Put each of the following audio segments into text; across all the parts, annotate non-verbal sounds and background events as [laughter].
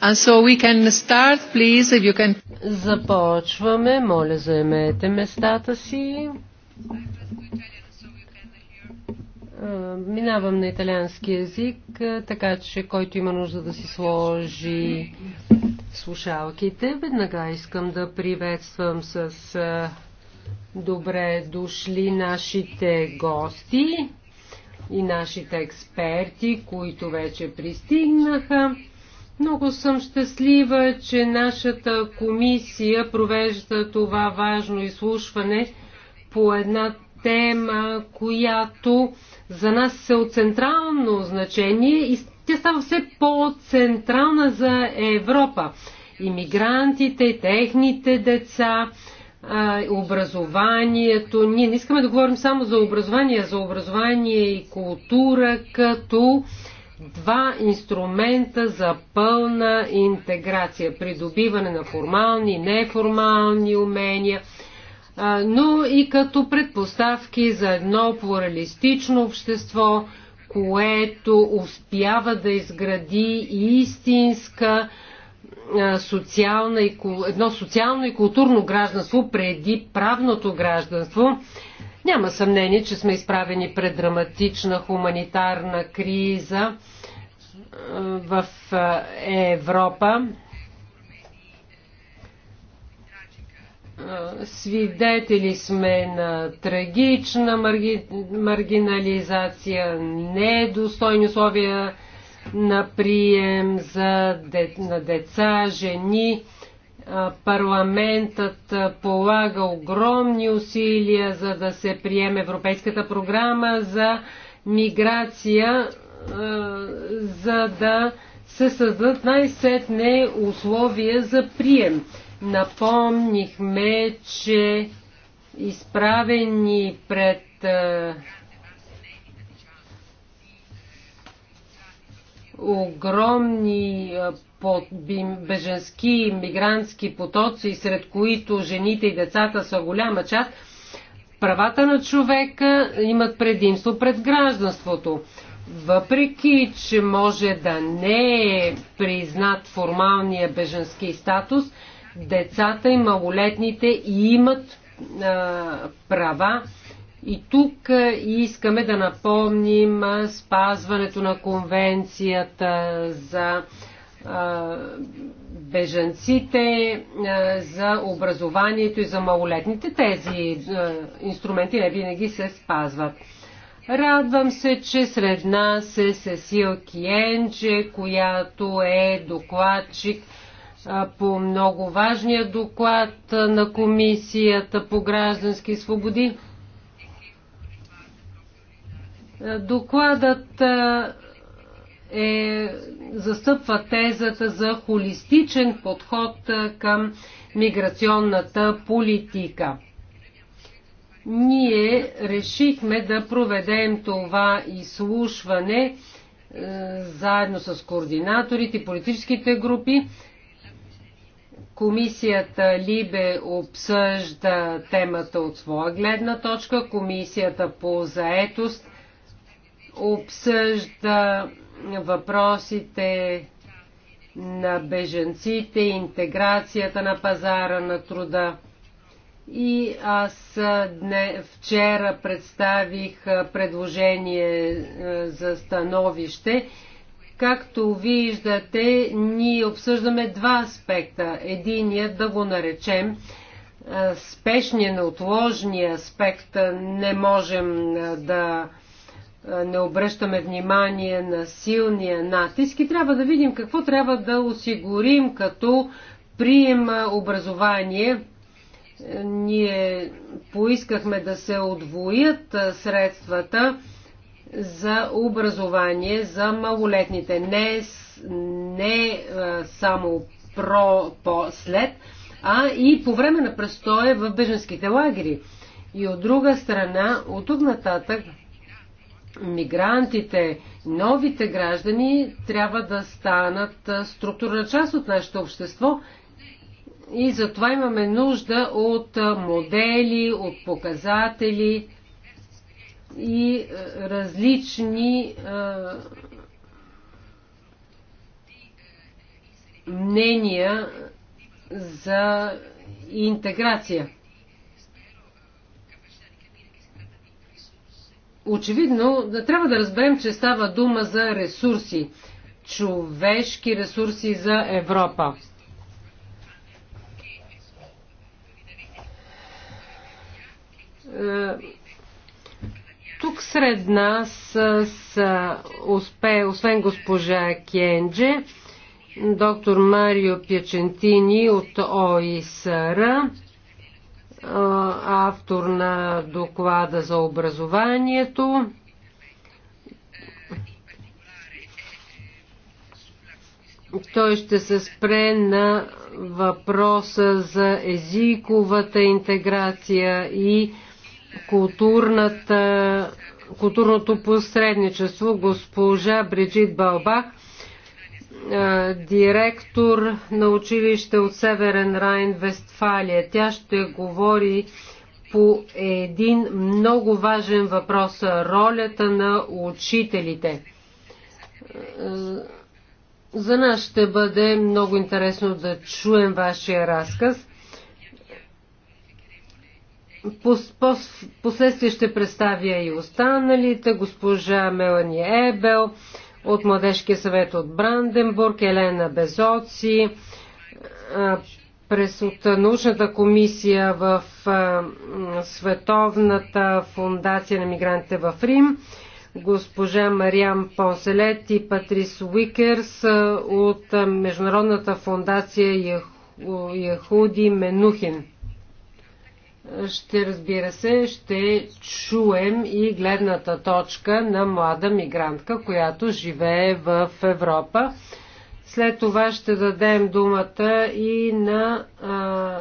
And so we can start, please, if you can... Започваме. Моля, заемете местата си. Минавам на италиански язик, така че който има нужда да си сложи слушалките, веднага искам да приветствам с добре дошли нашите гости и нашите експерти, които вече пристигнаха. Много съм щастлива, че нашата комисия провежда това важно изслушване по една тема, която за нас е от централно значение и тя става все по-централна за Европа. Имигрантите, техните деца, образованието. Ние не искаме да говорим само за образование, за образование и култура като два инструмента за пълна интеграция, придобиване на формални и неформални умения, но и като предпоставки за едно плуралистично общество, което успява да изгради истинска социална и, едно социално и културно гражданство преди правното гражданство няма съмнение, че сме изправени пред драматична хуманитарна криза в Европа. Свидетели сме на трагична марги... маргинализация, недостойни условия на прием за де... на деца, жени Парламентът полага огромни усилия за да се приеме Европейската програма за миграция, за да се създадат най-сетне условия за прием. Напомнихме, че изправени пред огромни беженски мигрантски потоци, сред които жените и децата са голяма част, правата на човека имат предимство пред гражданството. Въпреки, че може да не е признат формалния беженски статус, децата и малолетните имат а, права и тук е, искаме да напомним е, спазването на конвенцията за е, бежанците, за образованието и за малолетните. Тези инструменти не винаги се спазват. Радвам се, че сред нас е Сесил Киенче, която е докладчик по много важния доклад на Комисията по граждански свободи. Докладът е, застъпва тезата за холистичен подход към миграционната политика. Ние решихме да проведем това изслушване заедно с координаторите, и политическите групи. Комисията Либе обсъжда темата от своя гледна точка, комисията по заетост обсъжда въпросите на беженците, интеграцията на пазара на труда. И аз дне, вчера представих предложение за становище. Както виждате, ние обсъждаме два аспекта. Единият да го наречем спешния, неотложния аспект. Не можем да не обръщаме внимание на силния натиск и трябва да видим какво трябва да осигурим като прием образование. Е, ние поискахме да се отвоят средствата за образование за малолетните. Не, не само про, по, след, а и по време на престоя в беженските лагери. И от друга страна, от тук нататък мигрантите, новите граждани трябва да станат структурна част от нашето общество и затова имаме нужда от модели, от показатели и различни мнения за интеграция. очевидно трябва да разберем, че става дума за ресурси, човешки ресурси за Европа. Е, тук сред нас е, са успе, освен госпожа Кенджи, доктор Марио Пячентини от ОИСР автор на доклада за образованието. Той ще се спре на въпроса за езиковата интеграция и културното посредничество. Госпожа Бриджит Балбах директор на училище от Северен Райн, Вестфалия. Тя ще говори по един много важен въпрос – ролята на учителите. За нас ще бъде много интересно да чуем вашия разказ. Последствие ще представя и останалите, госпожа Мелани Ебел, от Младежкия съвет от Бранденбург, Елена Безоци, през от научната комисия в Световната фундация на мигрантите в Рим, госпожа Мариан Понселет и Патрис Уикерс от Международната фундация Яхуди Менухин ще разбира се, ще чуем и гледната точка на млада мигрантка, която живее в Европа. След това ще дадем думата и на а,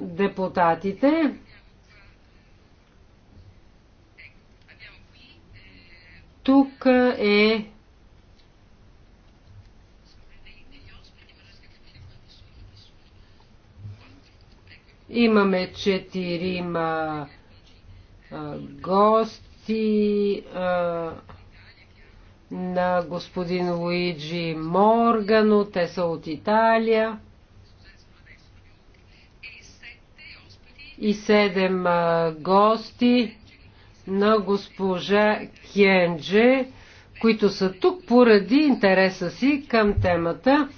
депутатите. Тук е Имаме четирима гости на господин Луиджи Моргано. Те са от Италия. И седем гости на госпожа Кендже, които са тук поради интереса си към темата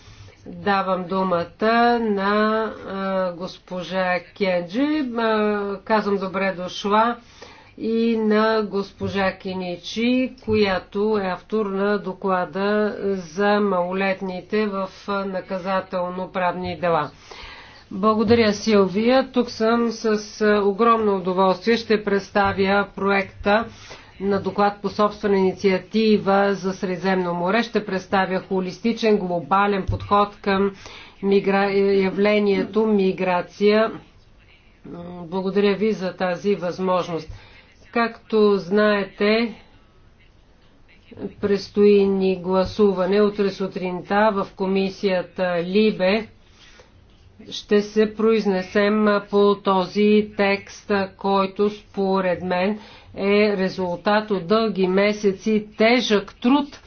Давам думата на а, госпожа Кенджи. А, казвам добре дошла и на госпожа Киничи, която е автор на доклада за малолетните в наказателно-правни дела. Благодаря, Силвия. Тук съм с огромно удоволствие. Ще представя проекта на доклад по собствена инициатива за Средиземно море. Ще представя холистичен, глобален подход към мигра... явлението миграция. Благодаря ви за тази възможност. Както знаете, предстои ни гласуване утре сутринта в комисията Либе ще се произнесем по този текст, който според мен е резултат от дълги месеци тежък труд,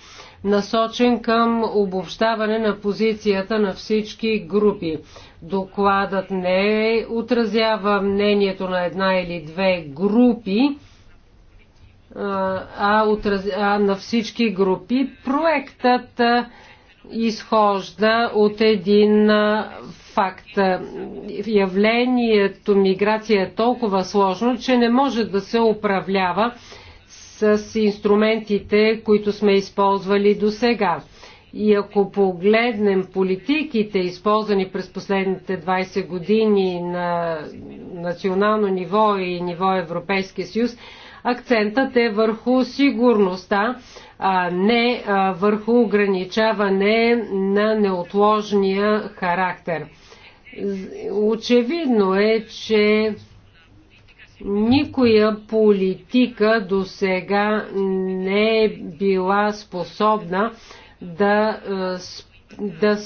насочен към обобщаване на позицията на всички групи. Докладът не отразява мнението на една или две групи, а, отраз... а на всички групи. Проектът изхожда от един факт. Явлението миграция е толкова сложно, че не може да се управлява с инструментите, които сме използвали до сега. И ако погледнем политиките, използвани през последните 20 години на национално ниво и ниво Европейския съюз, акцентът е върху сигурността, а не върху ограничаване на неотложния характер. Очевидно е, че никоя политика до сега не е била способна да, е, да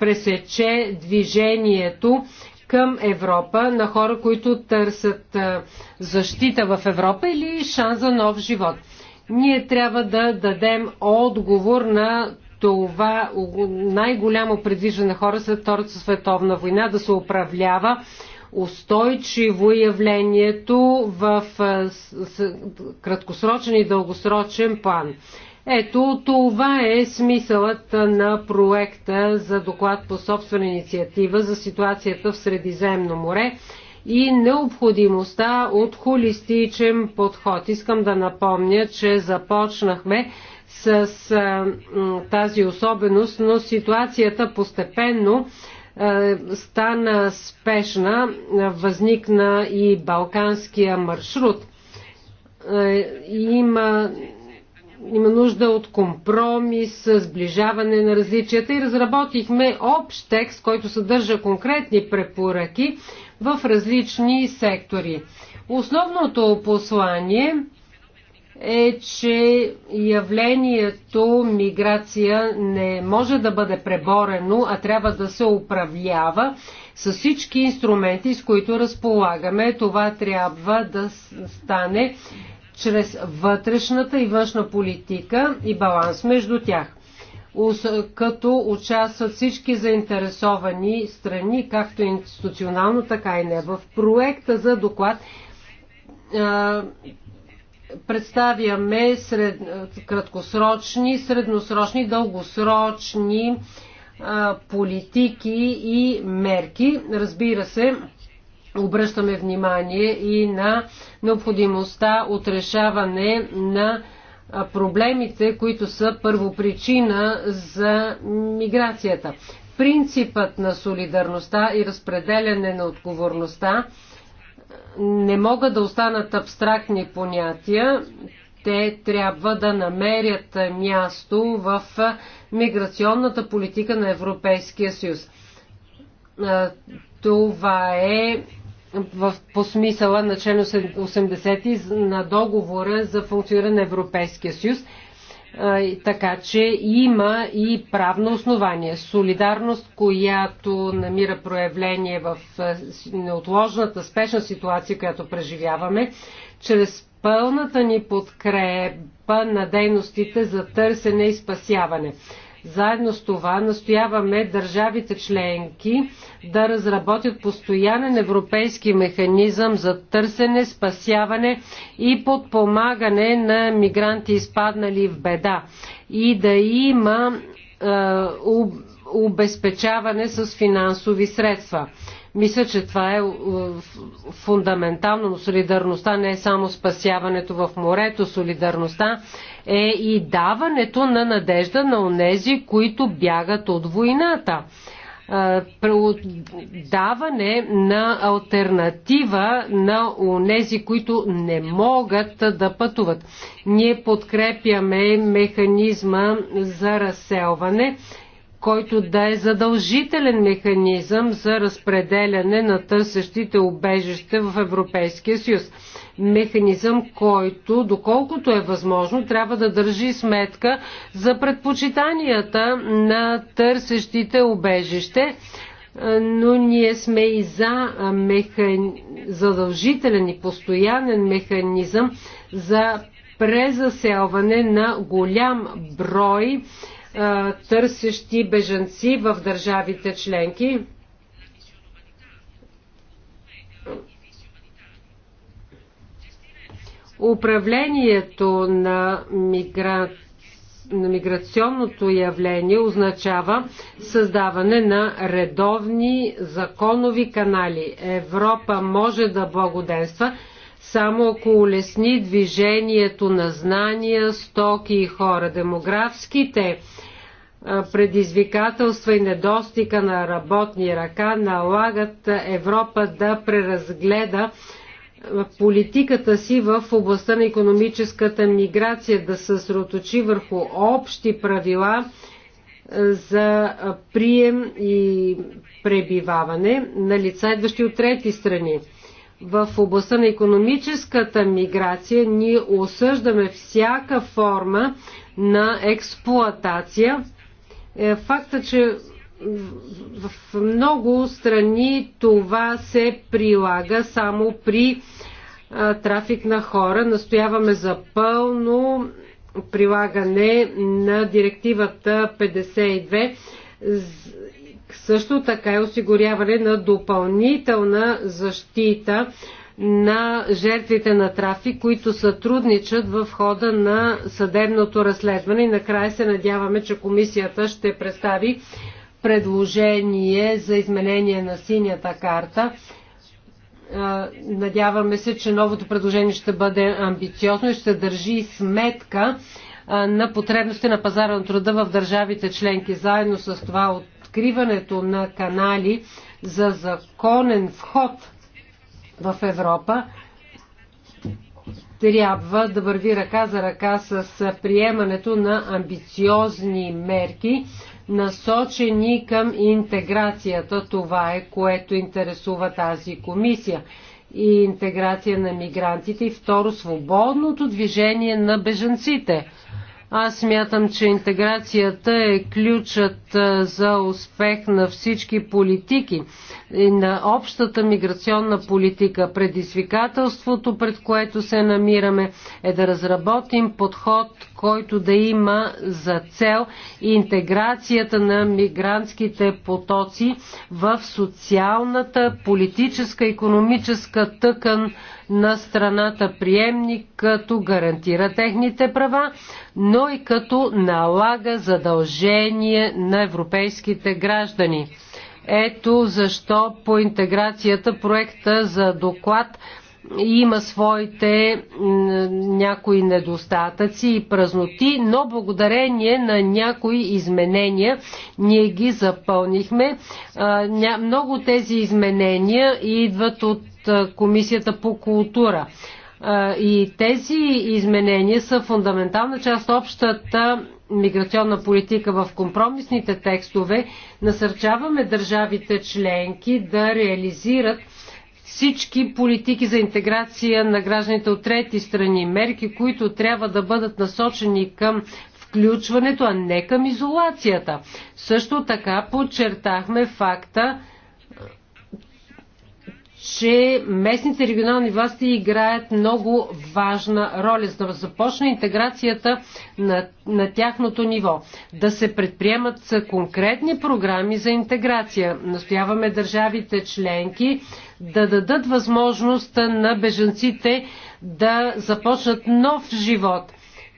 пресече движението към Европа на хора, които търсят е, защита в Европа или шанс за нов живот. Ние трябва да дадем отговор на това най-голямо предвижване на хора след Втората световна война да се управлява устойчиво явлението в е, краткосрочен и дългосрочен план. Ето, това е смисълът на проекта за доклад по собствена инициатива за ситуацията в Средиземно море и необходимостта от холистичен подход. Искам да напомня, че започнахме с а, тази особеност, но ситуацията постепенно а, стана спешна, възникна и балканския маршрут. А, има има нужда от компромис, сближаване на различията и разработихме общ текст, който съдържа конкретни препоръки в различни сектори. Основното послание е, че явлението миграция не може да бъде преборено, а трябва да се управлява с всички инструменти, с които разполагаме. Това трябва да стане чрез вътрешната и външна политика и баланс между тях, като участват всички заинтересовани страни, както институционално, така и не. В проекта за доклад представяме сред, краткосрочни, средносрочни, дългосрочни политики и мерки. Разбира се, обръщаме внимание и на необходимостта от решаване на проблемите, които са първопричина за миграцията. Принципът на солидарността и разпределяне на отговорността не могат да останат абстрактни понятия. Те трябва да намерят място в миграционната политика на Европейския съюз. Това е в, по смисъла на член 80 на договора за функциониране на Европейския съюз. Така че има и правно основание. Солидарност, която намира проявление в неотложната спешна ситуация, която преживяваме, чрез пълната ни подкрепа на дейностите за търсене и спасяване. Заедно с това настояваме държавите членки да разработят постоянен европейски механизъм за търсене, спасяване и подпомагане на мигранти изпаднали в беда и да има е, обезпечаване с финансови средства. Мисля, че това е, е фундаментално, но солидарността не е само спасяването в морето, солидарността е и даването на надежда на онези, които бягат от войната е, даване на альтернатива на онези, които не могат да пътуват. Ние подкрепяме механизма за разселване който да е задължителен механизъм за разпределяне на търсещите убежище в Европейския съюз. Механизъм, който, доколкото е възможно, трябва да държи сметка за предпочитанията на търсещите убежище, е, но ние сме и за механи... задължителен и постоянен механизъм за презаселване на голям брой търсещи бежанци в държавите членки. Управлението на, мигра... на миграционното явление означава създаване на редовни законови канали. Европа може да благоденства само ако улесни движението на знания, стоки и хора, демографските предизвикателства и недостига на работни ръка налагат Европа да преразгледа политиката си в областта на економическата миграция, да се сроточи върху общи правила за прием и пребиваване на лица, идващи от трети страни в областта на економическата миграция ние осъждаме всяка форма на експлоатация. Е, факта, че в много страни това се прилага само при трафик на хора. Настояваме за пълно прилагане на директивата 52 също така и е осигуряване на допълнителна защита на жертвите на трафик, които сътрудничат в хода на съдебното разследване. И накрая се надяваме, че комисията ще представи предложение за изменение на синята карта. Надяваме се, че новото предложение ще бъде амбициозно и ще държи сметка на потребности на пазара на труда в държавите членки. Заедно с това от разкриването на канали за законен вход в Европа трябва да върви ръка за ръка с приемането на амбициозни мерки, насочени към интеграцията. Това е което интересува тази комисия и интеграция на мигрантите и второ свободното движение на бежанците. Аз смятам, че интеграцията е ключът за успех на всички политики и на общата миграционна политика. Предизвикателството, пред което се намираме, е да разработим подход, който да има за цел интеграцията на мигрантските потоци в социалната, политическа, економическа тъкан на страната приемник, като гарантира техните права, но и като налага задължение на европейските граждани. Ето защо по интеграцията проекта за доклад има своите някои недостатъци и празноти, но благодарение на някои изменения ние ги запълнихме. Много тези изменения идват от от Комисията по култура. И тези изменения са фундаментална част общата миграционна политика в компромисните текстове. Насърчаваме държавите членки да реализират всички политики за интеграция на гражданите от трети страни, мерки, които трябва да бъдат насочени към включването, а не към изолацията. Също така подчертахме факта, че местните регионални власти играят много важна роля, за да започне интеграцията на, на тяхното ниво. Да се предприемат конкретни програми за интеграция. Настояваме държавите членки да дадат възможност на бежанците да започнат нов живот.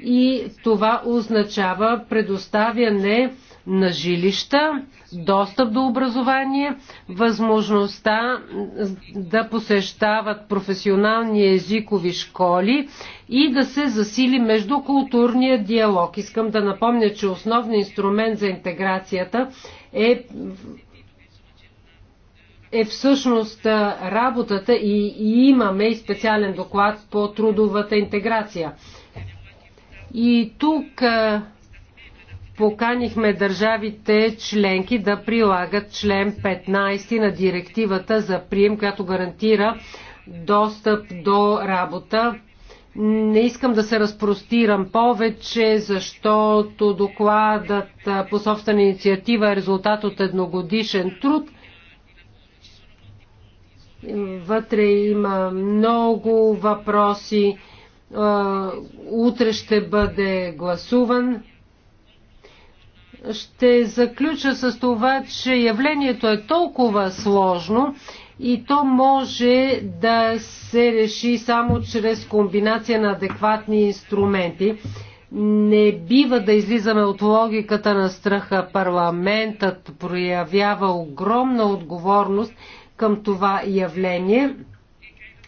И това означава предоставяне на жилища, достъп до образование, възможността да посещават професионални езикови школи и да се засили междукултурния диалог. Искам да напомня, че основният инструмент за интеграцията е е всъщност работата и, и имаме и специален доклад по трудовата интеграция. И тук поканихме държавите членки да прилагат член 15 на директивата за прием, която гарантира достъп до работа. Не искам да се разпростирам повече, защото докладът по собствена инициатива е резултат от едногодишен труд. Вътре има много въпроси. Утре ще бъде гласуван. Ще заключа с това, че явлението е толкова сложно и то може да се реши само чрез комбинация на адекватни инструменти. Не бива да излизаме от логиката на страха. Парламентът проявява огромна отговорност към това явление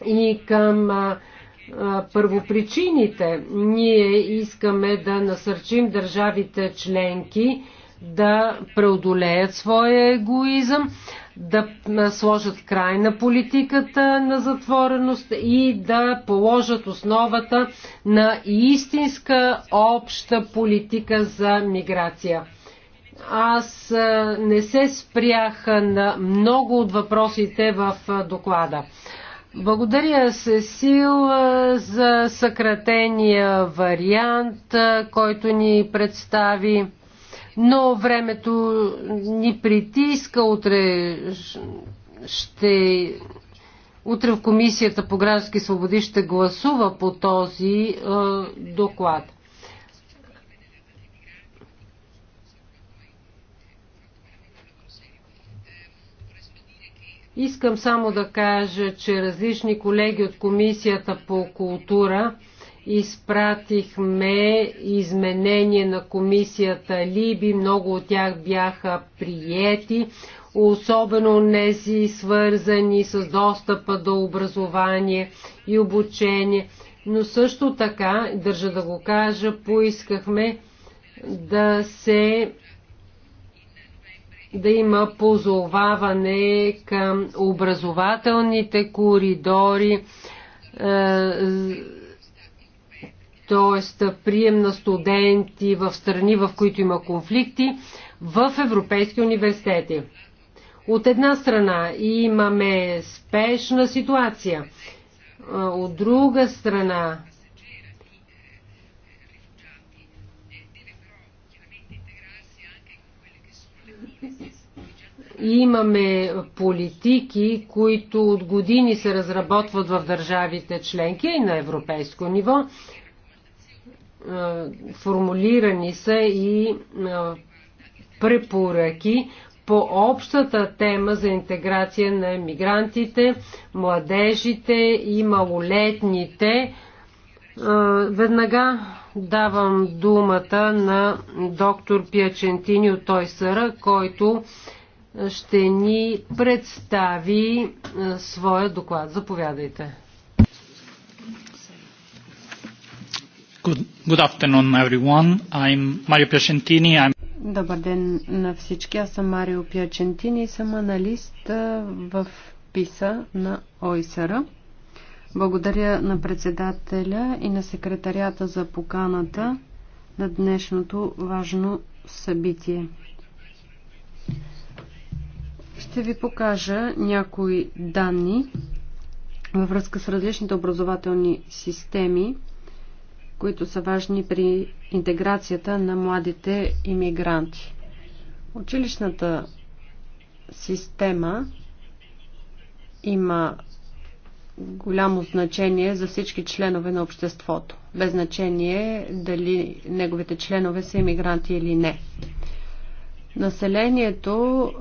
и към първопричините. Ние искаме да насърчим държавите членки да преодолеят своя егоизъм, да сложат край на политиката на затвореност и да положат основата на истинска обща политика за миграция. Аз не се спрях на много от въпросите в доклада. Благодаря, Сесил, за съкратения вариант, който ни представи. Но времето ни притиска. Утре ще Утре в Комисията по граждански свободи ще гласува по този е, доклад. Искам само да кажа, че различни колеги от Комисията по култура изпратихме изменение на комисията Либи. Много от тях бяха приети, особено нези свързани с достъпа до образование и обучение. Но също така, държа да го кажа, поискахме да се да има позоваване към образователните коридори, т.е. прием на студенти в страни, в които има конфликти, в европейски университети. От една страна имаме спешна ситуация, от друга страна имаме политики, които от години се разработват в държавите членки и на европейско ниво. Е, формулирани са и е, препоръки по общата тема за интеграция на мигрантите, младежите и малолетните. Е, веднага давам думата на доктор Пиачентини от Тойсъра, който ще ни представи е, своя доклад. Заповядайте. Good, afternoon, everyone. I'm Mario Piacentini. I'm... Добър ден на всички. Аз съм Марио Пиачентини и съм аналист е, в ПИСА на ОИСР. Благодаря на председателя и на секретарията за поканата на днешното важно събитие. Ще ви покажа някои данни във връзка с различните образователни системи, които са важни при интеграцията на младите иммигранти. Училищната система има голямо значение за всички членове на обществото, без значение дали неговите членове са иммигранти или не. Населението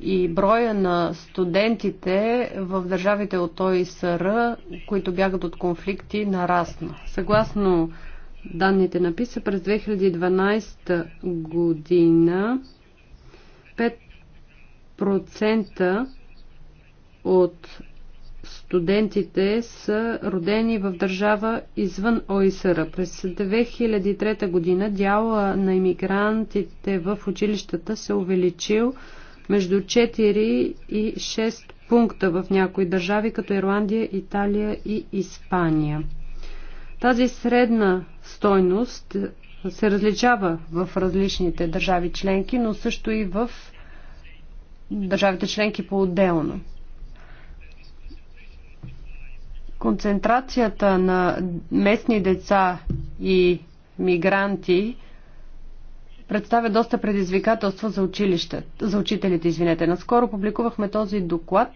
и броя на студентите в държавите от ОИСР, които бягат от конфликти, нарасна. Съгласно данните на ПИСА, през 2012 година 5% от студентите са родени в държава извън ОИСР. През 2003 година дяла на иммигрантите в училищата се увеличил между 4 и 6 пункта в някои държави, като Ирландия, Италия и Испания. Тази средна стойност се различава в различните държави членки, но също и в държавите членки по-отделно. Концентрацията на местни деца и мигранти представя доста предизвикателства за, училище, за учителите. Извинете. Наскоро публикувахме този доклад,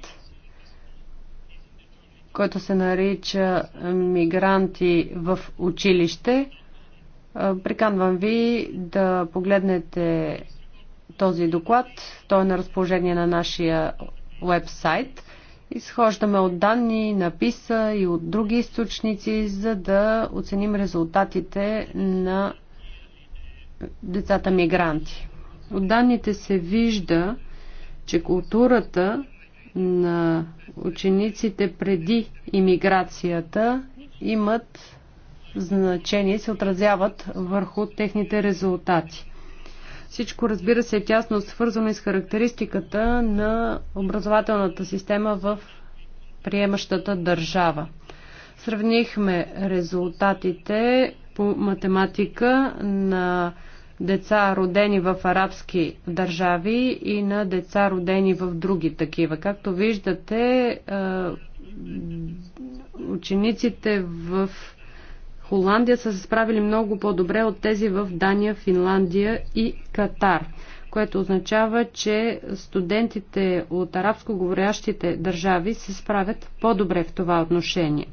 който се нарича Мигранти в училище. Приканвам ви да погледнете този доклад. Той е на разположение на нашия вебсайт. Изхождаме от данни на ПИСА и от други източници, за да оценим резултатите на децата мигранти. От данните се вижда, че културата на учениците преди иммиграцията имат значение, се отразяват върху техните резултати. Всичко, разбира се, е тясно свързано и с характеристиката на образователната система в приемащата държава. Сравнихме резултатите по математика на деца родени в арабски държави и на деца родени в други такива. Както виждате, учениците в Холандия са се справили много по-добре от тези в Дания, Финландия и Катар което означава, че студентите от арабско говорящите държави се справят по-добре в това отношение.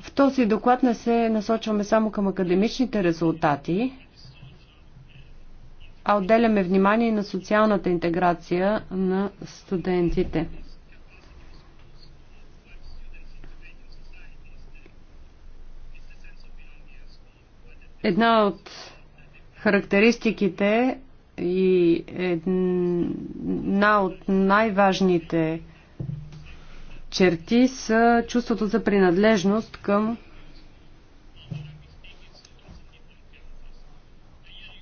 В този доклад не се насочваме само към академичните резултати, а отделяме внимание на социалната интеграция на студентите. Една от характеристиките и една от най-важните черти са чувството за принадлежност към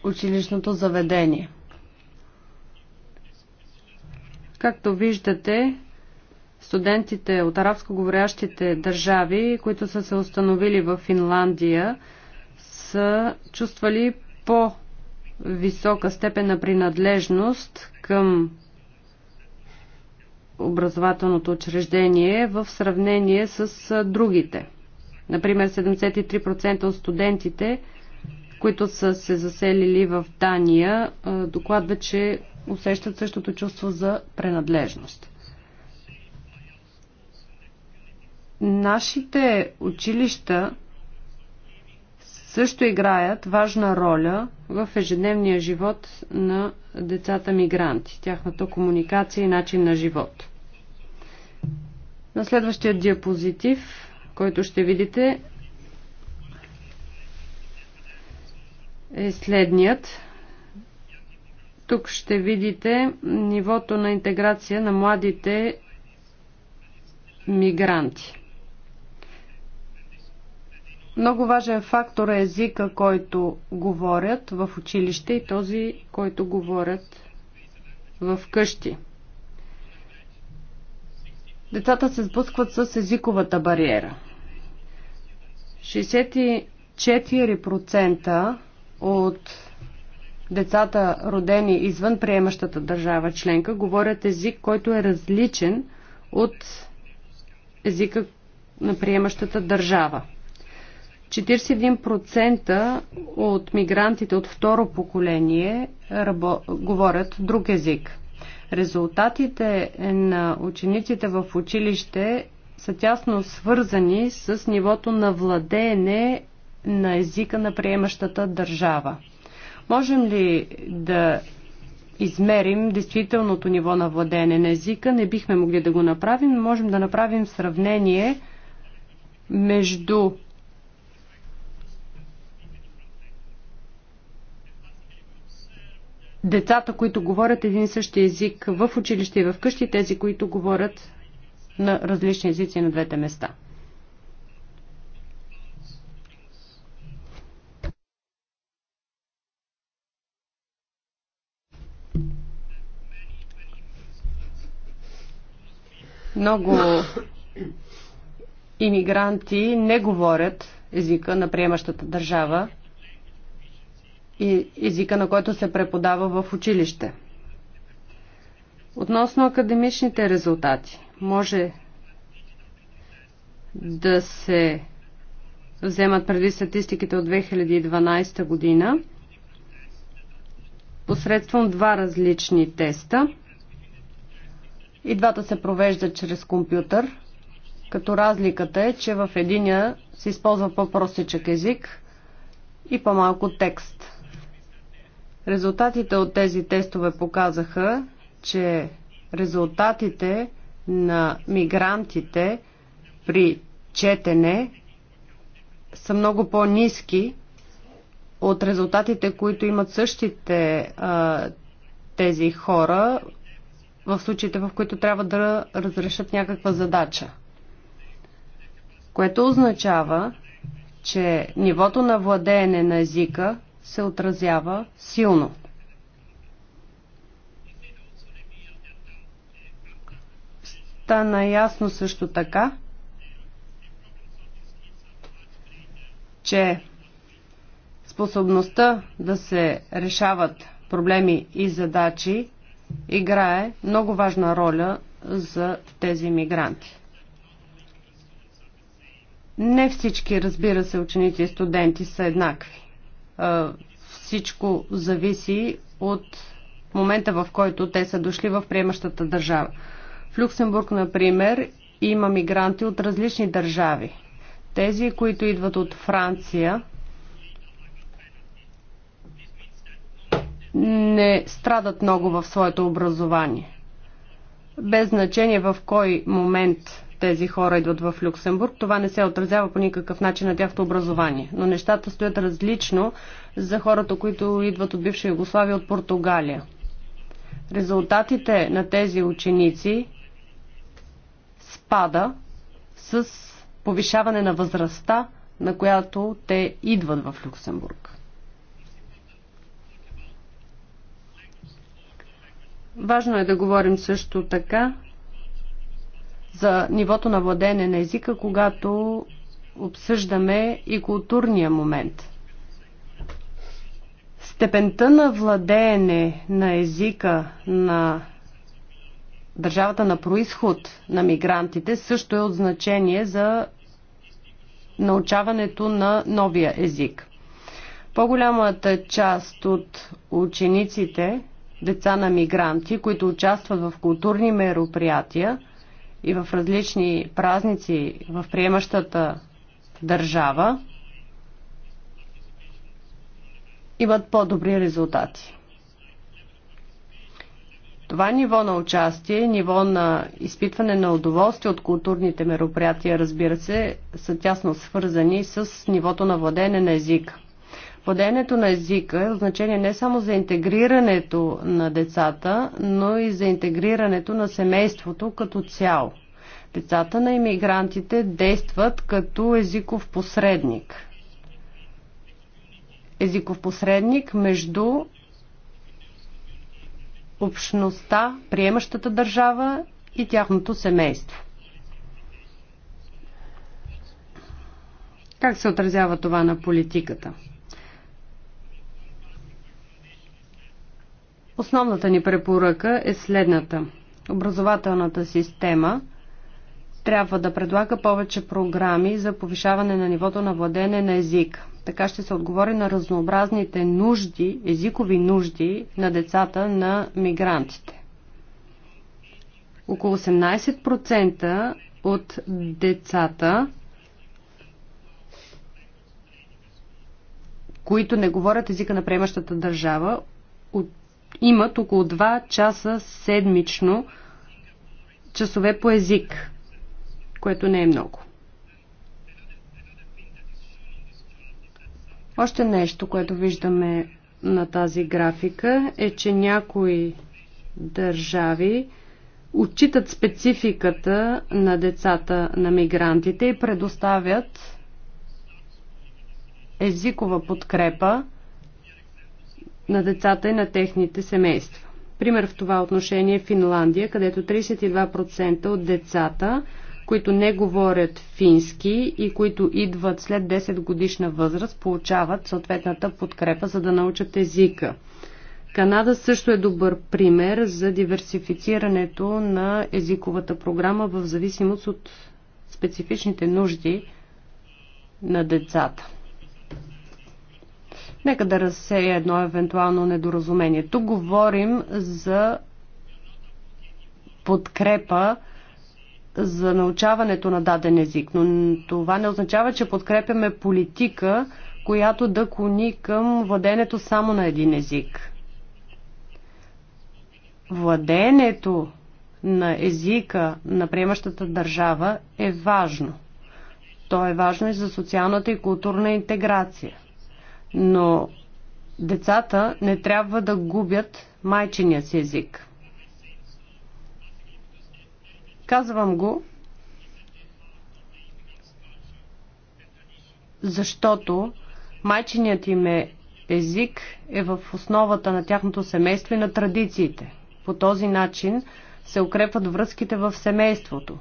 училищното заведение. Както виждате, студентите от арабско говорящите държави, които са се установили в Финландия, са чувствали по-висока степен на принадлежност към образователното учреждение в сравнение с другите. Например, 73% от студентите, които са се заселили в Дания, докладва, че усещат същото чувство за принадлежност. Нашите училища също играят важна роля в ежедневния живот на децата мигранти, тяхната комуникация и начин на живот. На следващия диапозитив, който ще видите, е следният. Тук ще видите нивото на интеграция на младите мигранти. Много важен фактор е езика, който говорят в училище и този, който говорят в къщи. Децата се сблъскват с езиковата бариера. 64% от децата, родени извън приемащата държава членка, говорят език, който е различен от езика на приемащата държава. 41% от мигрантите от второ поколение рабо... говорят друг език. Резултатите на учениците в училище са тясно свързани с нивото на владеене на езика на приемащата държава. Можем ли да измерим действителното ниво на владеене на езика? Не бихме могли да го направим, но можем да направим сравнение между децата, които говорят един и същи език в училище и в къщи, тези, които говорят на различни езици на двете места. Много иммигранти не говорят езика на приемащата държава и езика, на който се преподава в училище. Относно академичните резултати, може да се вземат преди статистиките от 2012 година посредством два различни теста. И двата се провеждат чрез компютър, като разликата е, че в единия се използва по-простичък език и по-малко текст. Резултатите от тези тестове показаха, че резултатите на мигрантите при четене са много по-низки от резултатите, които имат същите а, тези хора в случаите, в които трябва да разрешат някаква задача. Което означава, че нивото на владеене на езика се отразява силно. Стана ясно също така, че способността да се решават проблеми и задачи играе много важна роля за тези мигранти. Не всички, разбира се, ученици и студенти са еднакви всичко зависи от момента, в който те са дошли в приемащата държава. В Люксембург, например, има мигранти от различни държави. Тези, които идват от Франция, не страдат много в своето образование. Без значение в кой момент тези хора идват в Люксембург, това не се отразява по никакъв начин на тяхното образование. Но нещата стоят различно за хората, които идват от бивша Югославия, от Португалия. Резултатите на тези ученици спада с повишаване на възрастта, на която те идват в Люксембург. Важно е да говорим също така за нивото на владение на езика, когато обсъждаме и културния момент. Степента на владеене на езика на държавата на происход на мигрантите също е от значение за научаването на новия език. По-голямата част от учениците, деца на мигранти, които участват в културни мероприятия, и в различни празници в приемащата държава имат по-добри резултати. Това ниво на участие, ниво на изпитване на удоволствие от културните мероприятия, разбира се, са тясно свързани с нивото на владение на езика. Владеенето на езика е значение не само за интегрирането на децата, но и за интегрирането на семейството като цяло. Децата на иммигрантите действат като езиков посредник. Езиков посредник между общността, приемащата държава и тяхното семейство. Как се отразява това на политиката? Основната ни препоръка е следната. Образователната система трябва да предлага повече програми за повишаване на нивото на владене на език. Така ще се отговори на разнообразните нужди, езикови нужди на децата на мигрантите. Около 18% от децата, които не говорят езика на приемащата държава, имат около 2 часа седмично часове по език, което не е много. Още нещо, което виждаме на тази графика е, че някои държави отчитат спецификата на децата на мигрантите и предоставят езикова подкрепа на децата и на техните семейства. Пример в това отношение е Финландия, където 32% от децата, които не говорят фински и които идват след 10 годишна възраст, получават съответната подкрепа, за да научат езика. Канада също е добър пример за диверсифицирането на езиковата програма в зависимост от специфичните нужди на децата. Нека да разсея едно евентуално недоразумение. Тук говорим за подкрепа за научаването на даден език, но това не означава, че подкрепяме политика, която да клони към владенето само на един език. Владенето на езика на приемащата държава е важно. То е важно и за социалната и културна интеграция – но децата не трябва да губят майчиния си език. Казвам го, защото майчиният им е език е в основата на тяхното семейство и на традициите. По този начин се укрепват връзките в семейството.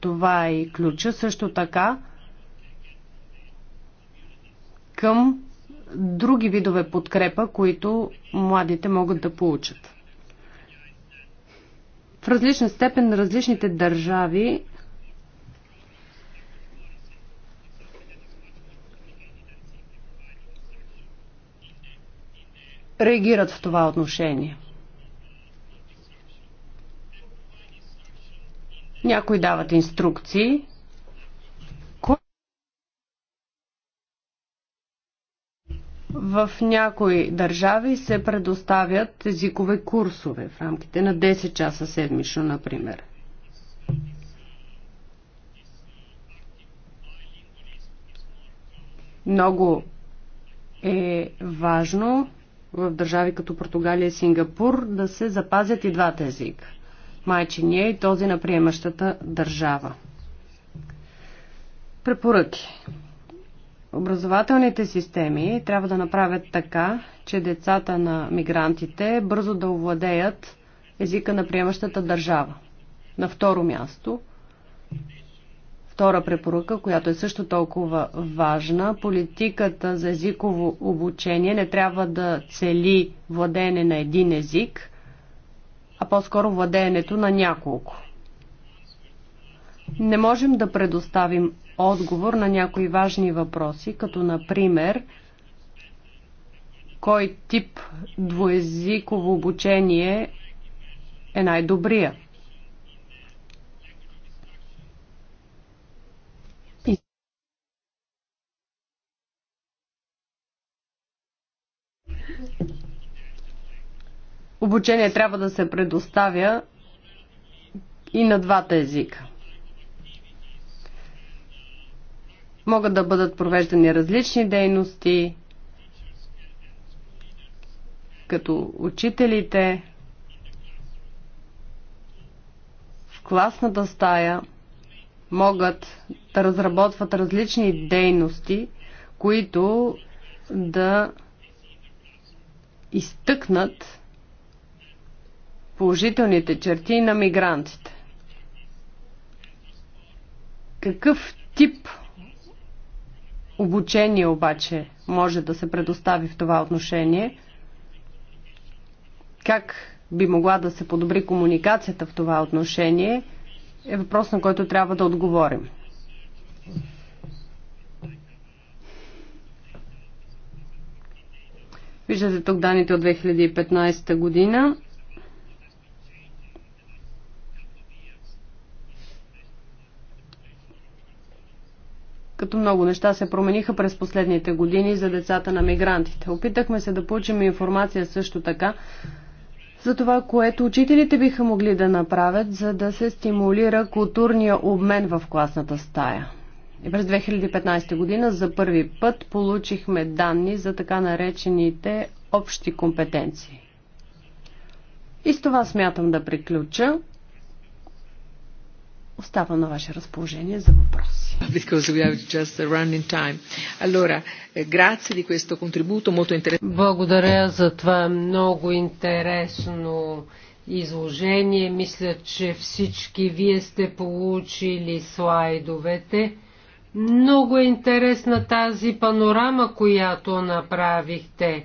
Това е и ключа също така към други видове подкрепа, които младите могат да получат. В различна степен различните държави реагират в това отношение. Някои дават инструкции, В някои държави се предоставят езикови курсове в рамките на 10 часа седмично, например. Много е важно в държави като Португалия и Сингапур да се запазят и двата езика майчиния и този на приемащата държава. Препоръки. Образователните системи трябва да направят така, че децата на мигрантите бързо да овладеят езика на приемащата държава. На второ място, втора препоръка, която е също толкова важна, политиката за езиково обучение не трябва да цели владеене на един език, а по-скоро владеенето на няколко. Не можем да предоставим отговор на някои важни въпроси, като например кой тип двоезиково обучение е най-добрия. Обучение трябва да се предоставя и на двата езика. Могат да бъдат провеждани различни дейности, като учителите в класната стая могат да разработват различни дейности, които да изтъкнат положителните черти на мигрантите. Какъв тип обучение обаче може да се предостави в това отношение? Как би могла да се подобри комуникацията в това отношение? Е въпрос, на който трябва да отговорим. Виждате тук данните от 2015 година. като много неща се промениха през последните години за децата на мигрантите. Опитахме се да получим информация също така за това, което учителите биха могли да направят, за да се стимулира културния обмен в класната стая. И през 2015 година за първи път получихме данни за така наречените общи компетенции. И с това смятам да приключа. Оставам на ваше разположение за въпрос. [laughs] Allora, eh, Благодаря за това много интересно изложение. Мисля, че всички вие сте получили слайдовете. Много е интересна тази панорама, която направихте е,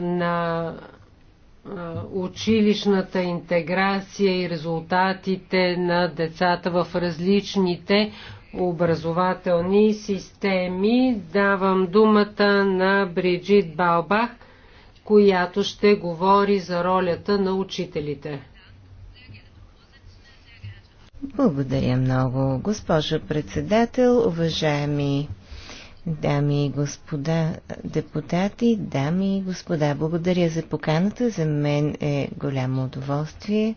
на е, училищната интеграция и резултатите на децата в различните образователни системи. Давам думата на Бриджит Балбах, която ще говори за ролята на учителите. Благодаря много, госпожа председател, уважаеми дами и господа депутати, дами и господа. Благодаря за поканата. За мен е голямо удоволствие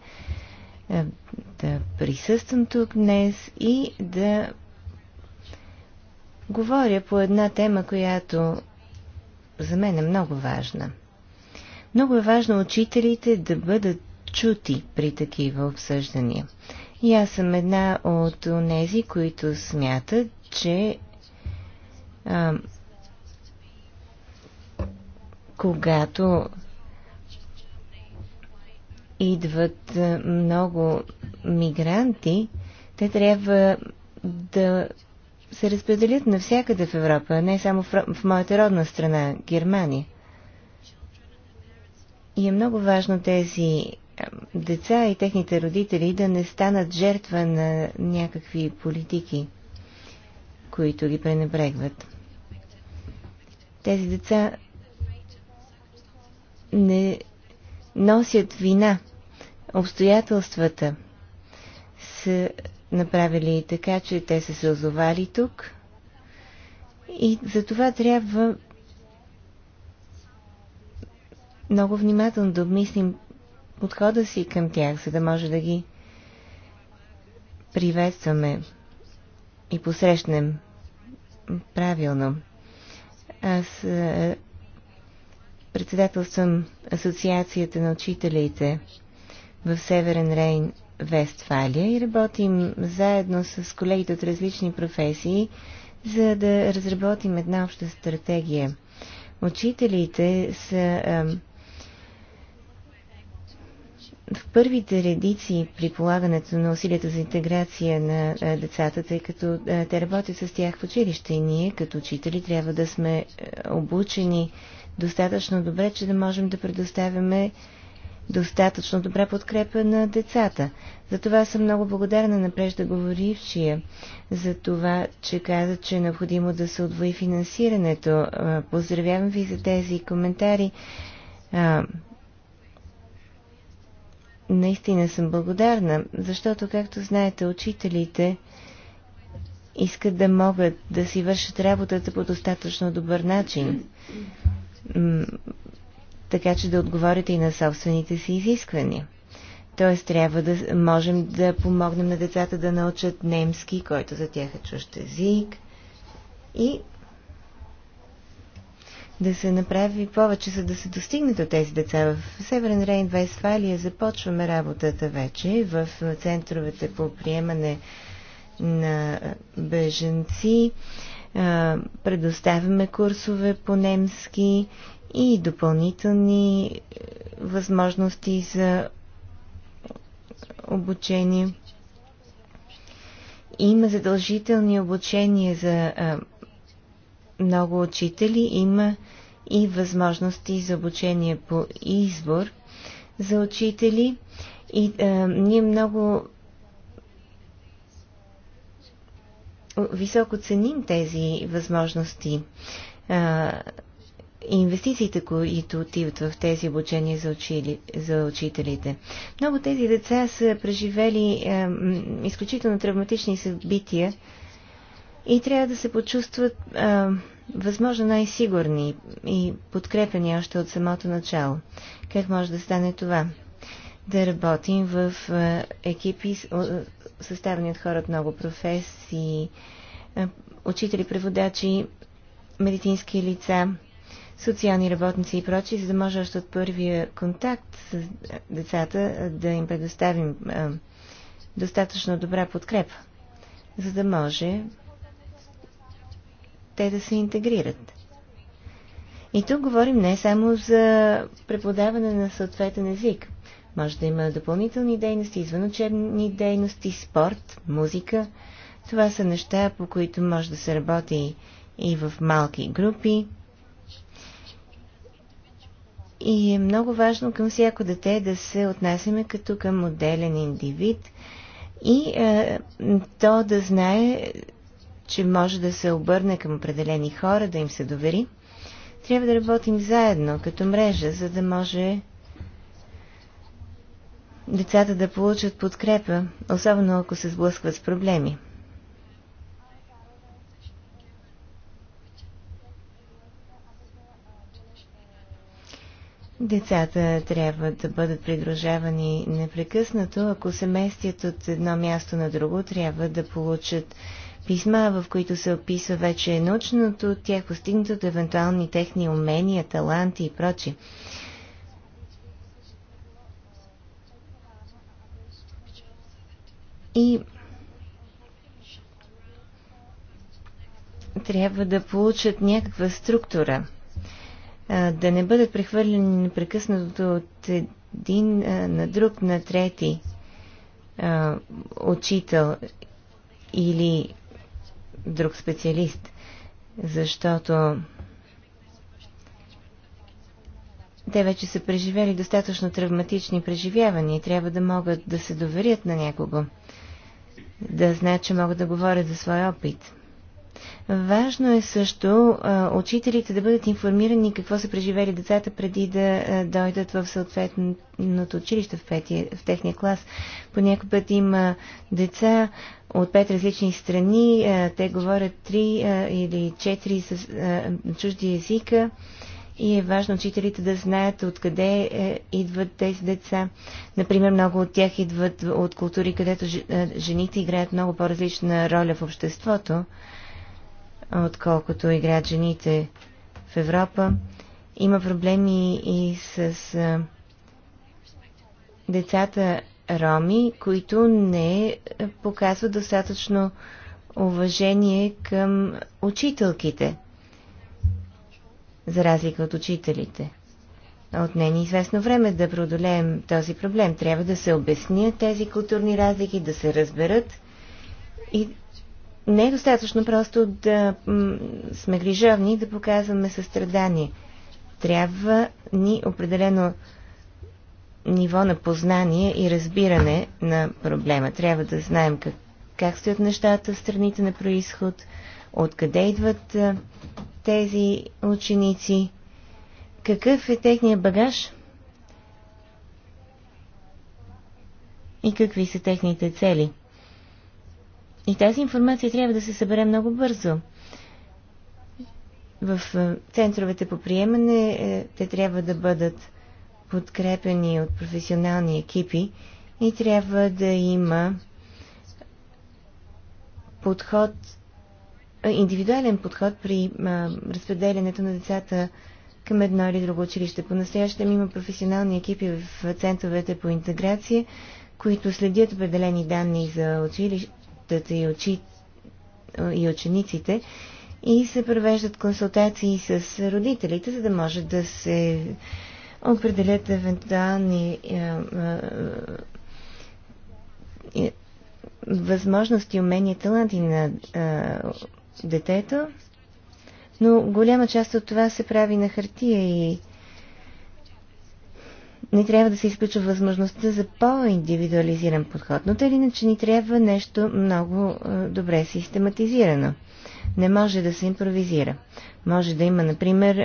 да присъствам тук днес и да говоря по една тема, която за мен е много важна. Много е важно учителите да бъдат чути при такива обсъждания. И аз съм една от тези, които смятат, че а, когато идват много мигранти, те трябва да се разпределят навсякъде в Европа, не само в, в моята родна страна, Германия. И е много важно тези деца и техните родители да не станат жертва на някакви политики, които ги пренебрегват. Тези деца не носят вина. Обстоятелствата са направили така, че те са се озовали тук. И за това трябва много внимателно да обмислим подхода си към тях, за да може да ги приветстваме и посрещнем правилно. Аз е, председателствам Асоциацията на учителите в Северен Рейн Вестфалия и работим заедно с колегите от различни професии, за да разработим една обща стратегия. Учителите са в първите редици при полагането на усилията за интеграция на децата, тъй като те работят с тях в училище и ние като учители трябва да сме обучени достатъчно добре, че да можем да предоставяме достатъчно добра подкрепа на децата. За това съм много благодарна на преждаговорившия, за това, че каза, че е необходимо да се отвои финансирането. Поздравявам ви за тези коментари. Наистина съм благодарна, защото, както знаете, учителите искат да могат да си вършат работата по достатъчно добър начин така че да отговорите и на собствените си изисквания. Т.е. трябва да можем да помогнем на децата да научат немски, който за тях е чущ език и да се направи повече, за да се достигнат от тези деца. В Северен Рейн, Вестфалия, започваме работата вече в центровете по приемане на беженци. Предоставяме курсове по немски и допълнителни е, възможности за обучение. Има задължителни обучения за е, много учители, има и възможности за обучение по избор за учители. И а, е, ние много високо ценим тези възможности. А, инвестициите, които отиват в тези обучения за, учили, за учителите. Много тези деца са преживели е, изключително травматични събития и трябва да се почувстват е, възможно най-сигурни и подкрепени още от самото начало. Как може да стане това? Да работим в е, екипи, съставени от хора от много професии, е, учители, преводачи, медицински лица, социални работници и прочи, за да може още от първия контакт с е, децата е, да им предоставим е, достатъчно добра подкрепа, за да може те да се интегрират. И тук говорим не само за преподаване на съответен език. Може да има допълнителни дейности, извънучебни дейности, спорт, музика. Това са неща, по които може да се работи и в малки групи. И е много важно към всяко дете да се отнасяме като към отделен индивид и е, то да знае, че може да се обърне към определени хора, да им се довери. Трябва да работим заедно, като мрежа, за да може децата да получат подкрепа, особено ако се сблъскват с проблеми. Децата трябва да бъдат придружавани непрекъснато. Ако се местят от едно място на друго, трябва да получат писма, в които се описва вече научното, тях постигнато, евентуални техни умения, таланти и прочи. И трябва да получат някаква структура – да не бъдат прехвърлени непрекъснато от един на друг, на трети учител или друг специалист, защото те вече са преживели достатъчно травматични преживявания и трябва да могат да се доверят на някого, да знаят, че могат да говорят за своя опит. Важно е също а, учителите да бъдат информирани какво са преживели децата преди да а, дойдат в съответното училище в, пети, в техния клас. По път има деца от пет различни страни, а, те говорят три а, или четири с, а, чужди езика и е важно учителите да знаят откъде е, идват тези деца. Например, много от тях идват от култури, където жените играят много по-различна роля в обществото отколкото играят жените в Европа. Има проблеми и с децата роми, които не показват достатъчно уважение към учителките, за разлика от учителите. От не е известно време да преодолеем този проблем. Трябва да се обяснят тези културни разлики, да се разберат и не е достатъчно просто да сме грижовни и да показваме състрадание. Трябва ни определено ниво на познание и разбиране на проблема. Трябва да знаем как, как стоят нещата в страните на происход, откъде идват а, тези ученици, какъв е техният багаж и какви са техните цели. И тази информация трябва да се събере много бързо. В е, центровете по приемане е, те трябва да бъдат подкрепени от професионални екипи и трябва да има подход, е, индивидуален подход при разпределянето на децата към едно или друго училище. По-настоящем има професионални екипи в центровете по интеграция, които следят определени данни за, училище училищата и, учи... и учениците и се провеждат консултации с родителите, за да може да се определят евентуални е, е, е, възможности, умения, таланти на детето, но голяма част от това се прави на хартия и не трябва да се изключва възможността за по-индивидуализиран подход, но тъй иначе ни трябва нещо много добре систематизирано. Не може да се импровизира. Може да има, например,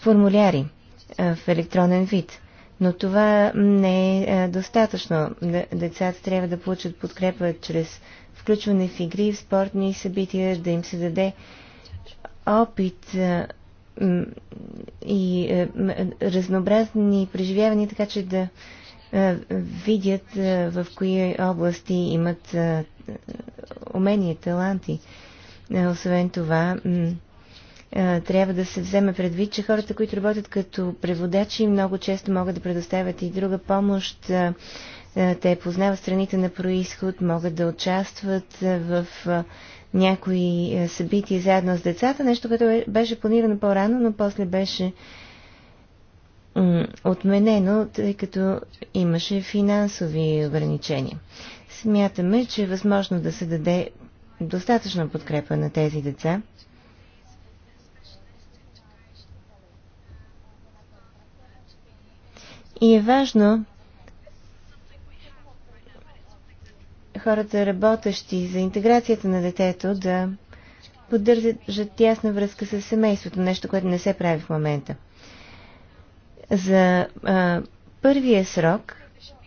формуляри в електронен вид. Но това не е достатъчно. Децата трябва да получат подкрепа чрез включване в игри, в спортни събития, да им се даде опит и е, е, разнообразни преживявания, така че да е, видят в кои области имат умения, таланти. Освен това, трябва да се вземе предвид, че хората, които работят като преводачи, много често могат да предоставят и друга помощ. Те познават страните на происход, могат да участват в някои е, събития заедно с децата, нещо, което е, беше планирано по-рано, но после беше отменено, тъй като имаше финансови ограничения. Смятаме, че е възможно да се даде достатъчна подкрепа на тези деца. И е важно хората работещи за интеграцията на детето да поддържат тясна връзка с семейството, нещо, което не се прави в момента. За а, първия срок,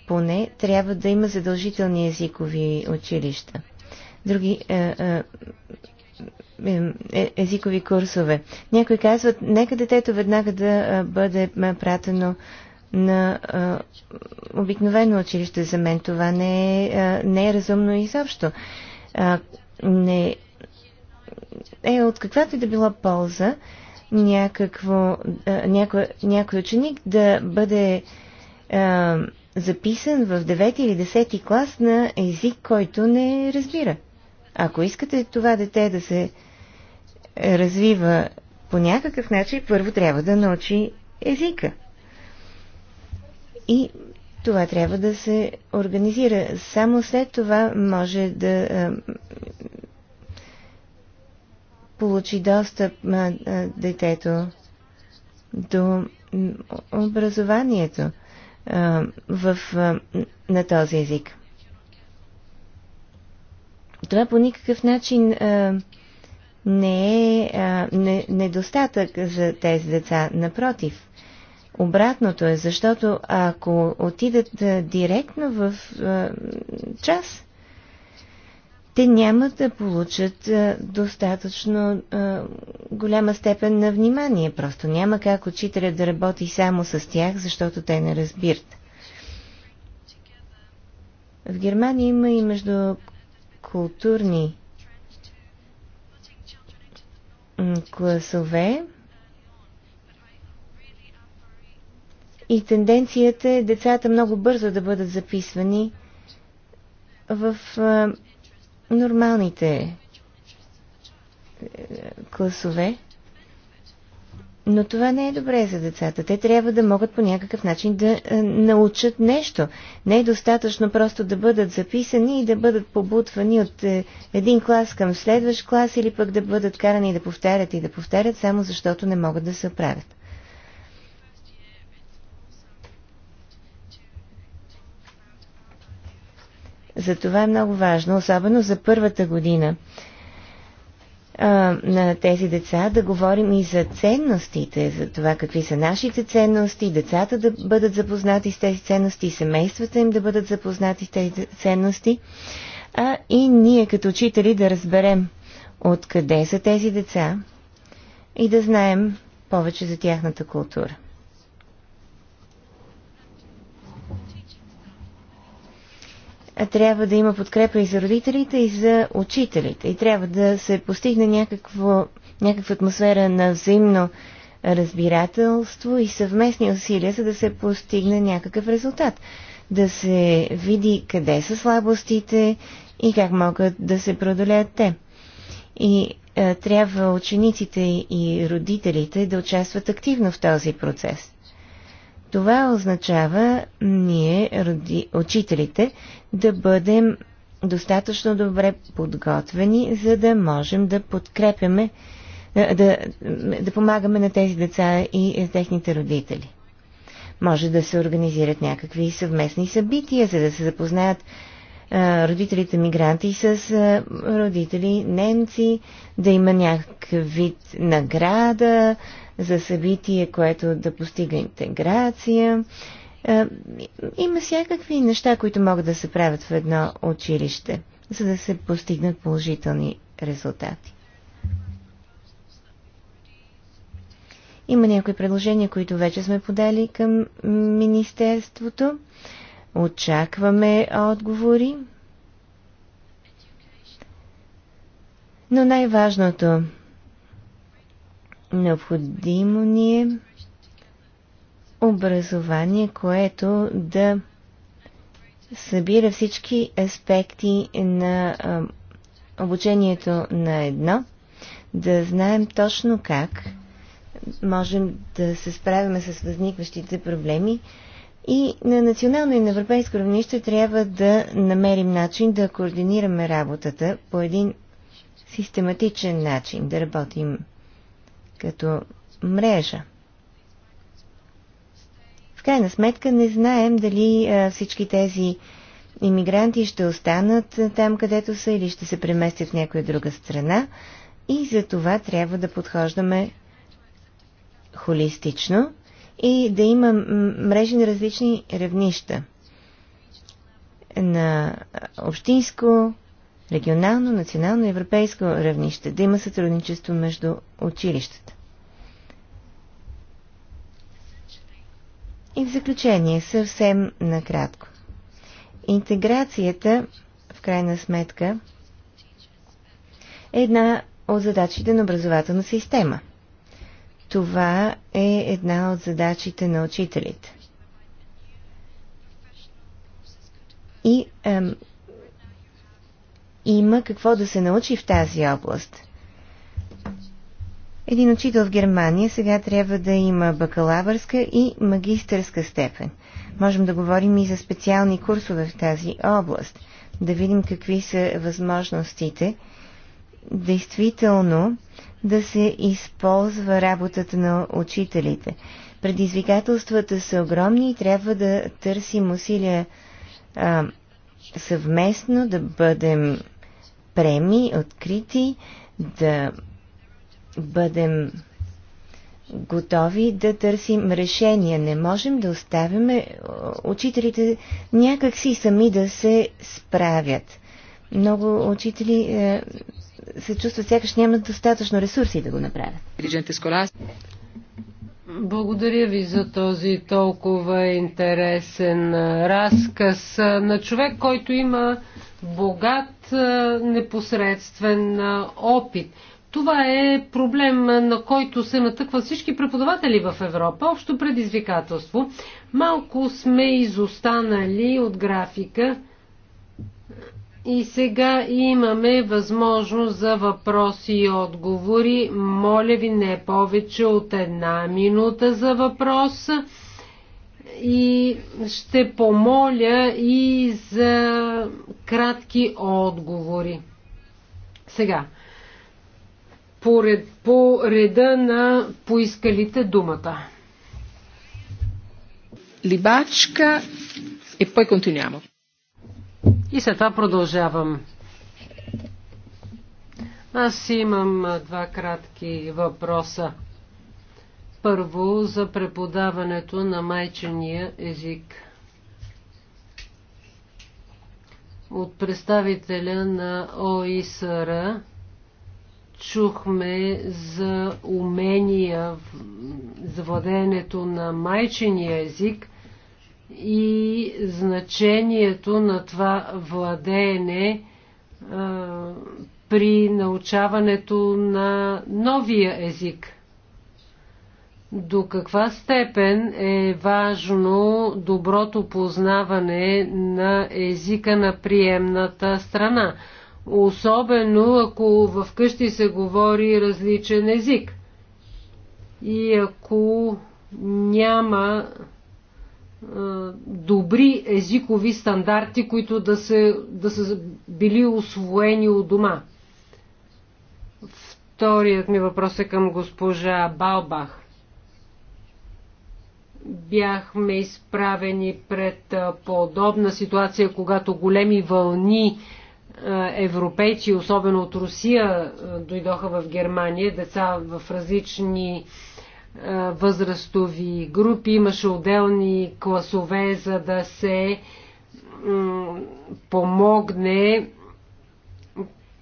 поне, трябва да има задължителни езикови училища. Други а, а, е, е езикови курсове. Някои казват, нека детето веднага да бъде пратено на а, обикновено училище. За мен това не е, а, не е разумно изобщо. А, не е от каквато и да била полза някакво, а, някой, някой ученик да бъде а, записан в 9 или 10 клас на език, който не разбира. Ако искате това дете да се развива по някакъв начин, първо трябва да научи езика. И това трябва да се организира. Само след това може да а, получи достъп а, а, детето до образованието а, в, а, на този език. Това по никакъв начин а, не е а, не, недостатък за тези деца. Напротив, Обратното е, защото ако отидат директно в час, те няма да получат достатъчно голяма степен на внимание. Просто няма как учителя да работи само с тях, защото те не разбират. В Германия има и между културни класове. И тенденцията е децата много бързо да бъдат записвани в а, нормалните а, е, класове. Но това не е добре за децата. Те трябва да могат по някакъв начин да а, е, научат нещо. Не е достатъчно просто да бъдат записани и да бъдат побутвани от е, един клас към следващ клас или пък да бъдат карани да повтарят и да повтарят, само защото не могат да се оправят. Затова е много важно, особено за първата година а, на тези деца, да говорим и за ценностите, за това какви са нашите ценности, децата да бъдат запознати с тези ценности, семействата им да бъдат запознати с тези ценности, а и ние като учители да разберем откъде са тези деца и да знаем повече за тяхната култура. трябва да има подкрепа и за родителите, и за учителите. И трябва да се постигне някакво, някаква атмосфера на взаимно разбирателство и съвместни усилия, за да се постигне някакъв резултат. Да се види къде са слабостите и как могат да се преодолеят те. И а, е, трябва учениците и родителите да участват активно в този процес. Това означава ние, роди, учителите, да бъдем достатъчно добре подготвени, за да можем да подкрепяме, е, да, да помагаме на тези деца и с техните родители. Може да се организират някакви съвместни събития, за да се запознаят е, родителите мигранти с е, родители немци, да има някакъв вид награда за събитие, което да постига интеграция е, има всякакви неща, които могат да се правят в едно училище, за да се постигнат положителни резултати. Има някои предложения, които вече сме подали към Министерството. Очакваме отговори. Но най-важното необходимо ни е образование, което да събира всички аспекти на обучението на едно, да знаем точно как можем да се справяме с възникващите проблеми и на национално и на европейско равнище трябва да намерим начин да координираме работата по един систематичен начин, да работим като мрежа крайна сметка не знаем дали а, всички тези иммигранти ще останат там, където са или ще се преместят в някоя друга страна и за това трябва да подхождаме холистично и да има мрежи на различни равнища. На общинско, регионално, национално, европейско равнище. Да има сътрудничество между училищата. И в заключение, съвсем накратко. Интеграцията, в крайна сметка, е една от задачите на образователна система. Това е една от задачите на учителите. И ем, има какво да се научи в тази област. Един учител в Германия сега трябва да има бакалавърска и магистърска степен. Можем да говорим и за специални курсове в тази област, да видим какви са възможностите действително да се използва работата на учителите. Предизвикателствата са огромни и трябва да търсим усилия а, съвместно, да бъдем преми, открити, да бъдем готови да търсим решения. Не можем да оставяме учителите някакси сами да се справят. Много учители се чувстват сякаш нямат достатъчно ресурси да го направят. Благодаря ви за този толкова интересен разказ на човек, който има богат непосредствен опит. Това е проблем, на който се натъкват всички преподаватели в Европа. Общо предизвикателство. Малко сме изостанали от графика. И сега имаме възможност за въпроси и отговори. Моля ви не повече от една минута за въпрос. И ще помоля и за кратки отговори. Сега, по, ред, по реда на поискалите думата. Либачка и пой континуамо. И след това продължавам. Аз имам два кратки въпроса. Първо за преподаването на майчения език. От представителя на ОИСР чухме за умения за владеенето на майчиния език и значението на това владеене а, при научаването на новия език. До каква степен е важно доброто познаване на езика на приемната страна? Особено ако вкъщи се говори различен език. И ако няма добри езикови стандарти, които да, се, да са били освоени от дома. Вторият ми въпрос е към госпожа Балбах. Бяхме изправени пред подобна ситуация, когато големи вълни е, европейци, особено от Русия, е, дойдоха в Германия, деца в различни е, възрастови групи, имаше отделни класове, за да се помогне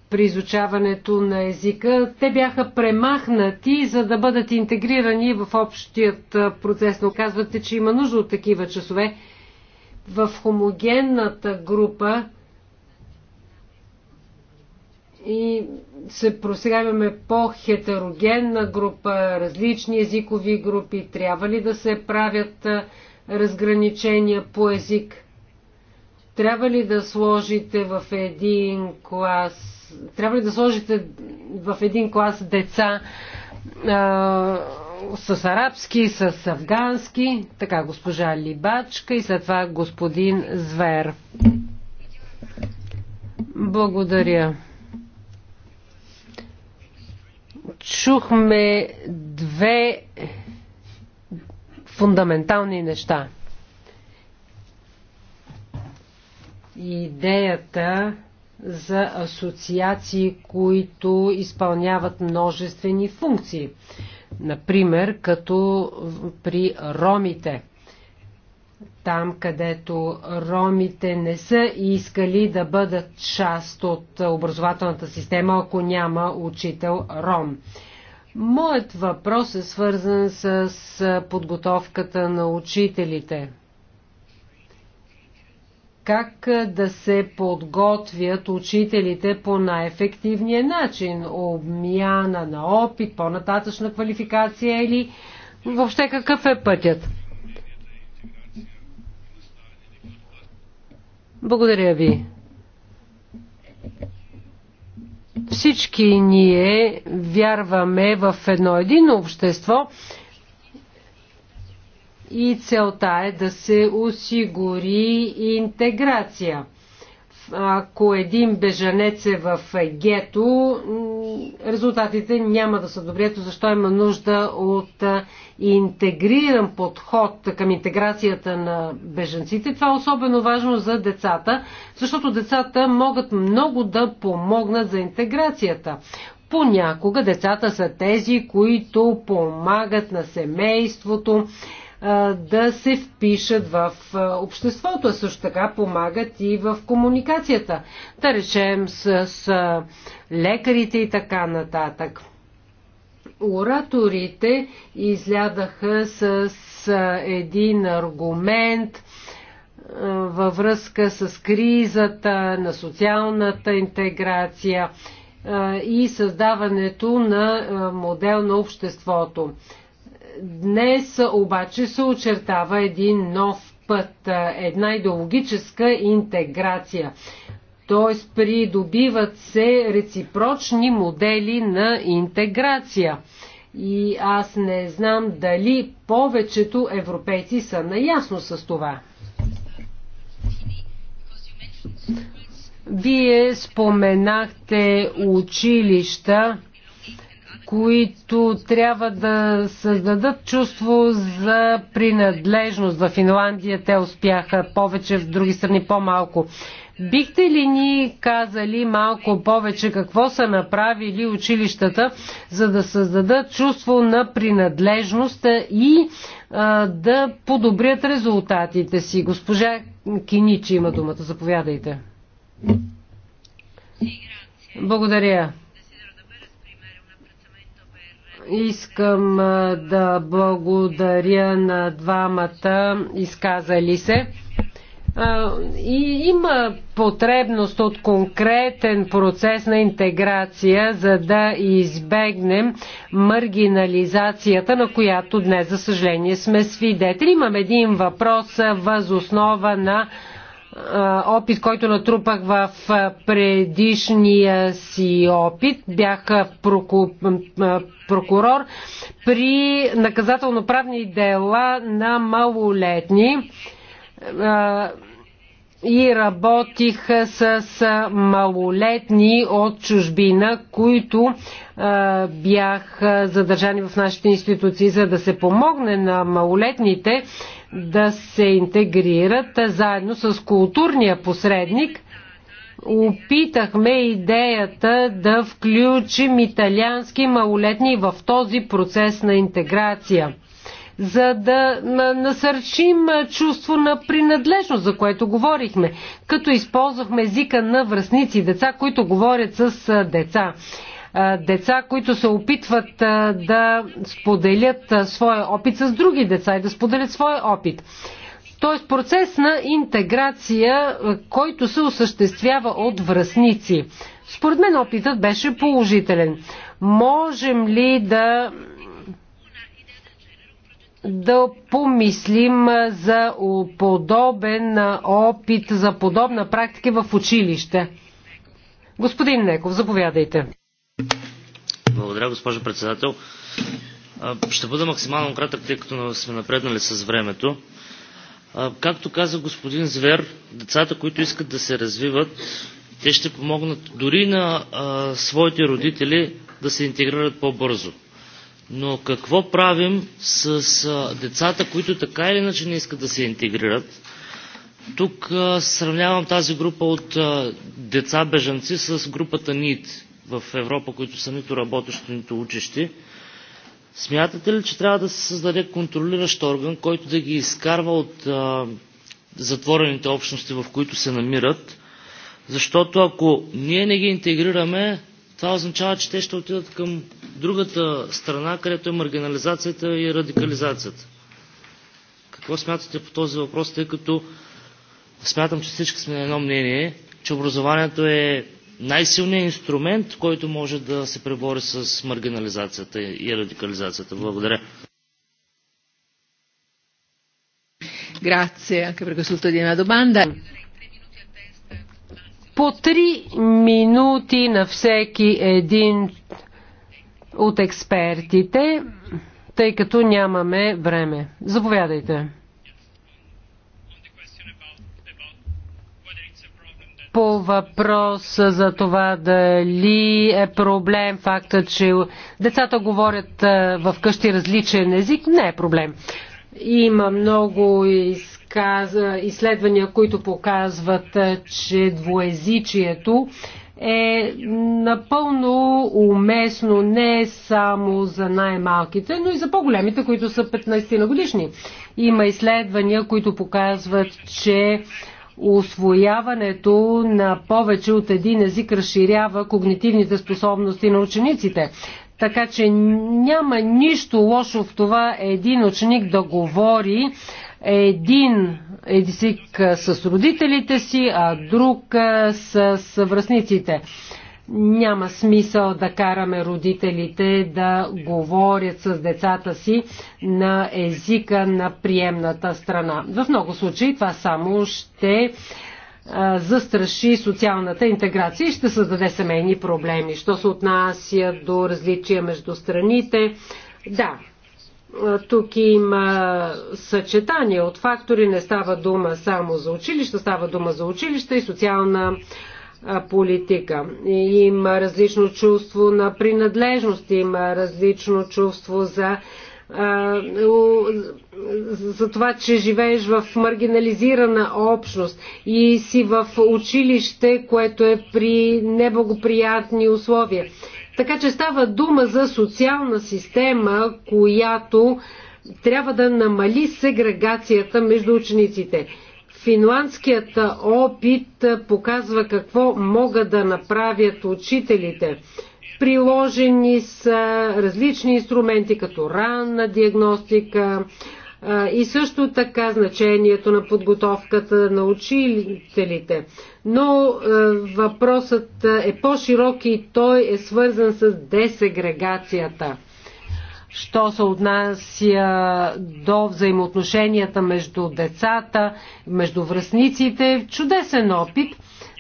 при изучаването на езика. Те бяха премахнати, за да бъдат интегрирани в общият процес. Но казвате, че има нужда от такива часове. В хомогенната група и се просяваме по-хетерогенна група, различни езикови групи, трябва ли да се правят разграничения по език? Трябва ли да сложите в един клас, трябва ли да сложите в един клас деца а, с арабски, с афгански, така госпожа Либачка и след това господин Звер. Благодаря чухме две фундаментални неща. Идеята за асоциации, които изпълняват множествени функции. Например, като при ромите – там, където ромите не са искали да бъдат част от образователната система, ако няма учител ром. Моят въпрос е свързан с подготовката на учителите. Как да се подготвят учителите по най-ефективния начин? Обмяна на опит, по-нататъчна квалификация или въобще какъв е пътят? Благодаря ви. Всички ние вярваме в едно едино общество и целта е да се осигури интеграция ако един бежанец е в гето, резултатите няма да са добри. Ето защо има нужда от интегриран подход към интеграцията на бежанците. Това е особено важно за децата, защото децата могат много да помогнат за интеграцията. Понякога децата са тези, които помагат на семейството, да се впишат в обществото, а също така помагат и в комуникацията, да речем с, с лекарите и така нататък. Ораторите излядаха с един аргумент във връзка с кризата на социалната интеграция и създаването на модел на обществото. Днес обаче се очертава един нов път, една идеологическа интеграция. Т.е. придобиват се реципрочни модели на интеграция. И аз не знам дали повечето европейци са наясно с това. Вие споменахте училища които трябва да създадат чувство за принадлежност. В Финландия те успяха повече, в други страни по-малко. Бихте ли ни казали малко повече какво са направили училищата, за да създадат чувство на принадлежност и а, да подобрят резултатите си? Госпожа Киничи има думата. Заповядайте. Благодаря. Искам да благодаря на двамата изказали се. И има потребност от конкретен процес на интеграция, за да избегнем маргинализацията, на която днес, за съжаление, сме свидетели. Имам един въпрос възоснова на опит, който натрупах в предишния си опит. Бях прокурор при наказателно-правни дела на малолетни и работих с малолетни от чужбина, които бях задържани в нашите институции, за да се помогне на малолетните да се интегрират заедно с културния посредник. Опитахме идеята да включим италиански малолетни в този процес на интеграция за да насърчим чувство на принадлежност, за което говорихме, като използвахме езика на връзници, деца, които говорят с деца деца, които се опитват да споделят своя опит с други деца и да споделят своя опит. Тоест процес на интеграция, който се осъществява от връзници. Според мен опитът беше положителен. Можем ли да да помислим за подобен опит, за подобна практика в училище. Господин Неков, заповядайте. Благодаря, госпожо председател. Ще бъда максимално кратък, тъй като сме напреднали с времето. Както каза господин Звер, децата, които искат да се развиват, те ще помогнат дори на своите родители да се интегрират по-бързо. Но какво правим с а, децата, които така или иначе не искат да се интегрират? Тук а, сравнявам тази група от а, деца бежанци с групата НИД в Европа, които са нито работещи, нито учещи. Смятате ли, че трябва да се създаде контролиращ орган, който да ги изкарва от а, затворените общности, в които се намират? Защото ако ние не ги интегрираме, това означава, че те ще отидат към другата страна, където е маргинализацията и радикализацията. Какво смятате по този въпрос, тъй като смятам, че всички сме на едно мнение, че образованието е най-силният инструмент, който може да се пребори с маргинализацията и радикализацията. Благодаря. Grazie anche per questo ultima domanda по три минути на всеки един от експертите, тъй като нямаме време. Заповядайте. по въпроса за това дали е проблем факта, че децата говорят в къщи различен език, не е проблем. Има много из изследвания, които показват, че двоезичието е напълно уместно не само за най-малките, но и за по-големите, които са 15 на годишни. Има изследвания, които показват, че освояването на повече от един език разширява когнитивните способности на учениците. Така че няма нищо лошо в това един ученик да говори един език с родителите си, а друг с връзниците. Няма смисъл да караме родителите да говорят с децата си на езика на приемната страна. В много случаи това само ще застраши социалната интеграция и ще създаде семейни проблеми. Що се отнася до различия между страните, да, тук има съчетание от фактори. Не става дума само за училище, става дума за училище и социална политика. Има различно чувство на принадлежност, има различно чувство за за това, че живееш в маргинализирана общност и си в училище, което е при неблагоприятни условия. Така че става дума за социална система, която трябва да намали сегрегацията между учениците. Финландският опит показва какво могат да направят учителите. Приложени са различни инструменти, като ранна диагностика, и също така значението на подготовката на учителите. Но въпросът е по-широк и той е свързан с десегрегацията. Що се отнася до взаимоотношенията между децата, между връзниците, чудесен опит.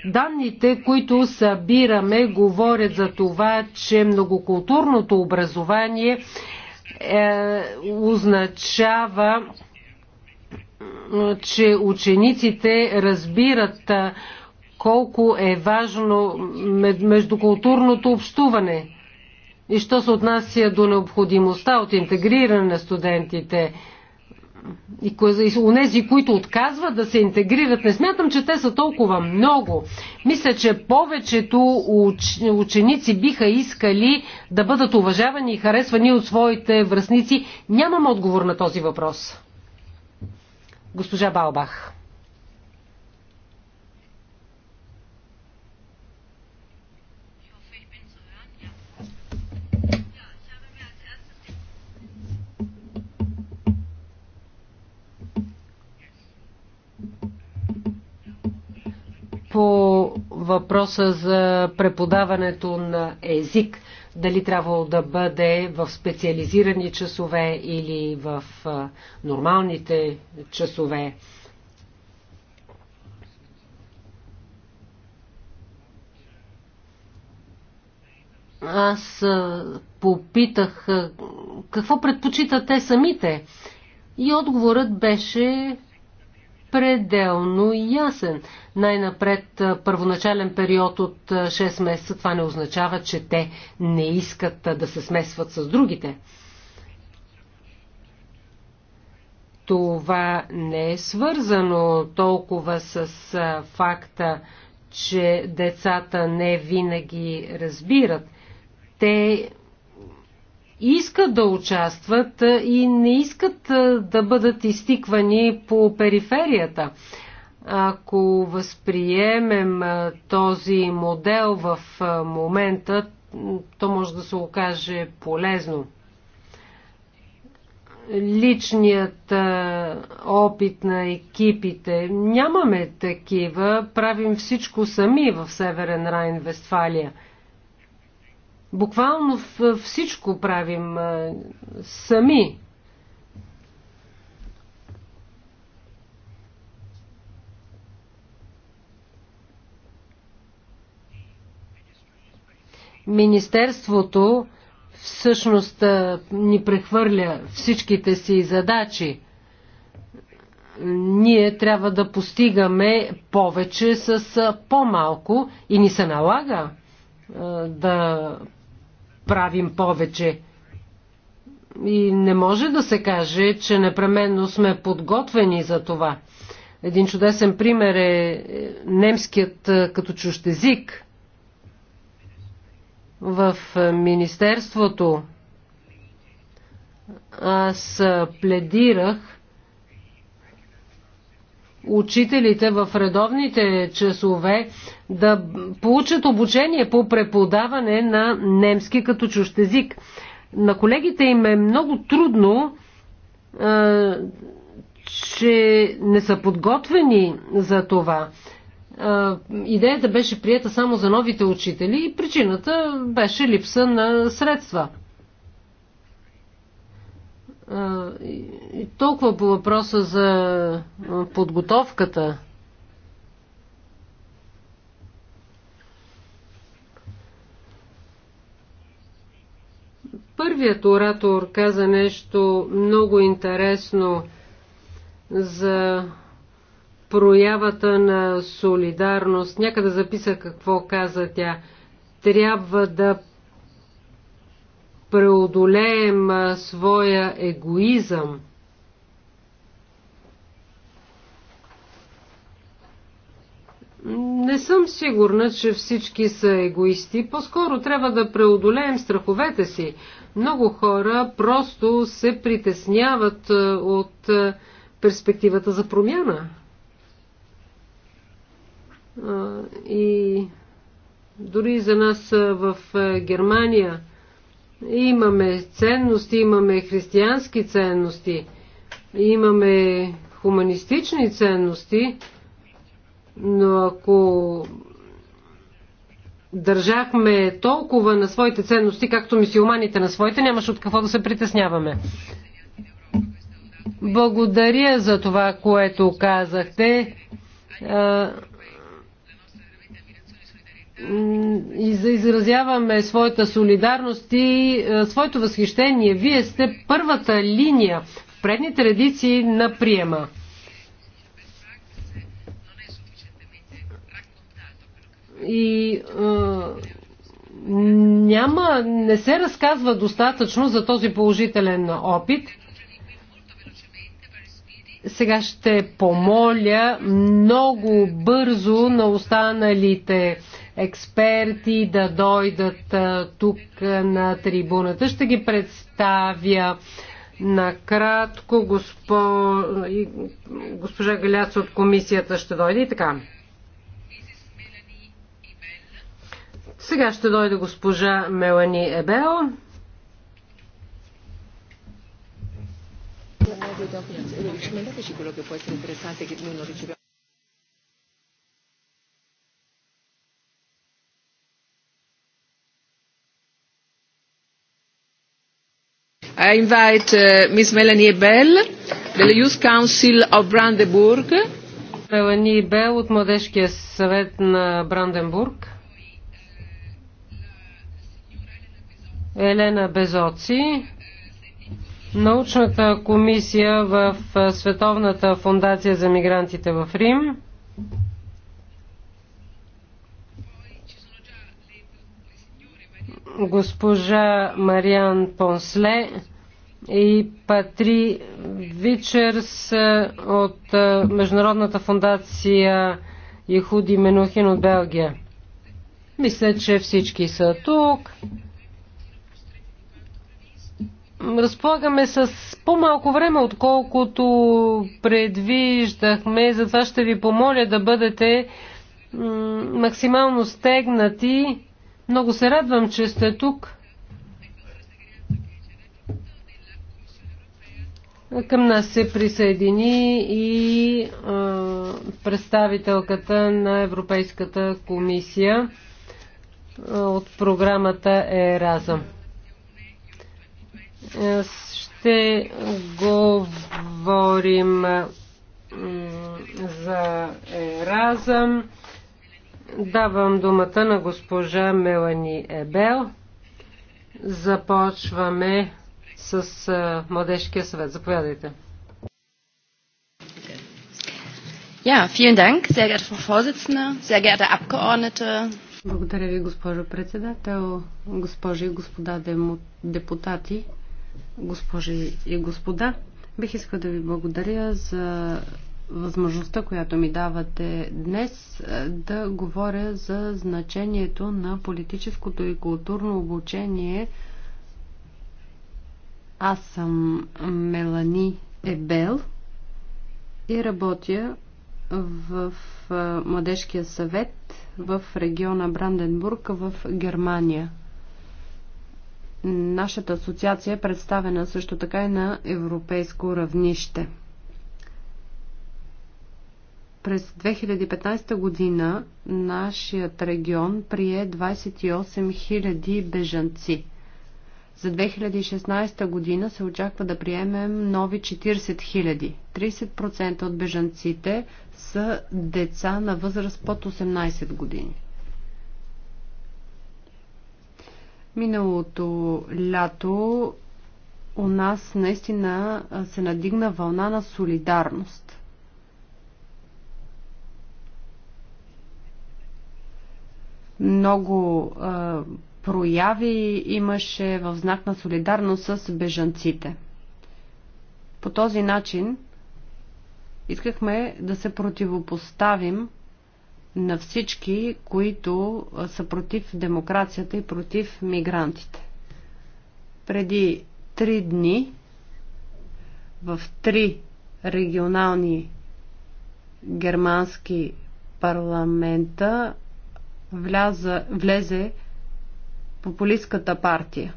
Данните, които събираме, говорят за това, че многокултурното образование е, означава, че учениците разбират колко е важно междукултурното общуване. И що се отнася до необходимостта от интегриране на студентите, и, и унези, които отказват да се интегрират, не смятам, че те са толкова много. Мисля, че повечето уч, ученици биха искали да бъдат уважавани и харесвани от своите връзници. Нямам отговор на този въпрос. Госпожа Балбах. по въпроса за преподаването на език, дали трябва да бъде в специализирани часове или в нормалните часове. Аз попитах какво предпочитат те самите и отговорът беше пределно ясен. Най-напред първоначален период от 6 месеца, това не означава, че те не искат да се смесват с другите. Това не е свързано толкова с факта, че децата не винаги разбират. Те искат да участват и не искат да бъдат изтиквани по периферията. Ако възприемем този модел в момента, то може да се окаже полезно. Личният опит на екипите. Нямаме такива. Правим всичко сами в Северен Райн, Вестфалия – Буквално всичко правим сами. Министерството всъщност ни прехвърля всичките си задачи. Ние трябва да постигаме повече с по-малко и ни се налага да правим повече. И не може да се каже, че непременно сме подготвени за това. Един чудесен пример е, е немският е, като чущ език. В е, Министерството аз пледирах учителите в редовните часове да получат обучение по преподаване на немски като чужд език. На колегите им е много трудно, че не са подготвени за това. Идеята беше прията само за новите учители и причината беше липса на средства. И толкова по въпроса за подготовката. Първият оратор каза нещо много интересно за проявата на солидарност. Някъде записах какво каза тя. Трябва да преодолеем своя егоизъм. Не съм сигурна, че всички са егоисти. По-скоро трябва да преодолеем страховете си. Много хора просто се притесняват от перспективата за промяна. И дори за нас в Германия – Имаме ценности, имаме християнски ценности, имаме хуманистични ценности, но ако държахме толкова на своите ценности, както мисиоманите на своите, нямаше от какво да се притесняваме. Благодаря за това, което казахте и за изразяваме своята солидарност и е, своето възхищение. Вие сте първата линия в предните традиции на приема. И е, няма, не се разказва достатъчно за този положителен опит. Сега ще помоля много бързо на останалите експерти да дойдат тук на трибуната. Ще ги представя накратко. Госпо... Госпожа Галяц от комисията ще дойде и така. Сега ще дойде госпожа Мелани Ебел. Io non vedo, io non I invite uh, Ms. Melanie Bell, the Youth Council of Brandenburg. melanie bell от Младежкия съвет на Бранденбург. Елена Безоци, научната комисия в Световната фундация за мигрантите в Рим. Госпожа Мариан Понсле, и Патри Вичерс е, от е, Международната фундация Ихуди Менухин от Белгия. Мисля, че всички са тук. Разполагаме с по-малко време, отколкото предвиждахме. Затова ще ви помоля да бъдете максимално стегнати. Много се радвам, че сте тук. Към нас се присъедини и а, представителката на Европейската комисия а, от програмата ЕРАЗА. Ще говорим а, за ЕРАЗА. Давам думата на госпожа Мелани Ебел. Започваме с Младежкия съвет. Заповядайте. Ja, vielen Dank, sehr geehrte Frau Vorsitzende, sehr geehrte Abgeordnete. Благодаря ви, госпожо председател, госпожи и господа депутати, госпожи и господа. Бих искал да ви благодаря за възможността, която ми давате днес е, да говоря за значението на политическото и културно обучение – аз съм Мелани Ебел и работя в Младежкия съвет в региона Бранденбург в Германия. Нашата асоциация е представена също така и на европейско равнище. През 2015 година нашият регион прие 28 000 бежанци. За 2016 година се очаква да приемем нови 40 000. 30% от бежанците са деца на възраст под 18 години. Миналото лято у нас наистина се надигна вълна на солидарност. Много прояви имаше в знак на солидарност с бежанците. По този начин искахме да се противопоставим на всички, които са против демокрацията и против мигрантите. Преди три дни в три регионални германски парламента вляза, влезе популистската партия,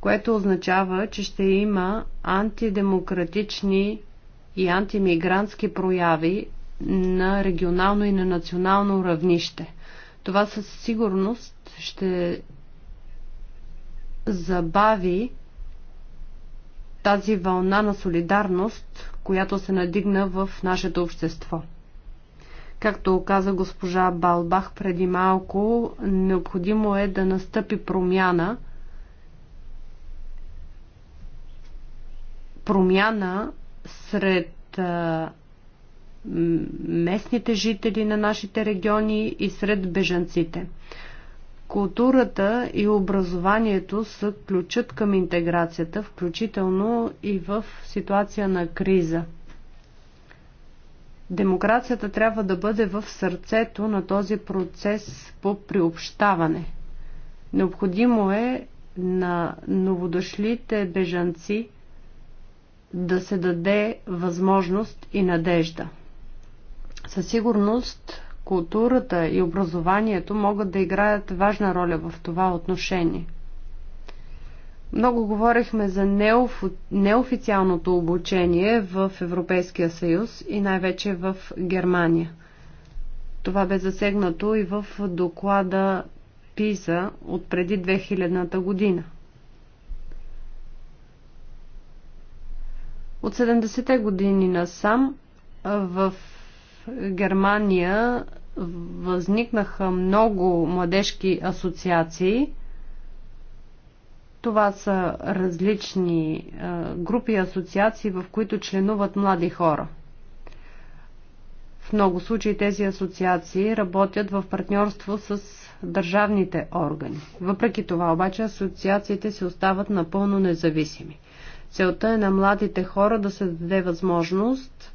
което означава, че ще има антидемократични и антимигрантски прояви на регионално и на национално равнище. Това със сигурност ще забави тази вълна на солидарност, която се надигна в нашето общество. Както каза госпожа Балбах преди малко, необходимо е да настъпи промяна. Промяна сред местните жители на нашите региони и сред бежанците. Културата и образованието са ключът към интеграцията, включително и в ситуация на криза – Демокрацията трябва да бъде в сърцето на този процес по приобщаване. Необходимо е на новодошлите бежанци да се даде възможност и надежда. Със сигурност културата и образованието могат да играят важна роля в това отношение – много говорихме за неофу... неофициалното обучение в Европейския съюз и най-вече в Германия. Това бе засегнато и в доклада ПИСА от преди 2000-та година. От 70-те години насам в Германия възникнаха много младежки асоциации – това са различни групи и асоциации, в които членуват млади хора. В много случаи тези асоциации работят в партньорство с държавните органи. Въпреки това обаче асоциациите си остават напълно независими. Целта е на младите хора да се даде възможност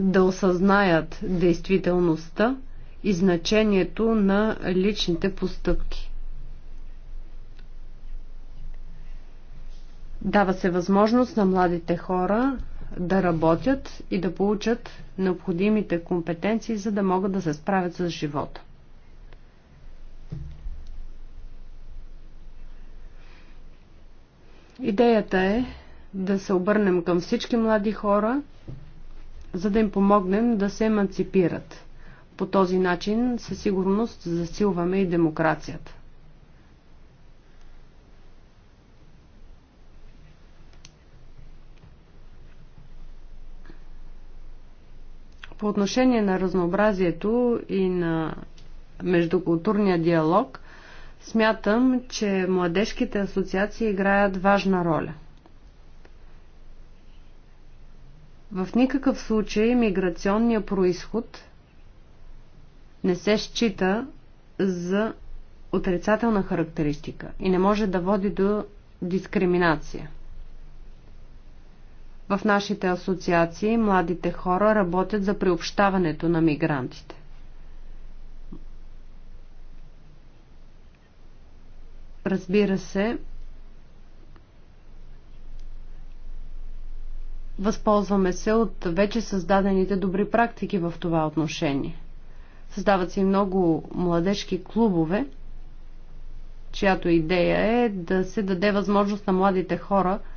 да осъзнаят действителността и значението на личните постъпки. Дава се възможност на младите хора да работят и да получат необходимите компетенции, за да могат да се справят с живота. Идеята е да се обърнем към всички млади хора, за да им помогнем да се еманципират. По този начин със сигурност засилваме и демокрацията. По отношение на разнообразието и на междукултурния диалог, смятам, че младежките асоциации играят важна роля. В никакъв случай миграционният происход не се счита за отрицателна характеристика и не може да води до дискриминация. В нашите асоциации младите хора работят за приобщаването на мигрантите. Разбира се, Възползваме се от вече създадените добри практики в това отношение. Създават се и много младежки клубове, чиято идея е да се даде възможност на младите хора –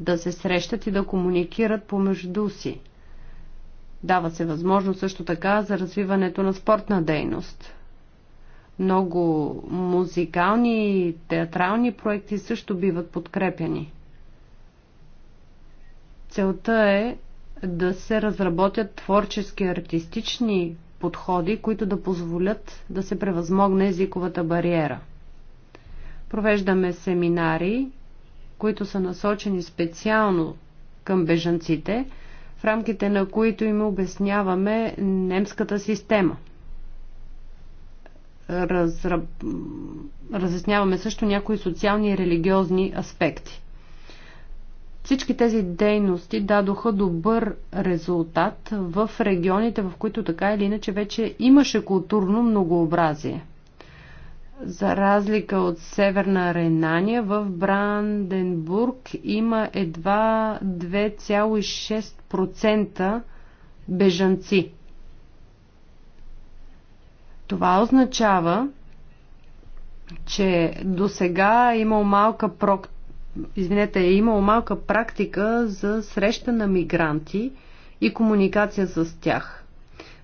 да се срещат и да комуникират помежду си. Дава се възможност също така за развиването на спортна дейност. Много музикални и театрални проекти също биват подкрепени. Целта е да се разработят творчески артистични подходи, които да позволят да се превъзмогне езиковата бариера. Провеждаме семинари които са насочени специално към бежанците, в рамките на които им обясняваме немската система. Разра... Разясняваме също някои социални и религиозни аспекти. Всички тези дейности дадоха добър резултат в регионите, в които така или иначе вече имаше културно многообразие – за разлика от Северна Ренания, в Бранденбург има едва 2,6% бежанци. Това означава, че до сега е имал малка прок... Извинете, е имал малка практика за среща на мигранти и комуникация с тях.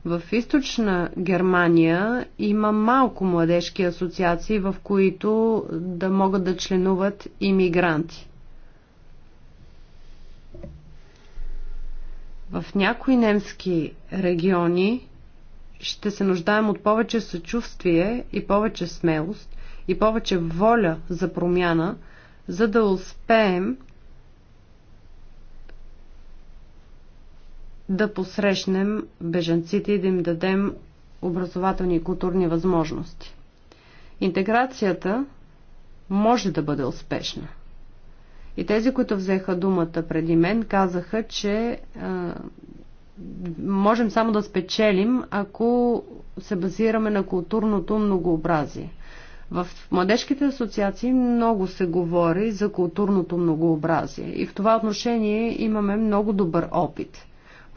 В източна Германия има малко младежки асоциации, в които да могат да членуват иммигранти. В някои немски региони ще се нуждаем от повече съчувствие и повече смелост и повече воля за промяна, за да успеем да посрещнем бежанците и да им дадем образователни и културни възможности. Интеграцията може да бъде успешна. И тези, които взеха думата преди мен, казаха, че а, можем само да спечелим, ако се базираме на културното многообразие. В младежките асоциации много се говори за културното многообразие и в това отношение имаме много добър опит –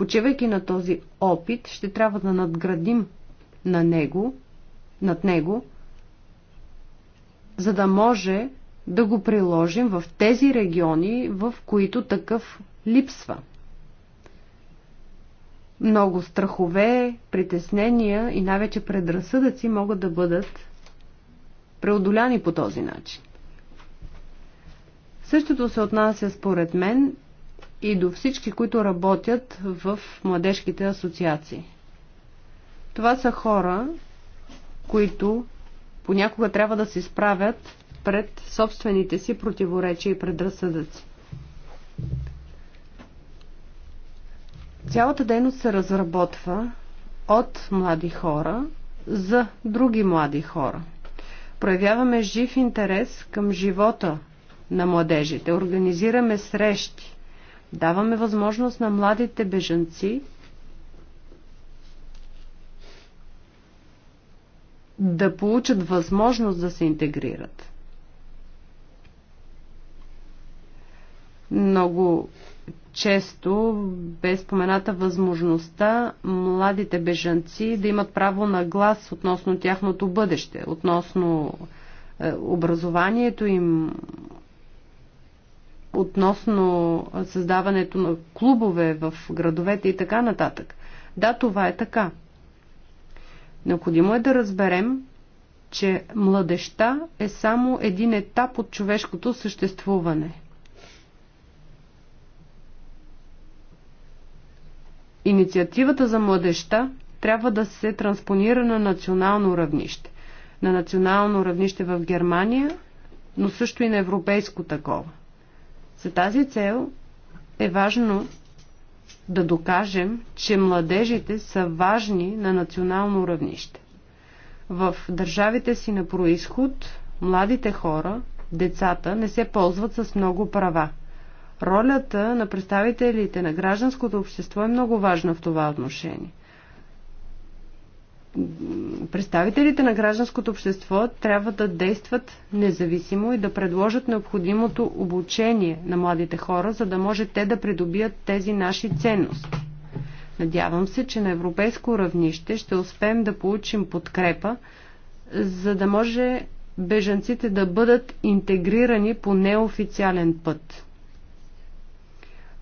Почивайки на този опит, ще трябва да надградим на него, над него, за да може да го приложим в тези региони, в които такъв липсва. Много страхове, притеснения и най-вече предразсъдъци могат да бъдат преодоляни по този начин. Същото се отнася според мен и до всички, които работят в младежките асоциации. Това са хора, които понякога трябва да се справят пред собствените си противоречия и предразсъдъци. Цялата дейност се разработва от млади хора за други млади хора. Проявяваме жив интерес към живота на младежите, организираме срещи, Даваме възможност на младите бежанци да получат възможност да се интегрират. Много често бе спомената възможността младите бежанци да имат право на глас относно тяхното бъдеще, относно е, образованието им, относно създаването на клубове в градовете и така нататък. Да, това е така. Необходимо е да разберем, че младеща е само един етап от човешкото съществуване. Инициативата за младеща трябва да се транспонира на национално равнище. На национално равнище в Германия, но също и на европейско такова. За тази цел е важно да докажем, че младежите са важни на национално равнище. В държавите си на происход младите хора, децата, не се ползват с много права. Ролята на представителите на гражданското общество е много важна в това отношение представителите на гражданското общество трябва да действат независимо и да предложат необходимото обучение на младите хора, за да може те да придобият тези наши ценности. Надявам се, че на европейско равнище ще успеем да получим подкрепа, за да може бежанците да бъдат интегрирани по неофициален път.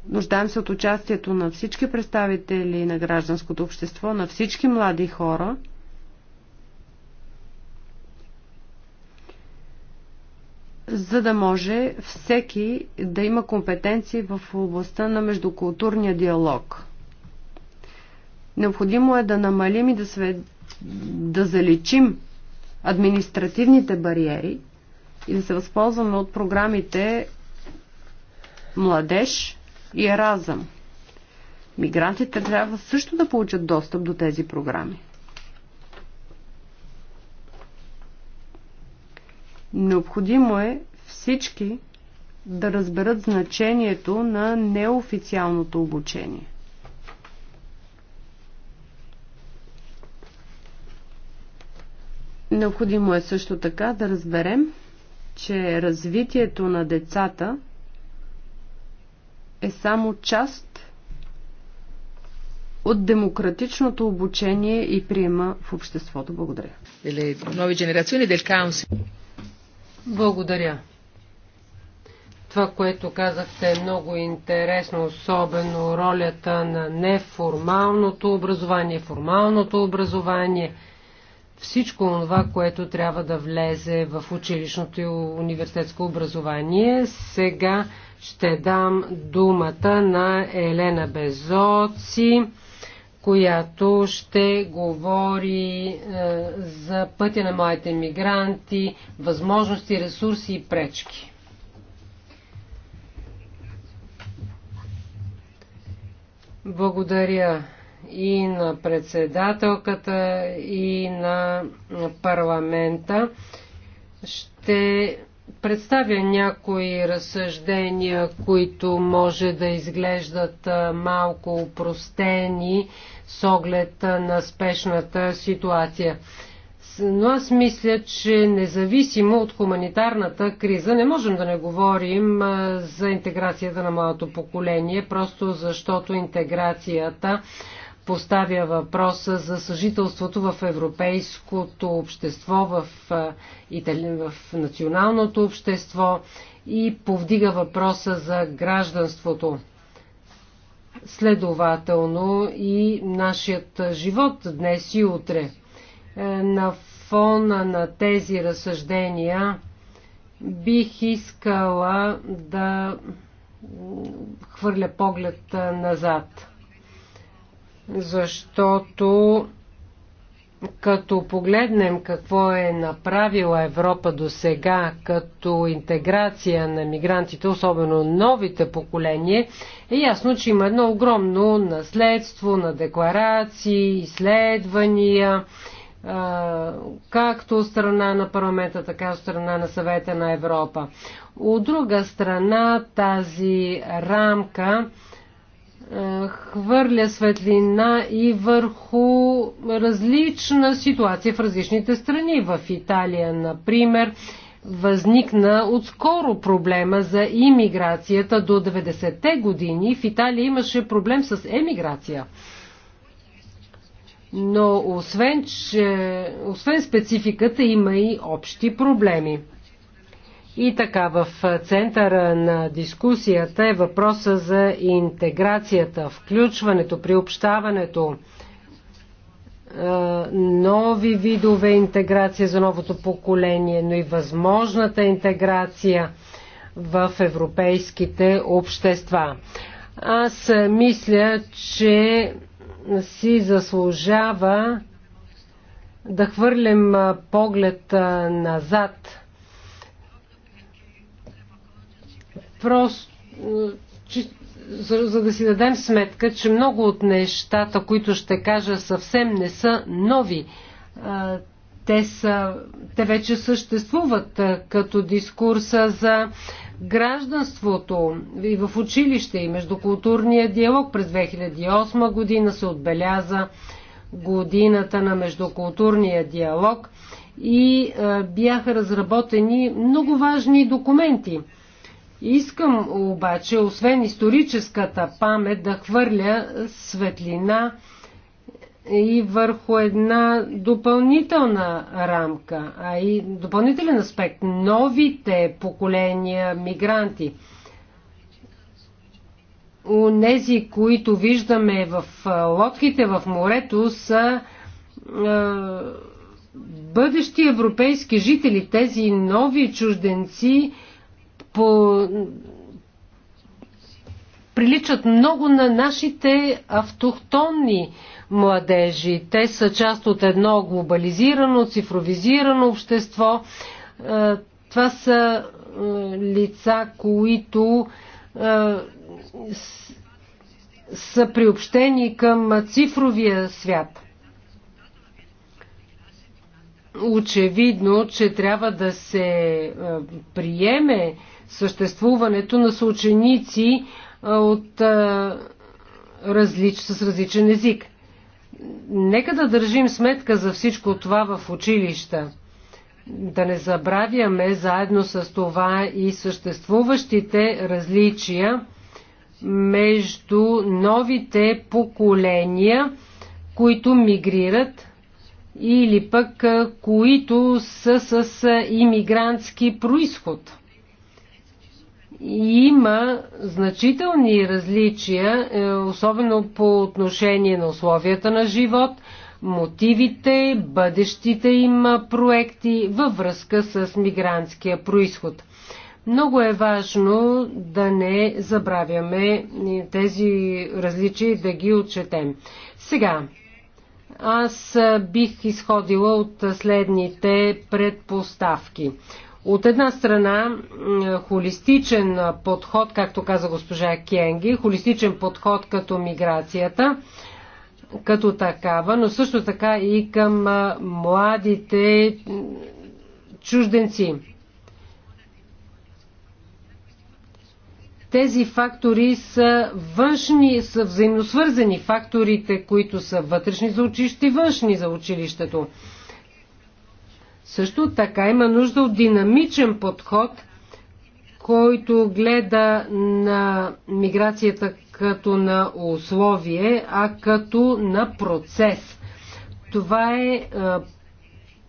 Нуждаем се от участието на всички представители на гражданското общество, на всички млади хора. за да може всеки да има компетенции в областта на междукултурния диалог. Необходимо е да намалим и да, све... да заличим административните бариери и да се възползваме от програмите Младеж и Еразъм. Мигрантите трябва също да получат достъп до тези програми. Необходимо е всички да разберат значението на неофициалното обучение. Необходимо е също така да разберем, че развитието на децата – е само част от демократичното обучение и приема в обществото. Благодаря. Нови генерации дел Благодаря. Това, което казахте е много интересно, особено ролята на неформалното образование, формалното образование – всичко това, което трябва да влезе в училищното и университетско образование. Сега ще дам думата на Елена Безоци, която ще говори е, за пътя на моите мигранти, възможности, ресурси и пречки. Благодаря, и на председателката и на парламента. Ще представя някои разсъждения, които може да изглеждат малко упростени с оглед на спешната ситуация. Но аз мисля, че независимо от хуманитарната криза, не можем да не говорим за интеграцията на малото поколение, просто защото интеграцията поставя въпроса за съжителството в европейското общество, в, Итали... в националното общество и повдига въпроса за гражданството. Следователно и нашият живот днес и утре. Е, на фона на тези разсъждения бих искала да хвърля поглед назад защото като погледнем какво е направила Европа до сега като интеграция на мигрантите, особено новите поколения, е ясно, че има едно огромно наследство на декларации, изследвания, както от страна на парламента, така и от страна на съвета на Европа. От друга страна, тази рамка е, хвърля светлина и върху различна ситуация в различните страни. В Италия, например, възникна отскоро проблема за имиграцията до 90-те години. В Италия имаше проблем с емиграция. Но освен, че, освен спецификата има и общи проблеми. И така, в центъра на дискусията е въпроса за интеграцията, включването, приобщаването, нови видове интеграция за новото поколение, но и възможната интеграция в европейските общества. Аз мисля, че си заслужава да хвърлим поглед назад – Просто, че, за, за да си дадем сметка, че много от нещата, които ще кажа, съвсем не са нови. Те, са, те вече съществуват като дискурса за гражданството и в училище и междукултурния диалог през 2008 година се отбеляза годината на междукултурния диалог и бяха разработени много важни документи – Искам обаче, освен историческата памет, да хвърля светлина и върху една допълнителна рамка, а и допълнителен аспект новите поколения мигранти. нези, които виждаме в лодките в морето, са бъдещи европейски жители, тези нови чужденци по, приличат много на нашите автохтонни младежи. Те са част от едно глобализирано, цифровизирано общество. Е, това са е, лица, които е, са приобщени към цифровия свят. Очевидно, че трябва да се приеме съществуването на съученици от, различ, с различен език. Нека да държим сметка за всичко това в училища. Да не забравяме заедно с това и съществуващите различия между новите поколения, които мигрират или пък които са с иммигрантски происход има значителни различия, е, особено по отношение на условията на живот, мотивите, бъдещите им проекти във връзка с мигрантския происход. Много е важно да не забравяме тези различия и да ги отчетем. Сега, аз бих изходила от следните предпоставки. От една страна, холистичен подход, както каза госпожа Кенги, холистичен подход като миграцията, като такава, но също така и към младите чужденци. Тези фактори са външни, са взаимосвързани Факторите, които са вътрешни за училище и външни за училището. Също така има нужда от динамичен подход, който гледа на миграцията като на условие, а като на процес. Това е, е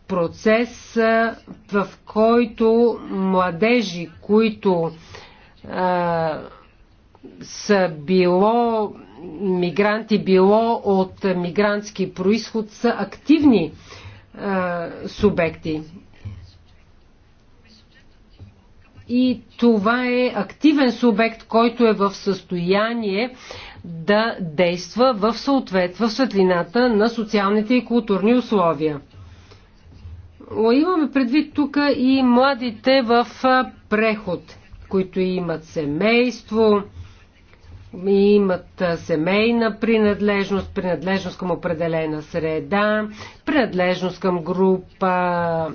процес, е, в който младежи, които а, е, са било мигранти, било от мигрантски происход, са активни субекти. И това е активен субект, който е в състояние да действа в съответ, в светлината на социалните и културни условия. Имаме предвид тук и младите в преход, които имат семейство, имат семейна принадлежност, принадлежност към определена среда, принадлежност към група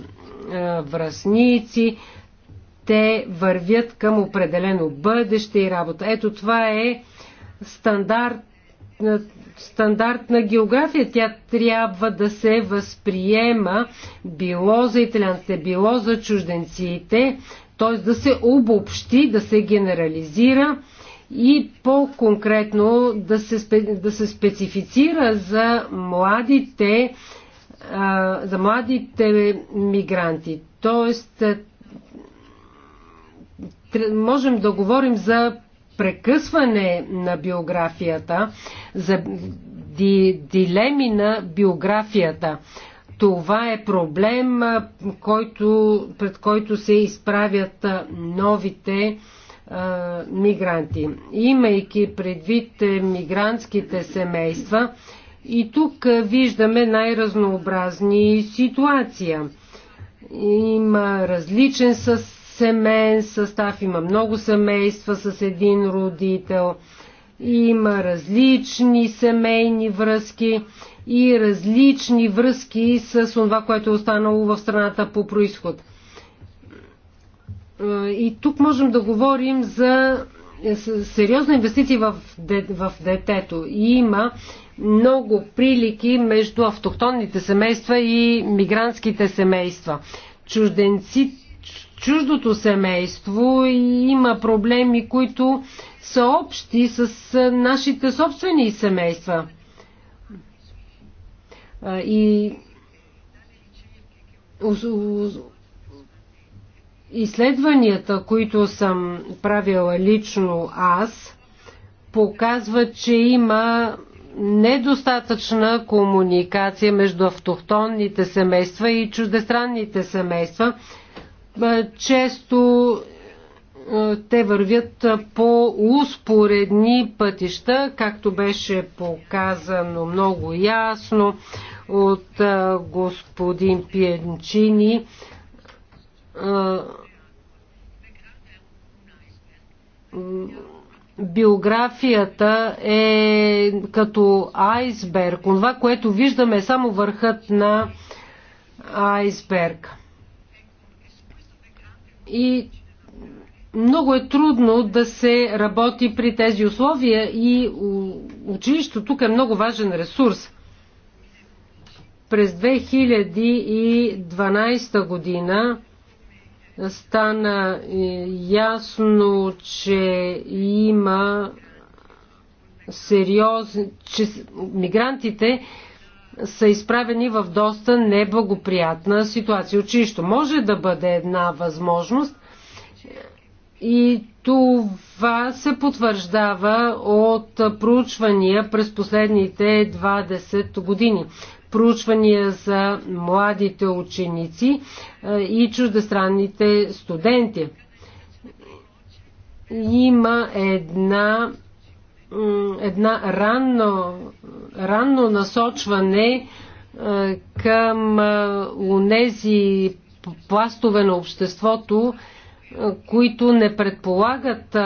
връзници. Те вървят към определено бъдеще и работа. Ето това е стандарт стандартна география. Тя трябва да се възприема било за италянците, било за чужденците, т.е. да се обобщи, да се генерализира и по-конкретно да се, да се специфицира за младите, за младите мигранти. Тоест, можем да говорим за прекъсване на биографията, за дилеми на биографията. Това е проблем, който, пред който се изправят новите а, мигранти. Имайки предвид е, мигрантските семейства, и тук виждаме най-разнообразни ситуации. Има различен със семейен състав, има много семейства с един родител, има различни семейни връзки и различни връзки с това, което е останало в страната по происход. И тук можем да говорим за е, сериозни инвестиции в, в детето. И има много прилики между автохтонните семейства и мигрантските семейства. Чужденци, чуждото семейство има проблеми, които са общи с е, нашите собствени семейства. И Изследванията, които съм правила лично аз, показват, че има недостатъчна комуникация между автохтонните семейства и чуждестранните семейства. Е, често е, те вървят е, по успоредни пътища, както беше показано много ясно от господин Пиенчини биографията е като айсберг. Това, което виждаме е само върхът на айсберг. И много е трудно да се работи при тези условия и училището тук е много важен ресурс. През 2012 година стана е, ясно, че има сериозни, че мигрантите са изправени в доста неблагоприятна ситуация. Училище може да бъде една възможност и това се потвърждава от проучвания през последните 20 години проучвания за младите ученици и чуждестранните студенти. Има една, една ранно, ранно насочване към унези пластове на обществото, които не предполагат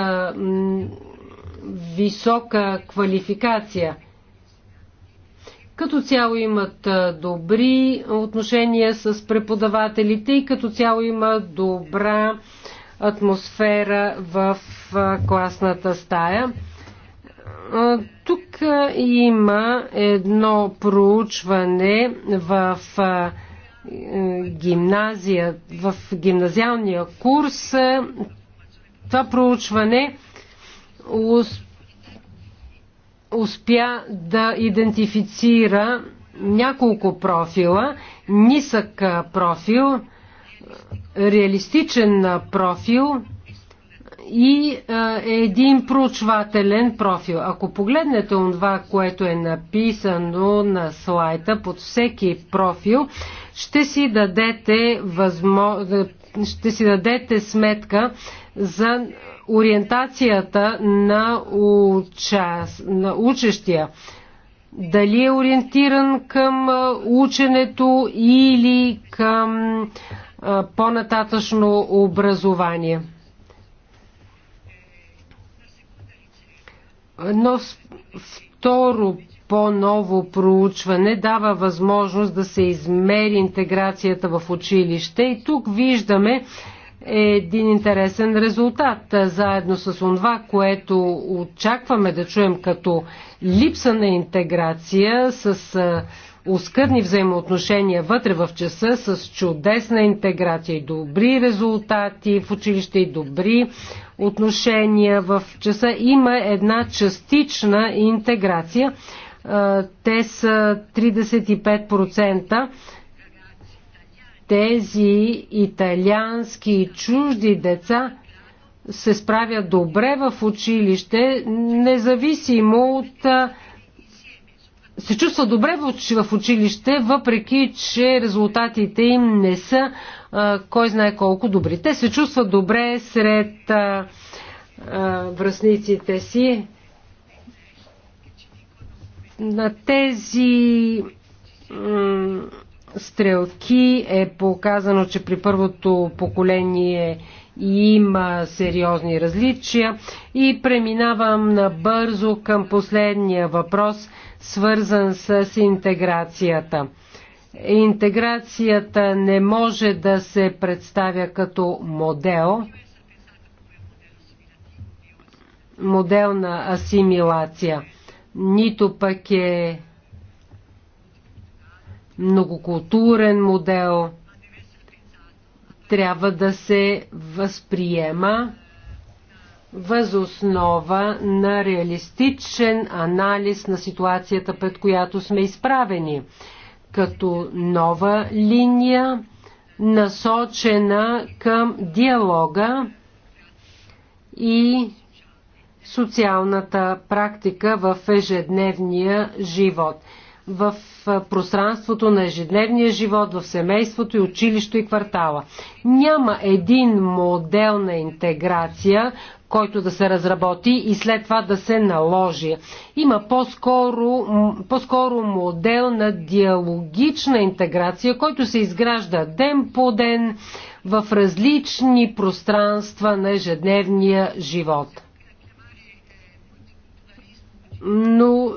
висока квалификация – като цяло имат добри отношения с преподавателите и като цяло има добра атмосфера в класната стая. Тук има едно проучване в гимназия, в гимназиалния курс. Това проучване успя да идентифицира няколко профила. Нисък профил, реалистичен профил и един проучвателен профил. Ако погледнете това, което е написано на слайда под всеки профил, ще си дадете, възмо... ще си дадете сметка за ориентацията на, учас, на учещия. Дали е ориентиран към ученето или към по-нататъчно образование. Но второ по-ново проучване дава възможност да се измери интеграцията в училище и тук виждаме е един интересен резултат, заедно с това, което очакваме да чуем като липса на интеграция с оскъдни взаимоотношения вътре в часа, с чудесна интеграция и добри резултати в училище и добри отношения в часа. Има една частична интеграция. Те са 35% тези италиански и чужди деца се справят добре в училище, независимо от се чувства добре в училище, въпреки че резултатите им не са кой знае колко добри. Те се чувстват добре сред а, а, връзниците си. На тези стрелки е показано, че при първото поколение има сериозни различия. И преминавам набързо към последния въпрос, свързан с интеграцията. Интеграцията не може да се представя като модел, модел на асимилация, нито пък е многокултурен модел трябва да се възприема възоснова на реалистичен анализ на ситуацията, пред която сме изправени, като нова линия, насочена към диалога и социалната практика в ежедневния живот в пространството на ежедневния живот, в семейството и училището и квартала. Няма един модел на интеграция, който да се разработи и след това да се наложи. Има по-скоро, по-скоро модел на диалогична интеграция, който се изгражда ден по ден в различни пространства на ежедневния живот. Но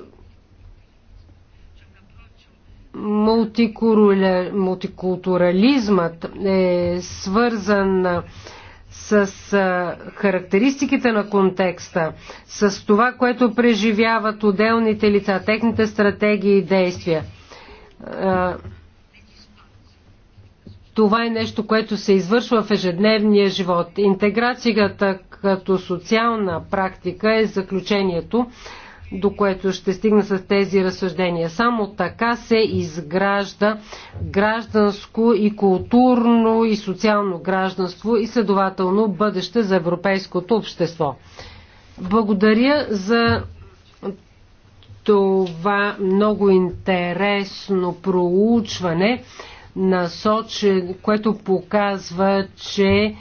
мултикултурализмът е свързан с характеристиките на контекста, с това, което преживяват отделните лица, техните стратегии и действия. Това е нещо, което се извършва в ежедневния живот. Интеграцията като социална практика е заключението до което ще стигна с тези разсъждения. Само така се изгражда гражданско и културно и социално гражданство и следователно бъдеще за европейското общество. Благодаря за това много интересно проучване, насочен, което показва, че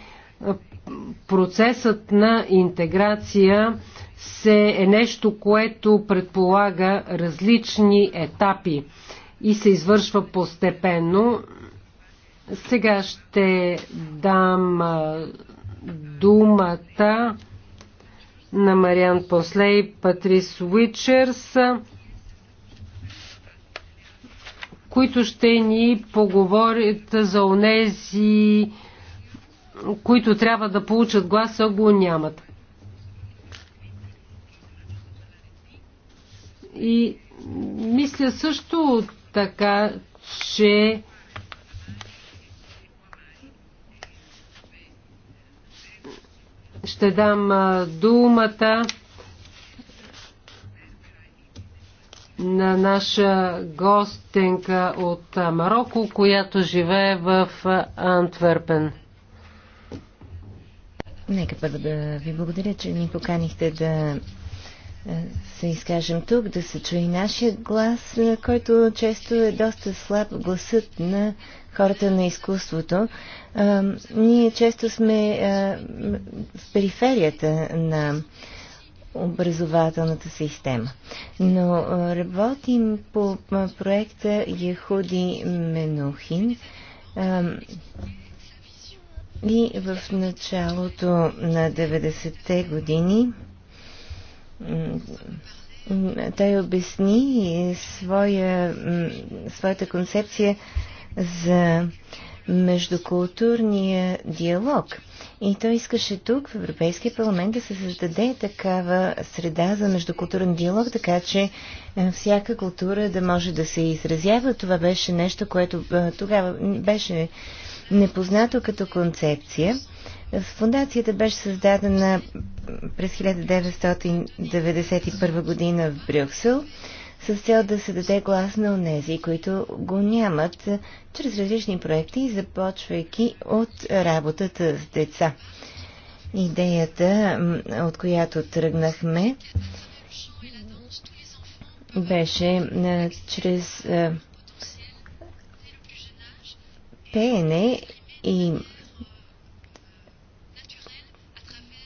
процесът на интеграция се, е нещо, което предполага различни етапи и се извършва постепенно. Сега ще дам думата на Мариан Послей Патрис Уичерс, които ще ни поговорят за онези, които трябва да получат глас, а го нямат. И мисля също така, че ще дам думата на наша гостенка от Марокко, която живее в Антверпен. Нека първо да ви благодаря, че ни поканихте да е, се изкажем тук, да се чуе и нашия глас, е, който често е доста слаб гласът на хората на изкуството. А, е, ние често сме а, в периферията на образователната система. Но а, работим по а, проекта Яхуди Менухин. А, и в началото на 90-те години той обясни своя, своята концепция за междукултурния диалог. И той искаше тук, в Европейския парламент, да се създаде такава среда за междукултурен диалог, така че е, всяка култура да може да се изразява. Това беше нещо, което е, тогава беше непознато като концепция. Фундацията беше създадена през 1991 година в Брюксел с цел да се даде глас на онези, които го нямат, чрез различни проекти, започвайки от работата с деца. Идеята, от която тръгнахме, беше чрез пеене и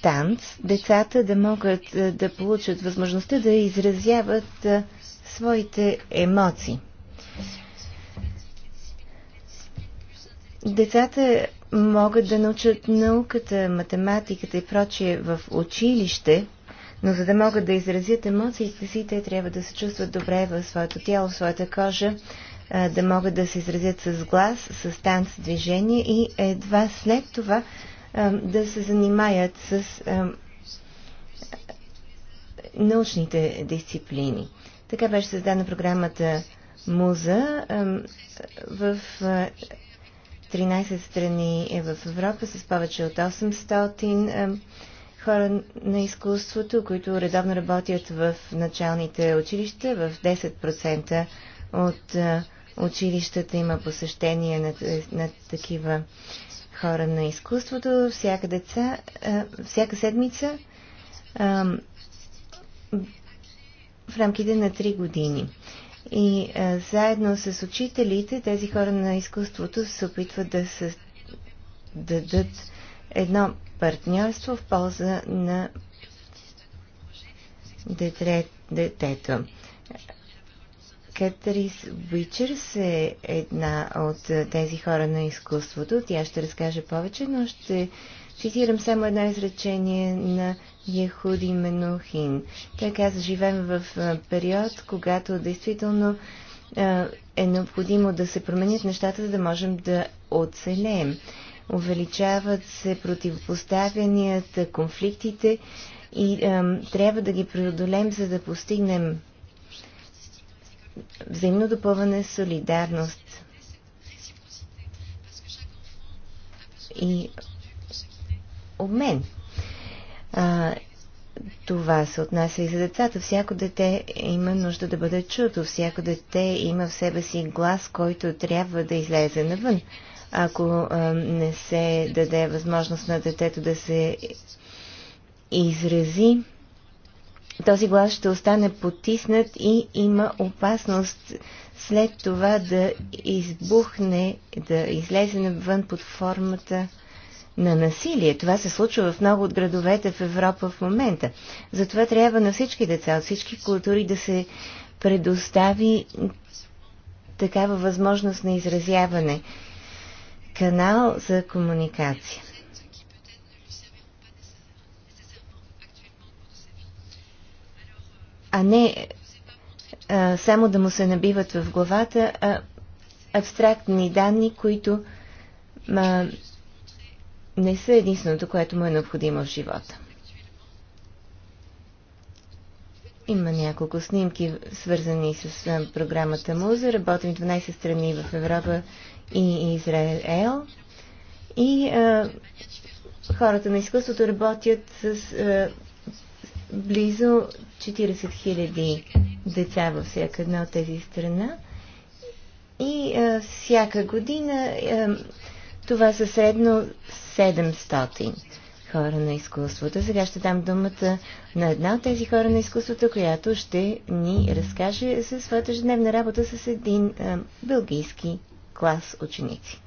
танц децата да могат е, да получат възможността да изразяват е, своите емоции. Децата могат да научат науката, математиката и прочие в училище, но за да могат да изразят емоциите си, те трябва да се чувстват добре в своето тяло, в своята кожа, е, да могат да се изразят с глас, с танц, движение и едва след това да се занимаят с научните дисциплини. Така беше създадена програмата Муза в 13 страни е в Европа с повече от 800 хора на изкуството, които редовно работят в началните училища. В 10% от училищата има посещение на, на такива хора на изкуството. Всяка, деца, всяка седмица в рамките на 3 години. И а, заедно с учителите, тези хора на изкуството се опитват да се дадат едно партньорство в полза на детре, детето. Катрис Уичърс е една от е, тези хора на изкуството. Тя ще разкаже повече, но ще цитирам само едно изречение на Яхуди Менухин. Тя каза, живеем в е, период, когато действително е, е необходимо да се променят нещата, за да можем да оцелеем. Увеличават се противопоставянията, конфликтите и е, трябва да ги преодолем, за да постигнем взаимно допълване, солидарност и обмен. А, това се отнася и за децата. Всяко дете има нужда да бъде чуто. Всяко дете има в себе си глас, който трябва да излезе навън. Ако а, не се даде възможност на детето да се изрази, този глас ще остане потиснат и има опасност след това да избухне, да излезе навън под формата на насилие. Това се случва в много от градовете в Европа в момента. Затова трябва на всички деца от всички култури да се предостави такава възможност на изразяване. Канал за комуникация. а не а, само да му се набиват в главата а, абстрактни данни, които а, не са единственото, което му е необходимо в живота. Има няколко снимки, свързани с а, програмата Муза. Работим 12 страни в Европа и Израел. И а, хората на изкуството работят с а, близо 40 000 деца във всяка една от тези страна. И а, всяка година а, това са средно 700 хора на изкуството. Сега ще дам думата на една от тези хора на изкуството, която ще ни разкаже за своята ежедневна работа с един а, бългийски клас ученици.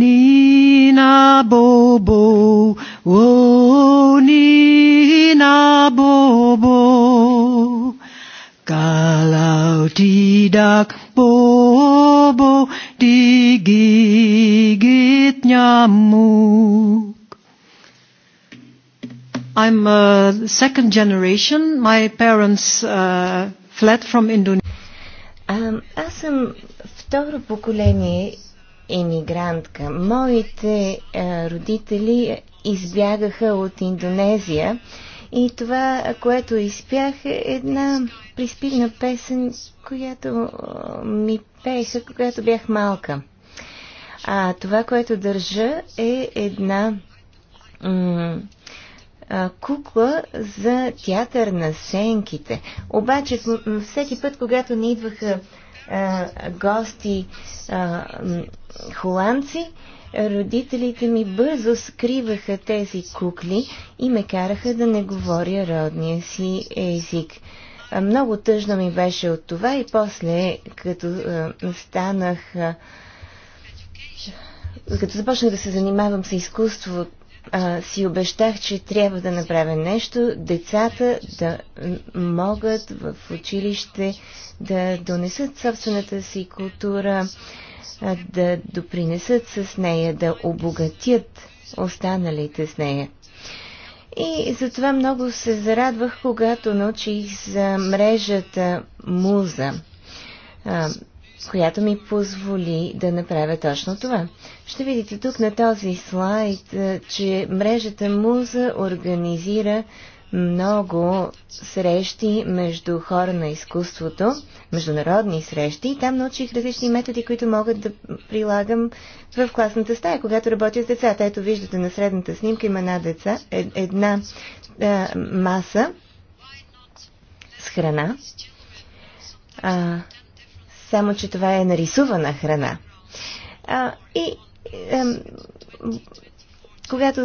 Nina Bobo, oh Nina Bobo. Kalau tidak Bobo digigit nyamuk. I'm a second generation. My parents uh, fled from Indonesia. Um, аз съм второ поколение емигрантка. Моите а, е, родители избягаха от Индонезия и това, което изпях е една приспивна песен, която е, ми пееха, когато бях малка. А това, което държа е една кукла за театър на сенките. Обаче всеки път, когато не идваха е, гости а, е, холандци, родителите ми бързо скриваха тези кукли и ме караха да не говоря родния си език. Е, много тъжно ми беше от това и после, като а, станах, а, като започнах да се занимавам с изкуство а, си обещах, че трябва да направя нещо, децата да могат в училище да донесат собствената си култура, а, да допринесат с нея, да обогатят останалите с нея. И затова много се зарадвах, когато научих за мрежата Муза. А, която ми позволи да направя точно това. Ще видите тук на този слайд, че мрежата Муза организира много срещи между хора на изкуството, международни срещи и там научих различни методи, които могат да прилагам в класната стая, когато работя с децата. Ето виждате на средната снимка има една, деца, е, една а, маса с храна. А, само че това е нарисувана храна. А, и а, когато а,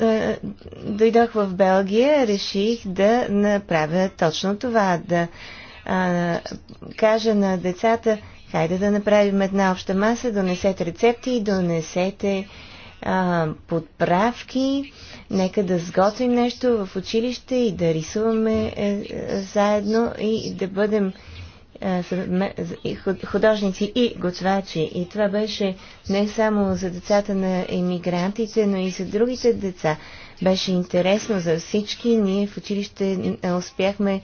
а, дойдох в Белгия, реших да направя точно това, да а, кажа на децата, хайде да направим една обща маса, донесете рецепти и донесете а, подправки, нека да сготвим нещо в училище и да рисуваме а, е, а, е, заедно и да бъдем е, художници и готвачи. И това беше не само за децата на емигрантите, но и за другите деца. Беше интересно за всички. Ние в училище успяхме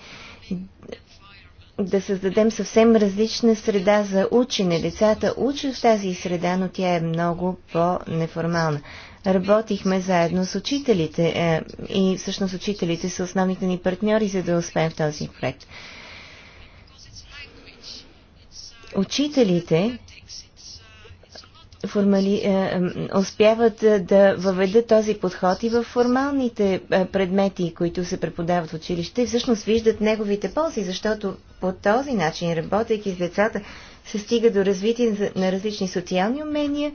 да създадем съвсем различна среда за учене. Децата учат в тази среда, но тя е много по-неформална. Работихме заедно с учителите е, и всъщност учителите са основните ни партньори, за да успеем в този проект учителите формали, е, успяват е, да въведат този подход и в формалните е, предмети, които се преподават в училище и всъщност виждат неговите ползи, защото по този начин, работейки с децата, се стига до развитие на различни социални умения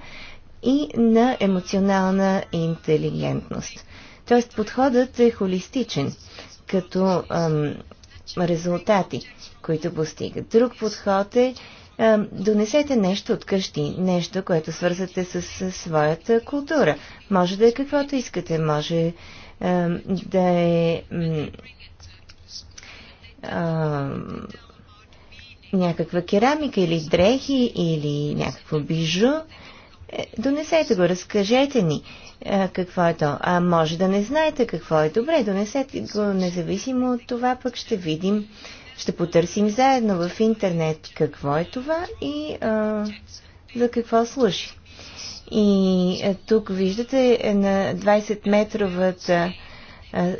и на емоционална интелигентност. Тоест подходът е холистичен като ам, резултати, които постигат. Друг подход е е, донесете нещо от къщи, нещо, което свързате с, с своята култура. Може да е каквото искате, може а, е, да е а, някаква керамика или дрехи или някакво бижу. Е, донесете го, разкажете ни а, какво е то. А може да не знаете какво е. Добре, донесете го, независимо от това пък ще видим ще потърсим заедно в интернет какво е това и а, за какво служи. И а, тук виждате на 20-метровата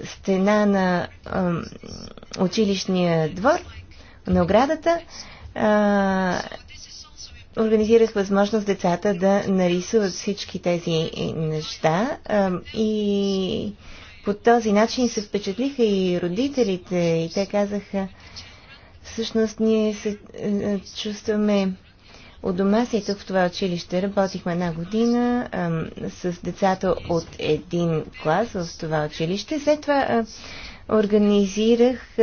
стена на а, училищния двор, на оградата, а, организирах възможност децата да нарисуват всички тези е, неща а, и по този начин се впечатлиха и родителите и те казаха, всъщност ние се е, е, чувстваме у дома си тук в това училище. Работихме една година е, с децата от един клас в това училище. След това е, организирах е,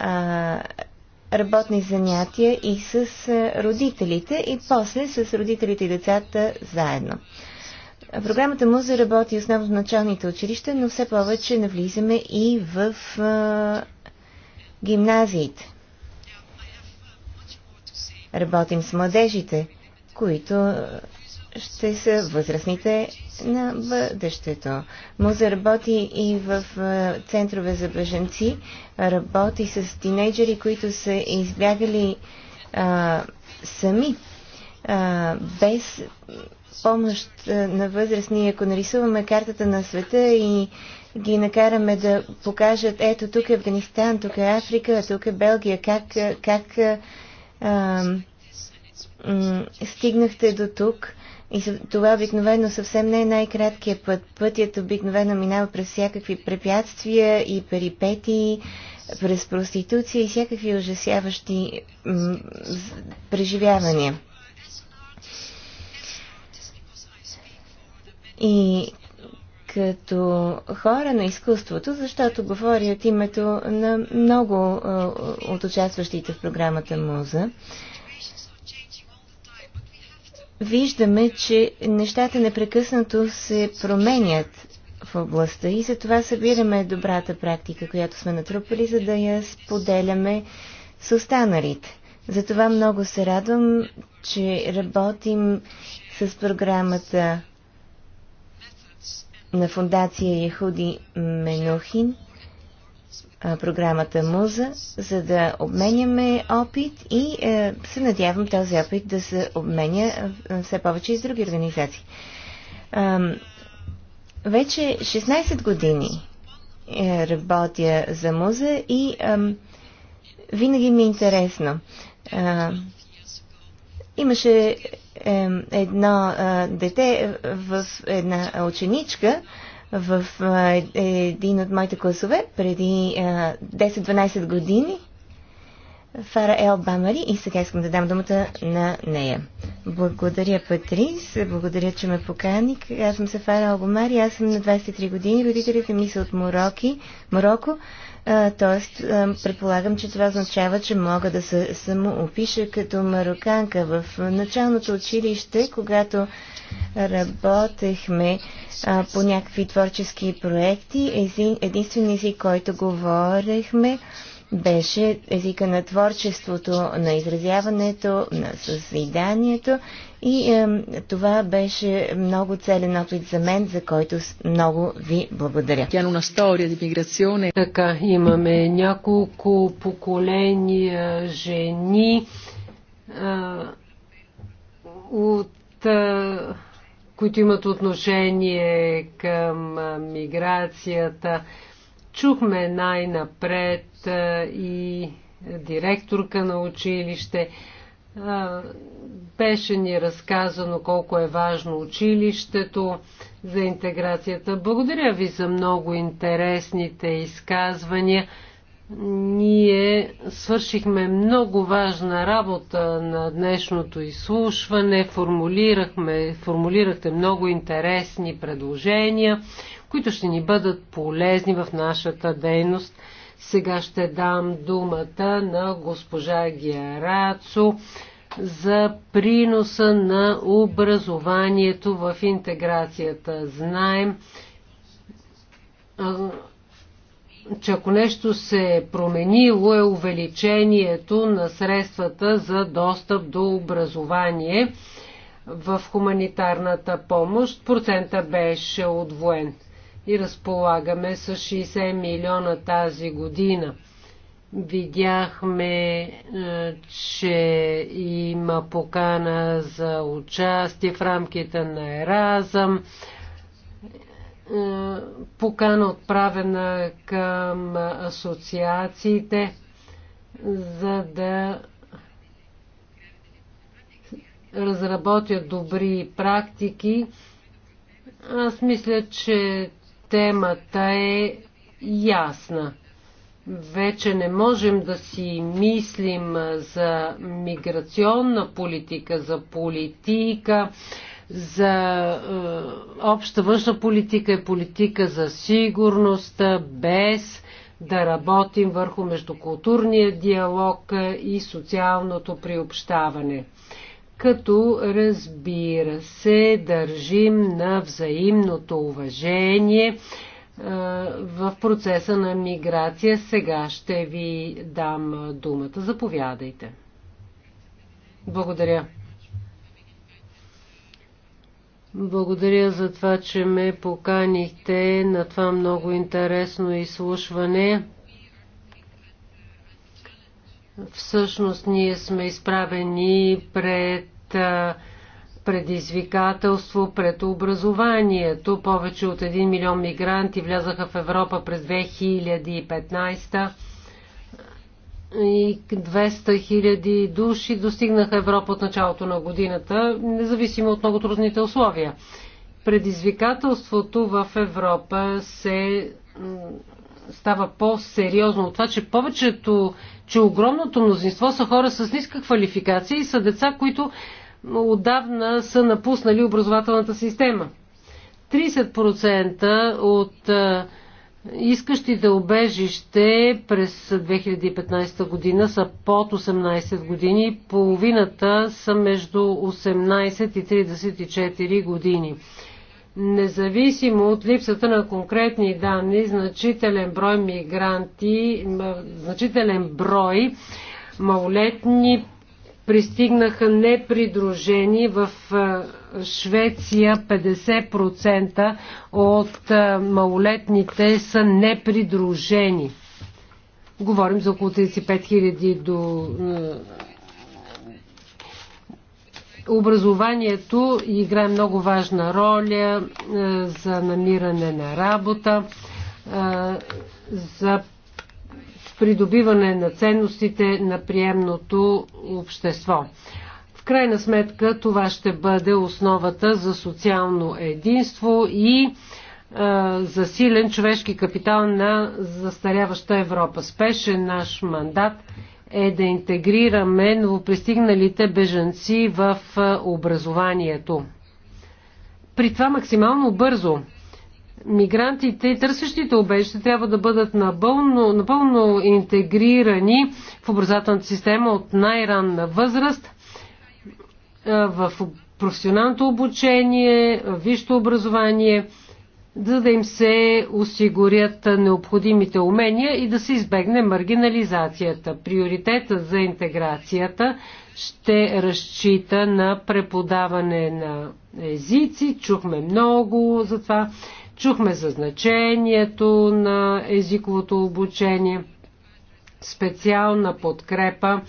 е, работни занятия и с родителите и после с родителите и децата заедно. Програмата му заработи основно в началните училища, но все повече навлизаме и в гимназиите. Работим с младежите, които ще са възрастните на бъдещето. Муза работи и в центрове за бъженци, работи с тинейджери, които са избягали а, сами а, без помощ на възрастни, ако нарисуваме картата на света и ги накараме да покажат, ето тук е Афганистан, тук е Африка, тук е Белгия, как, как а, а, стигнахте до тук. И това обикновено съвсем не е най-краткият път. Пътят обикновено минава през всякакви препятствия и перипетии, през проституция и всякакви ужасяващи преживявания. и като хора на изкуството, защото говоря от името на много от участващите в програмата Муза. Виждаме, че нещата непрекъснато се променят в областта и затова събираме добрата практика, която сме натрупали, за да я споделяме с останалите. Затова много се радвам, че работим с програмата на фундация Яхуди Менохин, програмата Муза, за да обменяме опит и е, се надявам този опит да се обменя е, все повече и с други организации. Е, вече 16 години е, работя за Муза и винаги ми е интересно Имаше е, едно е, дете в една ученичка в е, един от моите класове преди е, 10-12 години. Фара Ел Бамари и сега искам да дам думата на нея. Благодаря, Патрис. Благодаря, че ме покани. Аз съм Сафара Бамари. Аз съм на 23 години. Родителите ми са от Мороки, Мороко. Тоест, предполагам, че това означава, че мога да се самоопиша като мароканка. В началното училище, когато работехме а, по някакви творчески проекти, един, единствен език, който говорехме, беше езика на творчеството, на изразяването, на съзиданието и е, това беше много целен опит за мен, за който много ви благодаря. Тя е на история di migrazione. Така, имаме няколко поколения жени а, е, от а, е, които имат отношение към миграцията, Чухме най-напред и директорка на училище. Беше ни разказано колко е важно училището за интеграцията. Благодаря ви за много интересните изказвания. Ние свършихме много важна работа на днешното изслушване, формулирахме, формулирахте много интересни предложения които ще ни бъдат полезни в нашата дейност. Сега ще дам думата на госпожа Герацо за приноса на образованието в интеграцията. Знаем, че ако нещо се е променило е увеличението на средствата за достъп до образование в хуманитарната помощ. Процента беше отвоен и разполагаме с 60 милиона тази година. Видяхме, е, че има покана за участие в рамките на Еразъм, е, покана отправена към асоциациите, за да разработят добри практики. Аз мисля, че Темата е ясна. Вече не можем да си мислим за миграционна политика, за политика, за е, обща външна политика и политика за сигурност, без да работим върху междукултурния диалог и социалното приобщаване като разбира се държим на взаимното уважение в процеса на миграция. Сега ще ви дам думата. Заповядайте. Благодаря. Благодаря за това, че ме поканихте на това много интересно изслушване. Всъщност ние сме изправени пред предизвикателство пред образованието. Повече от 1 милион мигранти влязаха в Европа през 2015 и 200 хиляди души достигнаха Европа от началото на годината, независимо от много трудните условия. Предизвикателството в Европа се става по-сериозно от това, че повечето, че огромното мнозинство са хора с ниска квалификация и са деца, които отдавна са напуснали образователната система. 30% от искащите обежище през 2015 година са под 18 години, половината са между 18 и 34 години. Независимо от липсата на конкретни данни, значителен брой мигранти, значителен брой малолетни пристигнаха непридружени в Швеция 50% от малолетните са непридружени. Говорим за около 35 000 до Образованието играе много важна роля е, за намиране на работа, е, за придобиване на ценностите на приемното общество. В крайна сметка това ще бъде основата за социално единство и е, засилен човешки капитал на застаряваща Европа. Спеше наш мандат е да интегрираме новопристигналите бежанци в образованието. При това максимално бързо мигрантите и търсещите обежище трябва да бъдат напълно, напълно интегрирани в образователната система от най-ранна възраст в професионалното обучение, висшето образование – за да им се осигурят необходимите умения и да се избегне маргинализацията. Приоритета за интеграцията ще разчита на преподаване на езици. Чухме много за това. Чухме за значението на езиковото обучение, специална подкрепа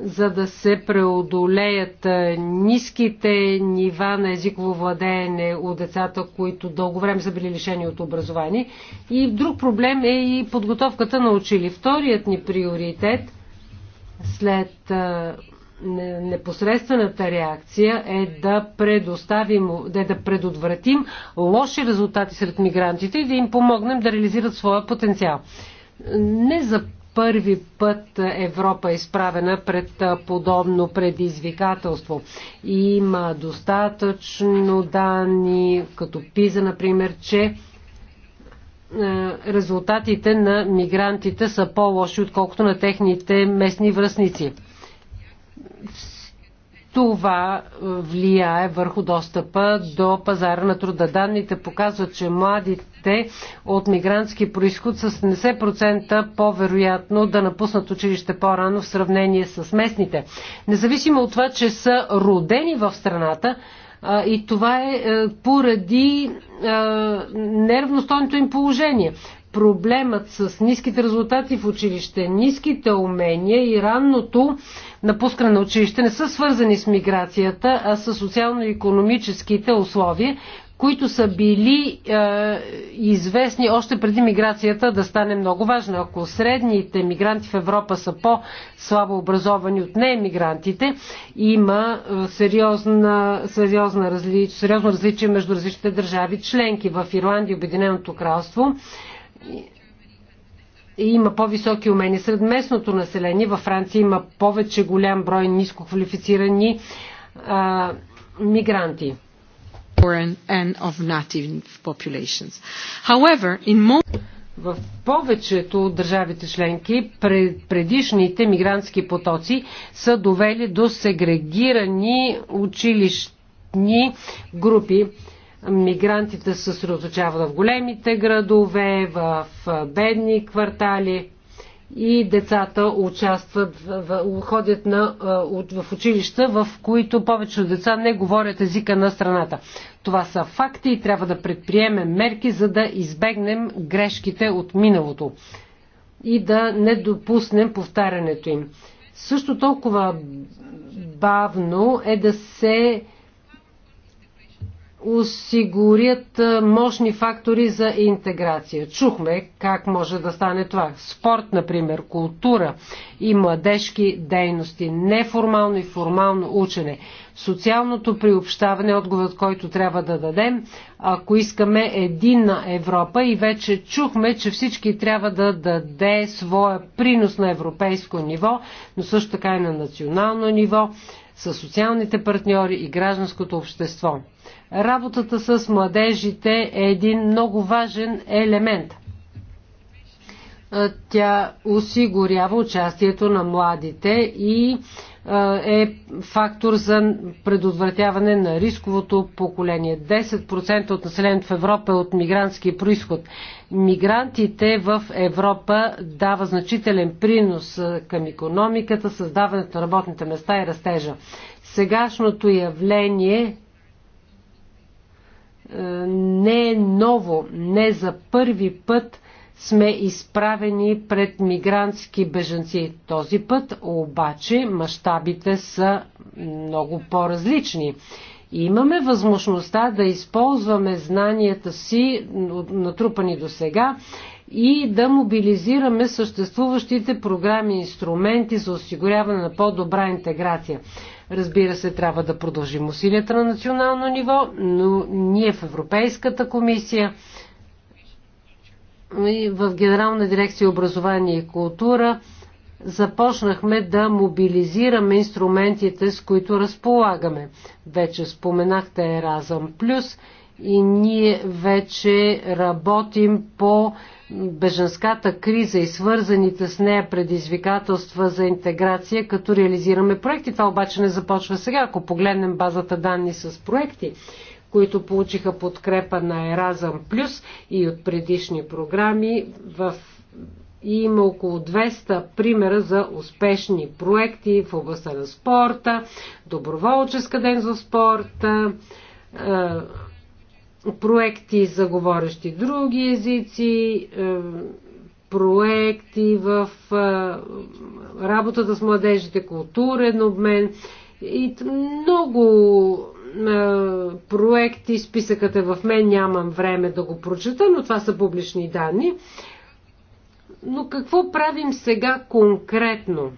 за да се преодолеят ниските нива на езиково владеене у децата, които дълго време са били лишени от образование. И друг проблем е и подготовката на учили. Вторият ни приоритет след непосредствената реакция е да, предоставим, да, е да предотвратим лоши резултати сред мигрантите и да им помогнем да реализират своя потенциал. Не за първи път Европа е изправена пред подобно предизвикателство. Има достатъчно данни, като ПИЗа, например, че резултатите на мигрантите са по-лоши, отколкото на техните местни връзници това е, влияе върху достъпа до пазара на труда. Данните показват, че младите от мигрантски происход са 70% по-вероятно да напуснат училище по-рано в сравнение с местните. Независимо от това, че са родени в страната, и това е, е поради нервностойното им положение проблемът с ниските резултати в училище, ниските умения и ранното напускане на училище не са свързани с миграцията, а с социално-економическите условия, които са били е, известни още преди миграцията да стане много важна. Ако средните мигранти в Европа са по-слабо образовани от неемигрантите, има е, сериозна, сериозна разли... сериозно различие между различните държави членки. В Ирландия и Обединеното кралство и има по-високи умения сред местното население. Във Франция има повече голям брой нискоквалифицирани а, мигранти. В повечето от държавите членки предишните мигрантски потоци са довели до сегрегирани училищни групи. Мигрантите се съсредоточават в големите градове, в бедни квартали и децата участват, ходят на, в училища, в които повечето деца не говорят езика на страната. Това са факти и трябва да предприемем мерки, за да избегнем грешките от миналото и да не допуснем повтарянето им. Също толкова бавно е да се осигурят мощни фактори за интеграция. Чухме как може да стане това. Спорт, например, култура и младежки дейности, неформално и формално учене. Социалното приобщаване е отговорът, който трябва да дадем, ако искаме единна Европа и вече чухме, че всички трябва да даде своя принос на европейско ниво, но също така и на национално ниво с социалните партньори и гражданското общество. Работата с младежите е един много важен елемент. Тя осигурява участието на младите и е фактор за предотвратяване на рисковото поколение. 10% от населението в Европа е от мигрантски происход. Мигрантите в Европа дава значителен принос към економиката, създаването на работните места и растежа. Сегашното явление не е ново. Не за първи път сме изправени пред мигрантски бежанци. Този път обаче мащабите са много по-различни. Имаме възможността да използваме знанията си, натрупани до сега, и да мобилизираме съществуващите програми и инструменти за осигуряване на по-добра интеграция. Разбира се, трябва да продължим усилията на национално ниво, но ние в Европейската комисия и в Генерална дирекция образование и култура започнахме да мобилизираме инструментите, с които разполагаме. Вече споменахте Еразъм Плюс и ние вече работим по беженската криза и свързаните с нея предизвикателства за интеграция, като реализираме проекти. Това обаче не започва сега. Ако погледнем базата данни с проекти, които получиха подкрепа на Еразъм Плюс и от предишни програми. В... И има около 200 примера за успешни проекти в областта на спорта, доброволческа ден за спорта, е, проекти за говорещи други езици, е, проекти в е, работата с младежите, културен обмен и много е, проекти, списъкът е в мен, нямам време да го прочета, но това са публични данни. Но какво правим сега конкретно?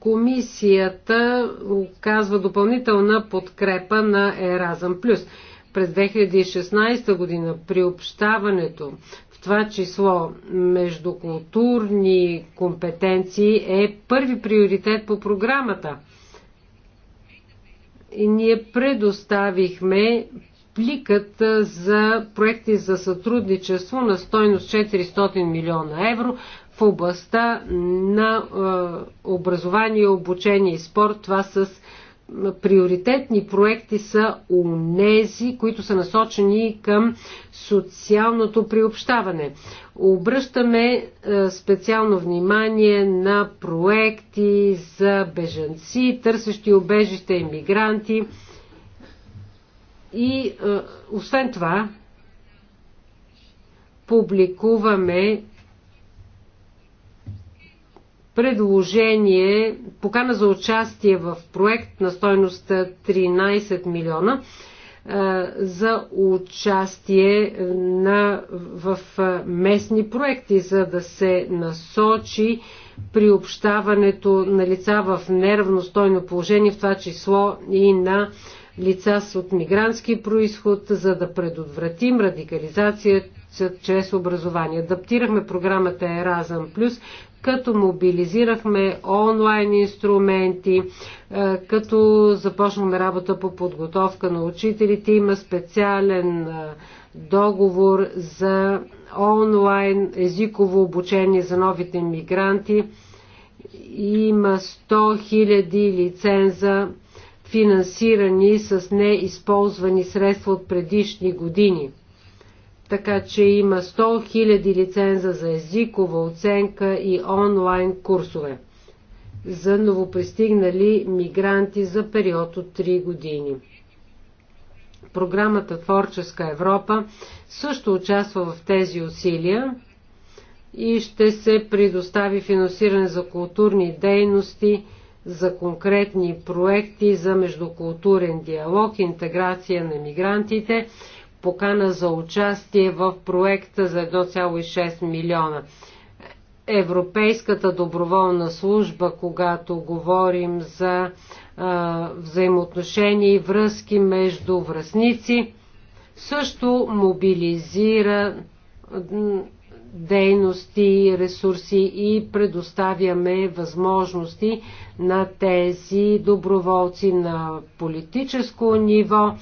Комисията оказва допълнителна подкрепа на Еразъм Плюс. През 2016 година приобщаването, в това число междукултурни компетенции, е първи приоритет по програмата – и ние предоставихме пликът за проекти за сътрудничество на стойност 400 милиона евро в областта на образование, обучение и спорт. Това с приоритетни проекти са унези, които са насочени към социалното приобщаване. Обръщаме е, специално внимание на проекти за бежанци, търсещи обежище иммигранти. И е, освен това, публикуваме предложение, покана за участие в проект на стойност 13 милиона за участие на, в местни проекти, за да се насочи приобщаването на лица в неравностойно положение, в това число и на лица с от мигрантски происход, за да предотвратим радикализацията чрез образование. Адаптирахме програмата Еразъм Плюс като мобилизирахме онлайн инструменти, е, като започнахме работа по подготовка на учителите. Има специален е, договор за онлайн езиково обучение за новите мигранти. Има 100 000 лиценза, финансирани с неизползвани средства от предишни години така че има 100 000 лиценза за езикова оценка и онлайн курсове за новопристигнали мигранти за период от 3 години. Програмата Творческа Европа също участва в тези усилия и ще се предостави финансиране за културни дейности, за конкретни проекти за междукултурен диалог, интеграция на мигрантите покана за участие в проекта за 1,6 милиона. Европейската доброволна служба, когато говорим за а, взаимоотношения и връзки между връзници, също мобилизира дейности, ресурси и предоставяме възможности на тези доброволци на политическо ниво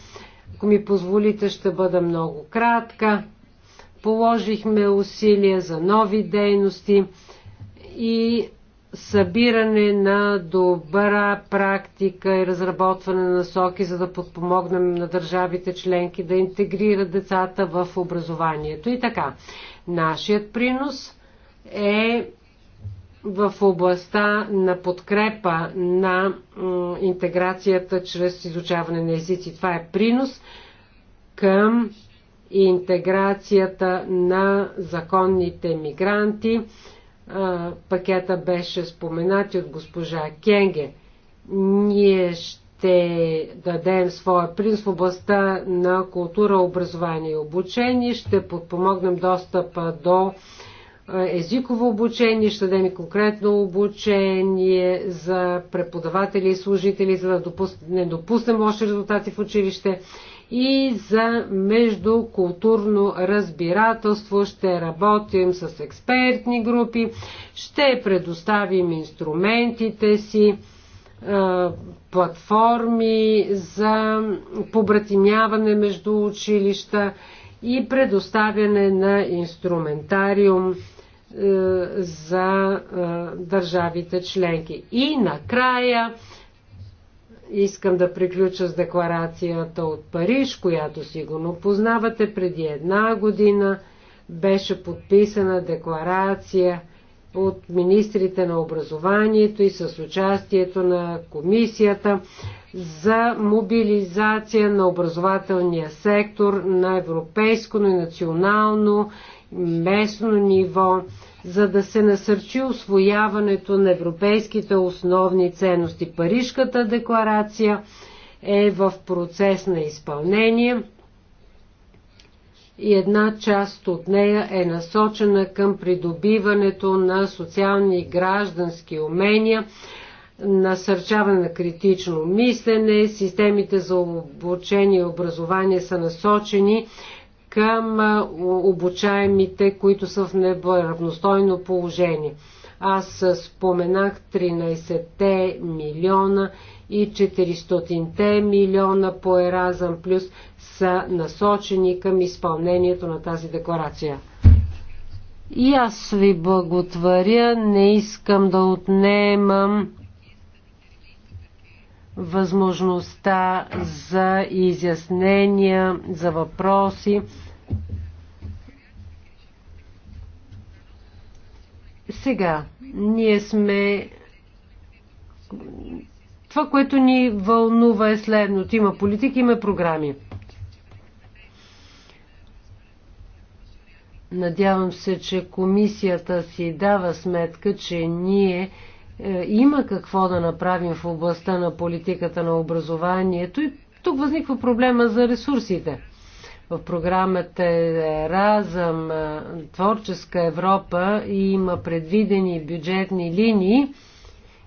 ако ми позволите, ще бъда много кратка. Положихме усилия за нови дейности и събиране на добра практика и разработване на насоки, за да подпомогнем на държавите членки да интегрират децата в образованието. И така, нашият принос е в областта на подкрепа на интеграцията чрез изучаване на езици. Това е принос към интеграцията на законните мигранти. Пакета беше споменати от госпожа Кенге. Ние ще дадем своя принос в областта на култура, образование и обучение. Ще подпомогнем достъпа до езиково обучение, ще дадем и конкретно обучение за преподаватели и служители, за да допус... не допуснем лоши резултати в училище и за междукултурно разбирателство. Ще работим с експертни групи, ще предоставим инструментите си, платформи за побратимяване между училища и предоставяне на инструментариум е, за е, държавите членки. И накрая искам да приключа с декларацията от Париж, която сигурно познавате преди една година. Беше подписана декларация от министрите на образованието и с участието на комисията за мобилизация на образователния сектор на европейско, и национално местно ниво, за да се насърчи освояването на европейските основни ценности. Парижката декларация е в процес на изпълнение и една част от нея е насочена към придобиването на социални и граждански умения, насърчаване на критично мислене, системите за обучение и образование са насочени към обучаемите, които са в неравностойно положение. Аз споменах 13-те милиона и 400-те милиона по Еразъм Плюс са насочени към изпълнението на тази декларация. И аз ви благотворя, не искам да отнемам възможността за изяснения, за въпроси. Сега, ние сме. Това, което ни вълнува е следното. Има политики, има програми. Надявам се, че комисията си дава сметка, че ние е, има какво да направим в областта на политиката на образованието и тук възниква проблема за ресурсите. В програмата Еразъм, е, Творческа Европа и има предвидени бюджетни линии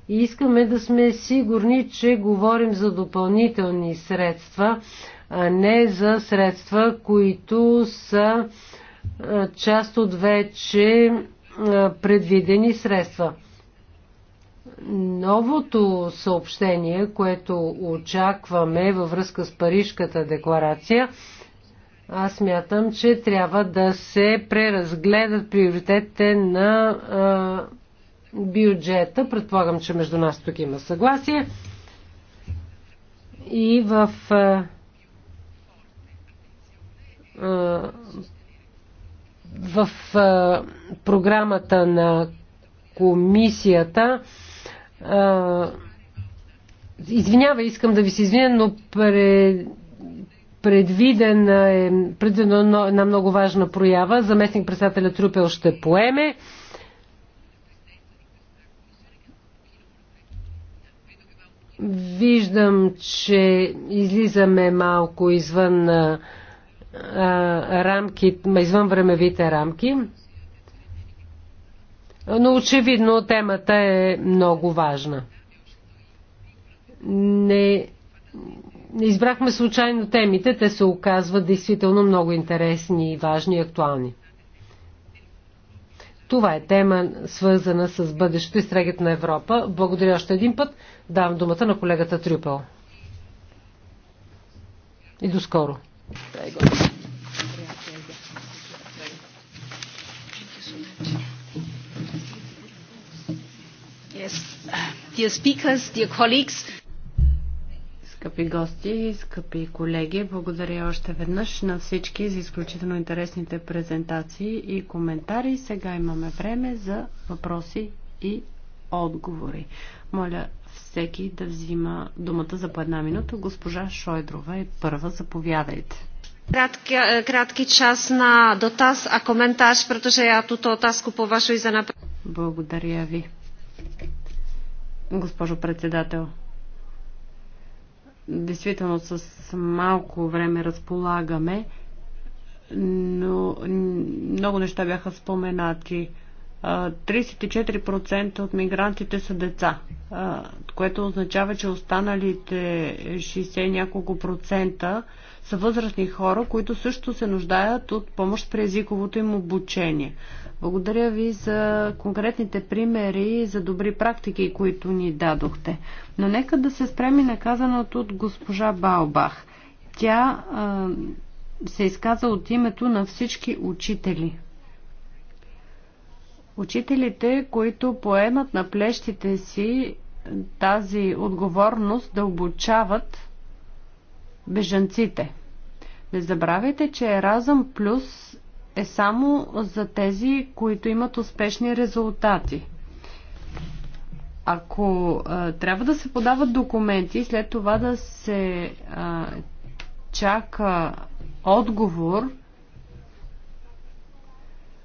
и искаме да сме сигурни, че говорим за допълнителни средства, а не за средства, които са е, част от вече предвидени средства. Новото съобщение, което очакваме във връзка с Парижката декларация, аз мятам, че трябва да се преразгледат приоритетите на а, бюджета. Предполагам, че между нас тук има съгласие. И в а, а, в а, програмата на комисията а, Извинявай, искам да ви се извиня, но пред, предвиден е, предвидено една много важна проява. Заместник председателя Трупел ще поеме. Виждам, че излизаме малко извън а, рамки, извън времевите рамки но очевидно темата е много важна. Не, не избрахме случайно темите, те се оказват действително много интересни и важни и актуални. Това е тема свързана с бъдещето и стрегът на Европа. Благодаря още един път. Давам думата на колегата Трюпел. И до скоро. Thank you Dear speakers, dear colleagues. Скъпи гости, скъпи колеги, благодаря още веднъж на всички за изключително интересните презентации и коментари. Сега имаме време за въпроси и отговори. Моля всеки да взима думата за по една минута. Госпожа Шойдрова е първа. Заповядайте. Кратки, е, кратки час на дотаз, а коментаж, a я тут já по вашу и за напред. Благодаря ви госпожо председател. Действително с малко време разполагаме, но много неща бяха споменати. 34% от мигрантите са деца, което означава, че останалите 60 няколко процента са възрастни хора, които също се нуждаят от помощ при езиковото им обучение. Благодаря ви за конкретните примери и за добри практики, които ни дадохте. Но нека да се спреми наказаното от госпожа Баобах. Тя а, се изказа от името на всички учители. Учителите, които поемат на плещите си тази отговорност да обучават бежанците. Не забравяйте, че Еразъм Плюс е само за тези, които имат успешни резултати. Ако а, трябва да се подават документи и след това да се а, чака отговор,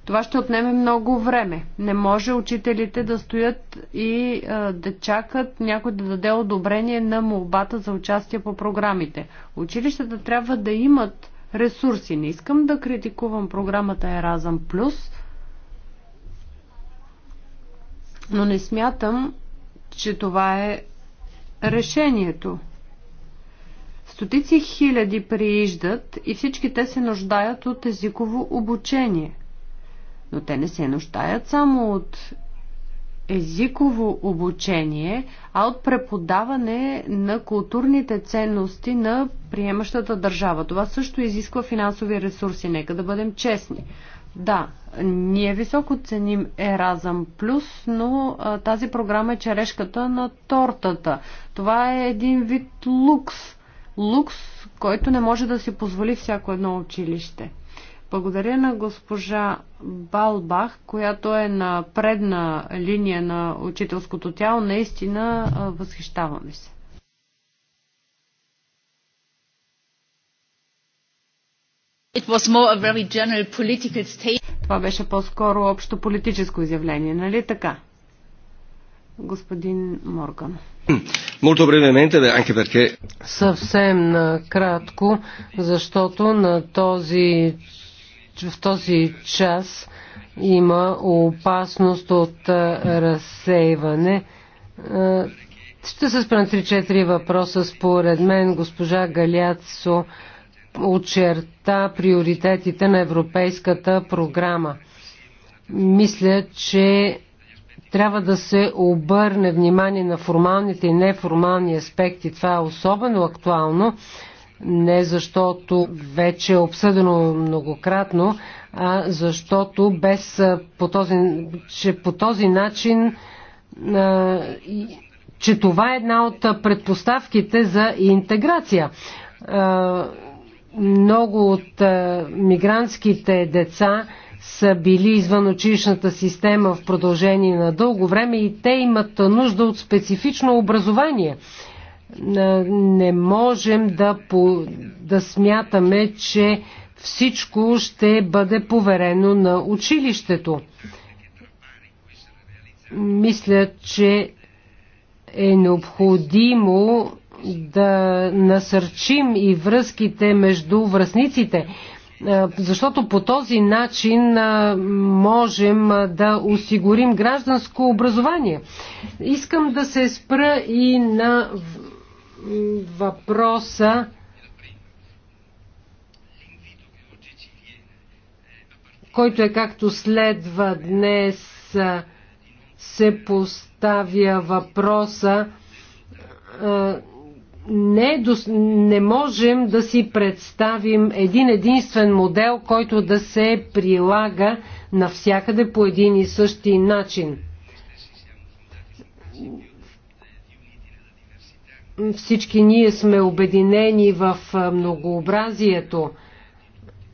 това ще отнеме много време. Не може учителите да стоят и а, да чакат някой да даде одобрение на молбата за участие по програмите. Училищата трябва да имат ресурси. Не искам да критикувам програмата Еразъм Плюс, но не смятам, че това е решението. Стотици хиляди прииждат и всички те се нуждаят от езиково обучение. Но те не се нуждаят само от езиково обучение, а от преподаване на културните ценности на приемащата държава. Това също изисква финансови ресурси, нека да бъдем честни. Да, ние високо ценим Еразъм Плюс, но а, тази програма е черешката на тортата. Това е един вид лукс. Лукс, който не може да си позволи всяко едно училище. Благодаря на госпожа Балбах, която е на предна линия на учителското тяло. Наистина възхищаваме се. It was more a very general political state. Това беше по-скоро общо политическо изявление, нали така? Господин Морган. Molto brevemente, anche perché... Съвсем накратко, защото на този в този час има опасност от разсейване. Ще се спра 3-4 въпроса. Според мен госпожа Галяцо очерта приоритетите на Европейската програма. Мисля, че трябва да се обърне внимание на формалните и неформални аспекти. Това е особено актуално не защото вече е обсъдено многократно, а защото без по този, че по този начин че това е една от предпоставките за интеграция. Много от мигрантските деца са били извън училищната система в продължение на дълго време и те имат нужда от специфично образование не можем да, по, да смятаме, че всичко ще бъде поверено на училището. Мисля, че е необходимо да насърчим и връзките между връзниците, защото по този начин можем да осигурим гражданско образование. Искам да се спра и на въпроса който е както следва днес се поставя въпроса не, не можем да си представим един единствен модел, който да се прилага навсякъде по един и същи начин. Всички ние сме обединени в многообразието.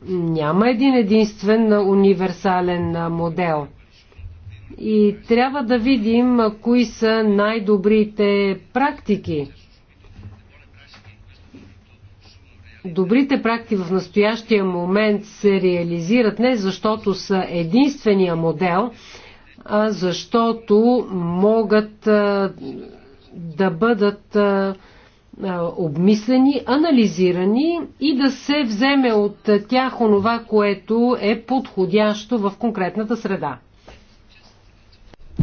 Няма един единствен универсален модел. И трябва да видим кои са най-добрите практики. Добрите практики в настоящия момент се реализират не защото са единствения модел, а защото могат да бъдат обмислени, анализирани и да се вземе от тях онова, което е подходящо в конкретната среда.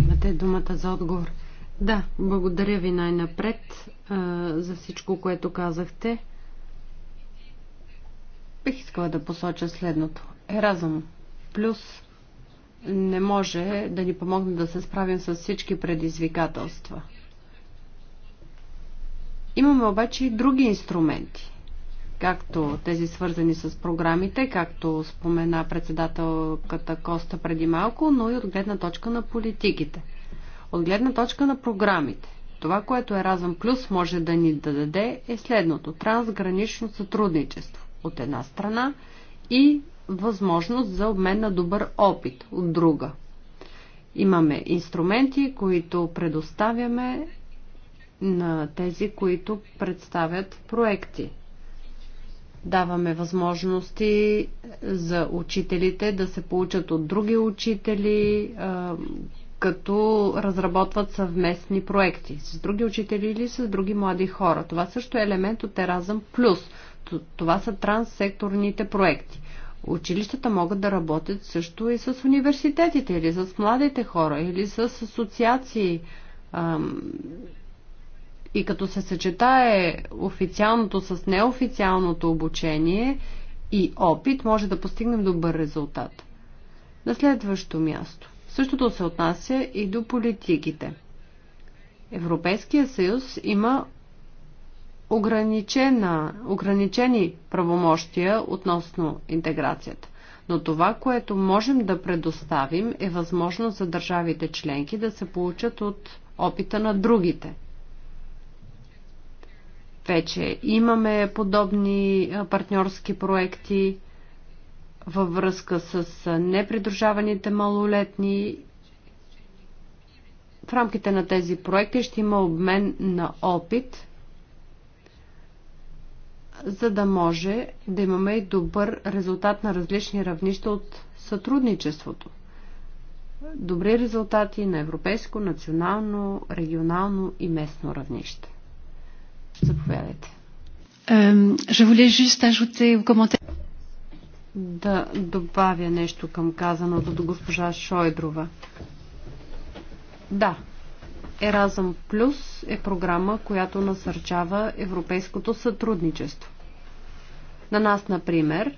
Имате думата за отговор. Да, благодаря ви най-напред за всичко, което казахте. Бих искала да посоча следното. Еразъм плюс не може да ни помогне да се справим с всички предизвикателства – Имаме обаче и други инструменти, както тези свързани с програмите, както спомена председателката Коста преди малко, но и от гледна точка на политиките. От гледна точка на програмите. Това, което Еразъм Плюс може да ни да даде е следното. Трансгранично сътрудничество от една страна и възможност за обмен на добър опит от друга. Имаме инструменти, които предоставяме на тези, които представят проекти. Даваме възможности за учителите да се получат от други учители, като разработват съвместни проекти с други учители или с други млади хора. Това също е елемент от Еразъм Плюс. Това са транссекторните проекти. Училищата могат да работят също и с университетите, или с младите хора, или с асоциации и като се съчетае официалното с неофициалното обучение и опит, може да постигнем добър резултат. На следващо място. Същото се отнася и до политиките. Европейския съюз има ограничена, ограничени правомощия относно интеграцията. Но това, което можем да предоставим, е възможност за държавите членки да се получат от опита на другите – вече имаме подобни партньорски проекти във връзка с непридружаваните малолетни. В рамките на тези проекти ще има обмен на опит, за да може да имаме и добър резултат на различни равнища от сътрудничеството. Добри резултати на европейско, национално, регионално и местно равнище. Заповядайте. voulais juste ajouter Да добавя нещо към казаното до госпожа Шойдрова. Да, Еразъм Плюс е програма, която насърчава европейското сътрудничество. На нас, например,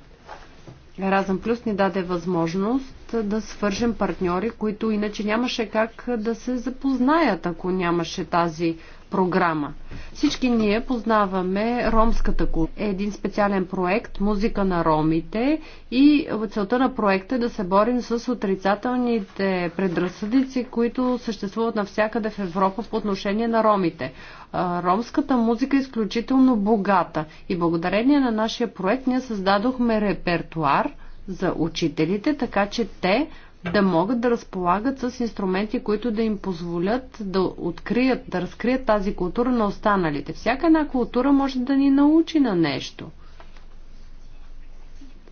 Еразъм Плюс ни даде възможност да свържем партньори, които иначе нямаше как да се запознаят, ако нямаше тази програма. Всички ние познаваме ромската култура. Е един специален проект Музика на ромите и целта на проекта е да се борим с отрицателните предразсъдици, които съществуват навсякъде в Европа по отношение на ромите. Ромската музика е изключително богата и благодарение на нашия проект ние създадохме репертуар за учителите, така че те да могат да разполагат с инструменти, които да им позволят да открият, да разкрият тази култура на останалите. Всяка една култура може да ни научи на нещо.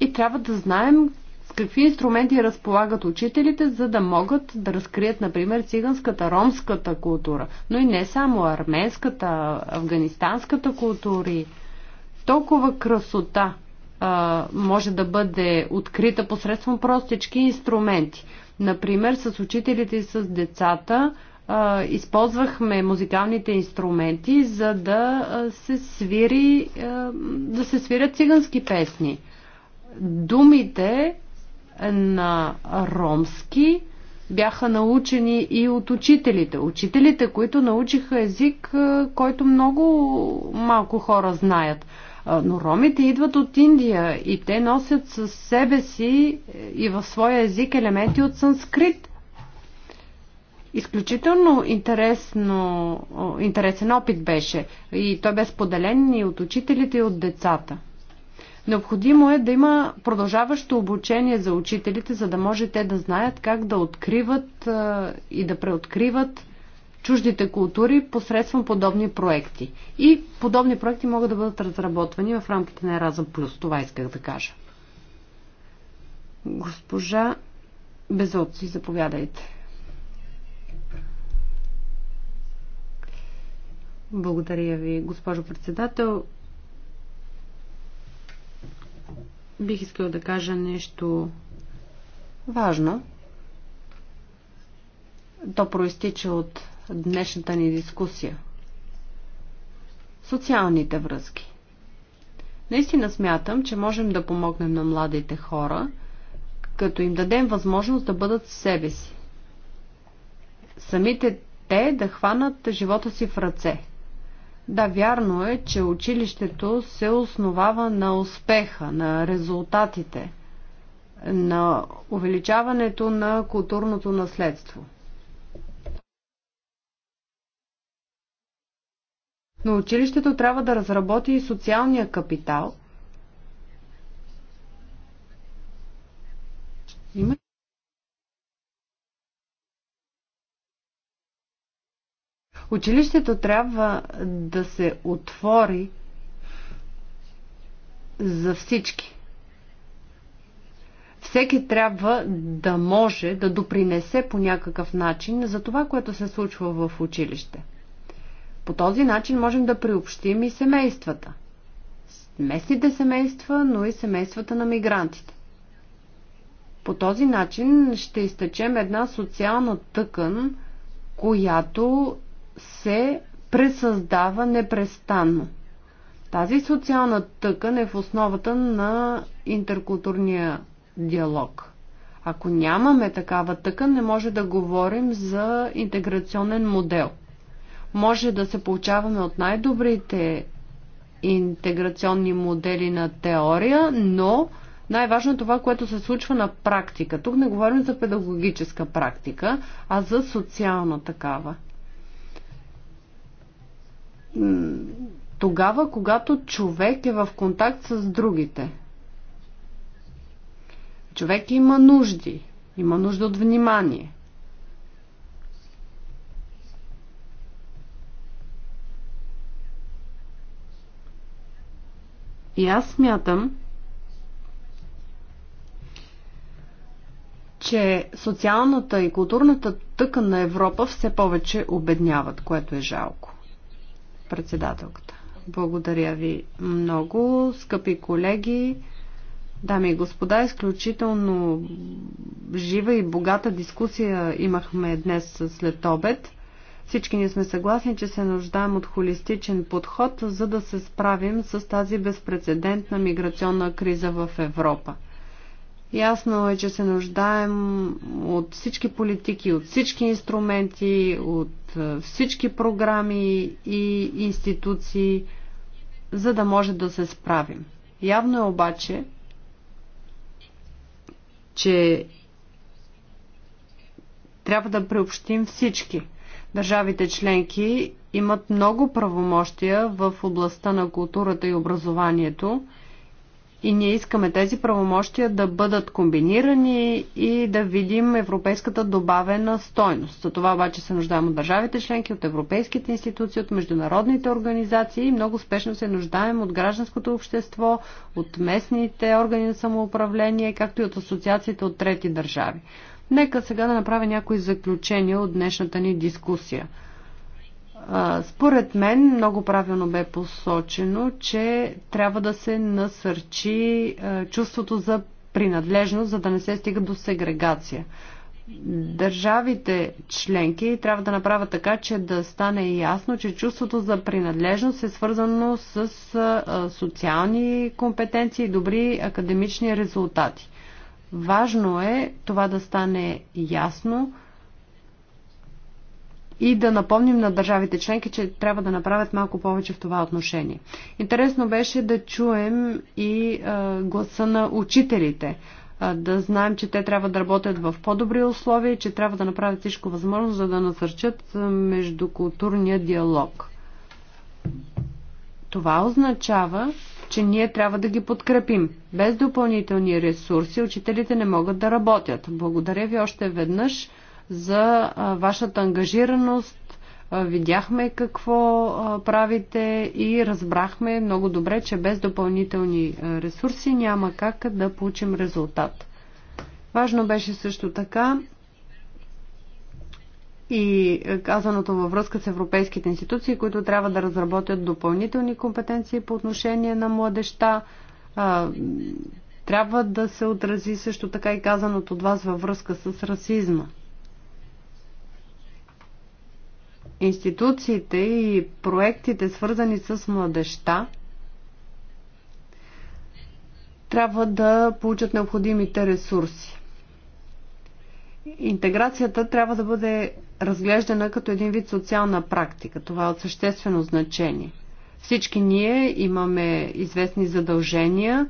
И трябва да знаем с какви инструменти разполагат учителите, за да могат да разкрият, например, циганската, ромската култура, но и не само арменската, афганистанската култури. Толкова красота а, може да бъде открита посредством простички инструменти. Например, с учителите и с децата а, използвахме музикалните инструменти, за да се, свири, а, да се свирят цигански песни. Думите на ромски бяха научени и от учителите. Учителите, които научиха език, който много малко хора знаят. Но ромите идват от Индия и те носят със себе си е, и в своя език елементи от санскрит. Изключително интересно, интересен опит беше и той бе споделен и от учителите и от децата. Необходимо е да има продължаващо обучение за учителите, за да може те да знаят как да откриват е, и да преоткриват чуждите култури посредством подобни проекти. И подобни проекти могат да бъдат разработвани в рамките на Еразъм Плюс. Това исках да кажа. Госпожа Безоци, заповядайте. Благодаря ви, госпожо председател. Бих искал да кажа нещо важно. То проистича от днешната ни дискусия. Социалните връзки. Наистина смятам, че можем да помогнем на младите хора, като им дадем възможност да бъдат себе си. Самите те да хванат живота си в ръце. Да, вярно е, че училището се основава на успеха, на резултатите, на увеличаването на културното наследство – Но училището трябва да разработи и социалния капитал. Има Училището трябва да се отвори за всички. Всеки трябва да може да допринесе по някакъв начин за това, което се случва в училище. По този начин можем да приобщим и семействата. Местните семейства, но и семействата на мигрантите. По този начин ще изтечем една социална тъкън, която се пресъздава непрестанно. Тази социална тъкън е в основата на интеркултурния диалог. Ако нямаме такава тъкън, не може да говорим за интеграционен модел. Може да се получаваме от най-добрите интеграционни модели на теория, но най-важно е това, което се случва на практика. Тук не говорим за педагогическа практика, а за социална такава. Тогава, когато човек е в контакт с другите. Човек има нужди, има нужда от внимание – И аз смятам, че социалната и културната тъка на Европа все повече обедняват, което е жалко. Председателката. Благодаря ви много, скъпи колеги. Дами и господа, изключително жива и богата дискусия имахме днес след обед. Всички ни сме съгласни, че се нуждаем от холистичен подход, за да се справим с тази безпредседентна миграционна криза в Европа. Ясно е, че се нуждаем от всички политики, от всички инструменти, от е, всички програми и институции, за да може да се справим. Явно е обаче, че трябва да приобщим всички – Държавите членки имат много правомощия в областта на културата и образованието и ние искаме тези правомощия да бъдат комбинирани и да видим европейската добавена стойност. За това обаче се нуждаем от държавите членки, от европейските институции, от международните организации и много спешно се нуждаем от гражданското общество, от местните органи на самоуправление, както и от асоциациите от трети държави. Нека сега да направя някои заключения от днешната ни дискусия. Според мен много правилно бе посочено, че трябва да се насърчи чувството за принадлежност, за да не се стига до сегрегация. Държавите членки трябва да направят така, че да стане ясно, че чувството за принадлежност е свързано с социални компетенции и добри академични резултати. Важно е това да стане ясно и да напомним на държавите членки, че трябва да направят малко повече в това отношение. Интересно беше да чуем и а, гласа на учителите. А, да знаем, че те трябва да работят в по-добри условия и че трябва да направят всичко възможно, за да насърчат междукултурния диалог. Това означава, че ние трябва да ги подкрепим. Без допълнителни ресурси учителите не могат да работят. Благодаря ви още веднъж за вашата ангажираност. Видяхме какво правите и разбрахме много добре, че без допълнителни ресурси няма как да получим резултат. Важно беше също така и казаното във връзка с европейските институции, които трябва да разработят допълнителни компетенции по отношение на младеща. Трябва да се отрази също така и казаното от вас във връзка с расизма. Институциите и проектите, свързани с младеща, трябва да получат необходимите ресурси интеграцията трябва да бъде разглеждана като един вид социална практика. Това е от съществено значение. Всички ние имаме известни задължения,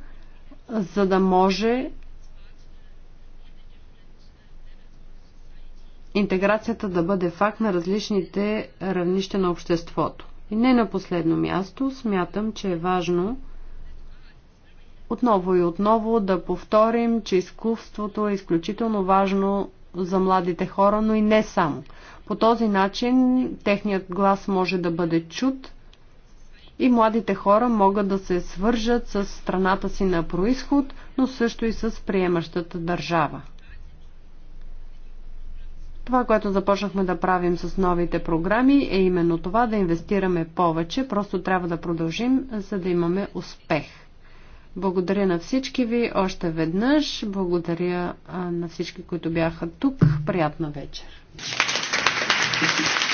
за да може интеграцията да бъде факт на различните равнища на обществото. И не на последно място, смятам, че е важно отново и отново да повторим, че изкуството е изключително важно за младите хора, но и не само. По този начин техният глас може да бъде чут и младите хора могат да се свържат с страната си на происход, но също и с приемащата държава. Това, което започнахме да правим с новите програми е именно това да инвестираме повече, просто трябва да продължим, за да имаме успех. Благодаря на всички ви още веднъж. Благодаря на всички, които бяха тук. Приятна вечер! Thank you.